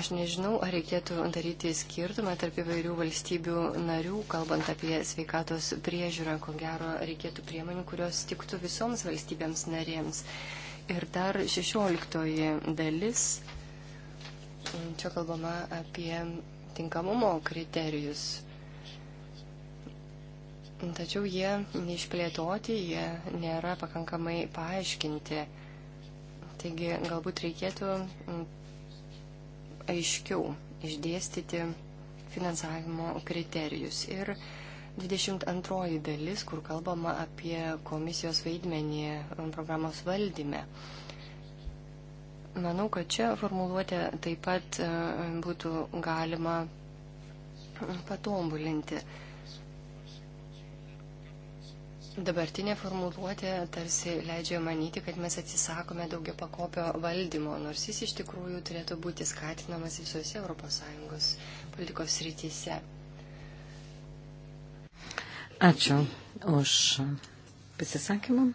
Aš nežinau, ar reikėtų daryti skirtumą tarp įvairių valstybių narių, kalbant apie sveikatos priežiūrą. Ko gero, reikėtų priemonių, kurios tiktų visoms valstybėms narėms. Ir dar 16 dalis. Čia kalbama apie tinkamumo kriterijus. Tačiau jie neišplėtoti, jie nėra pakankamai paaiškinti. Taigi galbūt reikėtų aiškiau išdėstyti finansavimo kriterijus. Ir 22 dalis, kur kalbama apie komisijos vaidmenį programos valdyme. Manau, kad čia formuluotė taip pat e, būtų galima patombulinti. Dabartinė formuluotė tarsi leidžia manyti, kad mes atsisakome daugia pakopio valdymo, nors jis iš tikrųjų turėtų būti skatinamas visose ES politikos rytise. Ačiū už pasisakymą.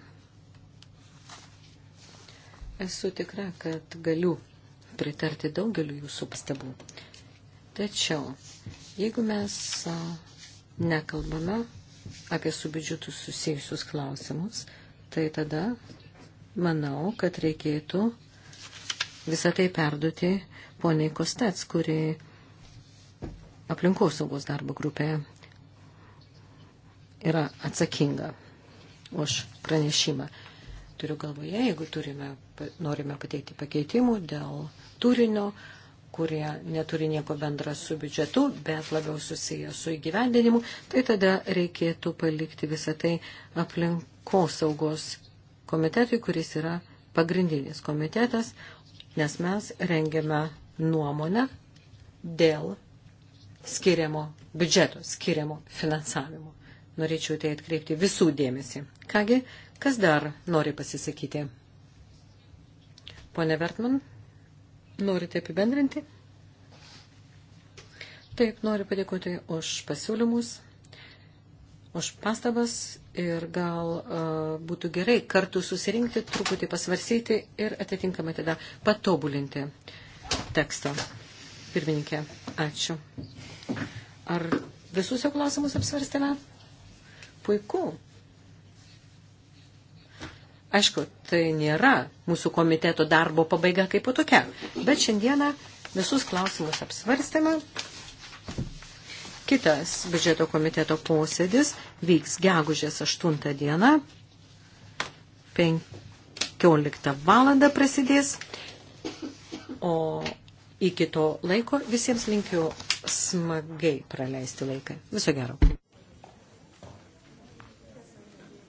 Esu tikra, kad galiu pritarti daugeliu jūsų pastabų. Tačiau, jeigu mes nekalbame apie su biudžetu susijusius klausimus, tai tada manau, kad reikėtų visą tai perduoti poniai Kostets, kuri aplinkosaugos darbo grupėje yra atsakinga už pranešimą. Turiu galvoje, jeigu turime, norime pateikti pakeitimų dėl turinio, kurie neturi nieko bendra su biudžetu, bet labiau susiję su įgyvendinimu, tai tada reikėtų palikti visą tai aplinkosaugos komitetui, kuris yra pagrindinis komitetas, nes mes rengiame nuomonę dėl skiriamo biudžeto, skiriamo finansavimo. Norėčiau tai atkreipti visų dėmesį. Kągi, Kas dar nori pasisakyti? Pone Vertman, norite apibendrinti? Taip, noriu padėkoti už pasiūlymus, už pastabas ir gal uh, būtų gerai kartu susirinkti, truputį pasvarsyti ir atitinkamai tada patobulinti tekstą. Pirmininkė, ačiū. Ar visus jau klausimus apsvarstėme? Puiku. Aišku, tai nėra mūsų komiteto darbo pabaiga kaip po tokia, bet šiandieną visus klausimus apsvarstėme. Kitas biudžeto komiteto posėdis vyks gegužės 8 dieną, 15 valandą prasidės, o iki to laiko visiems linkiu smagiai praleisti laiką. Viso gero.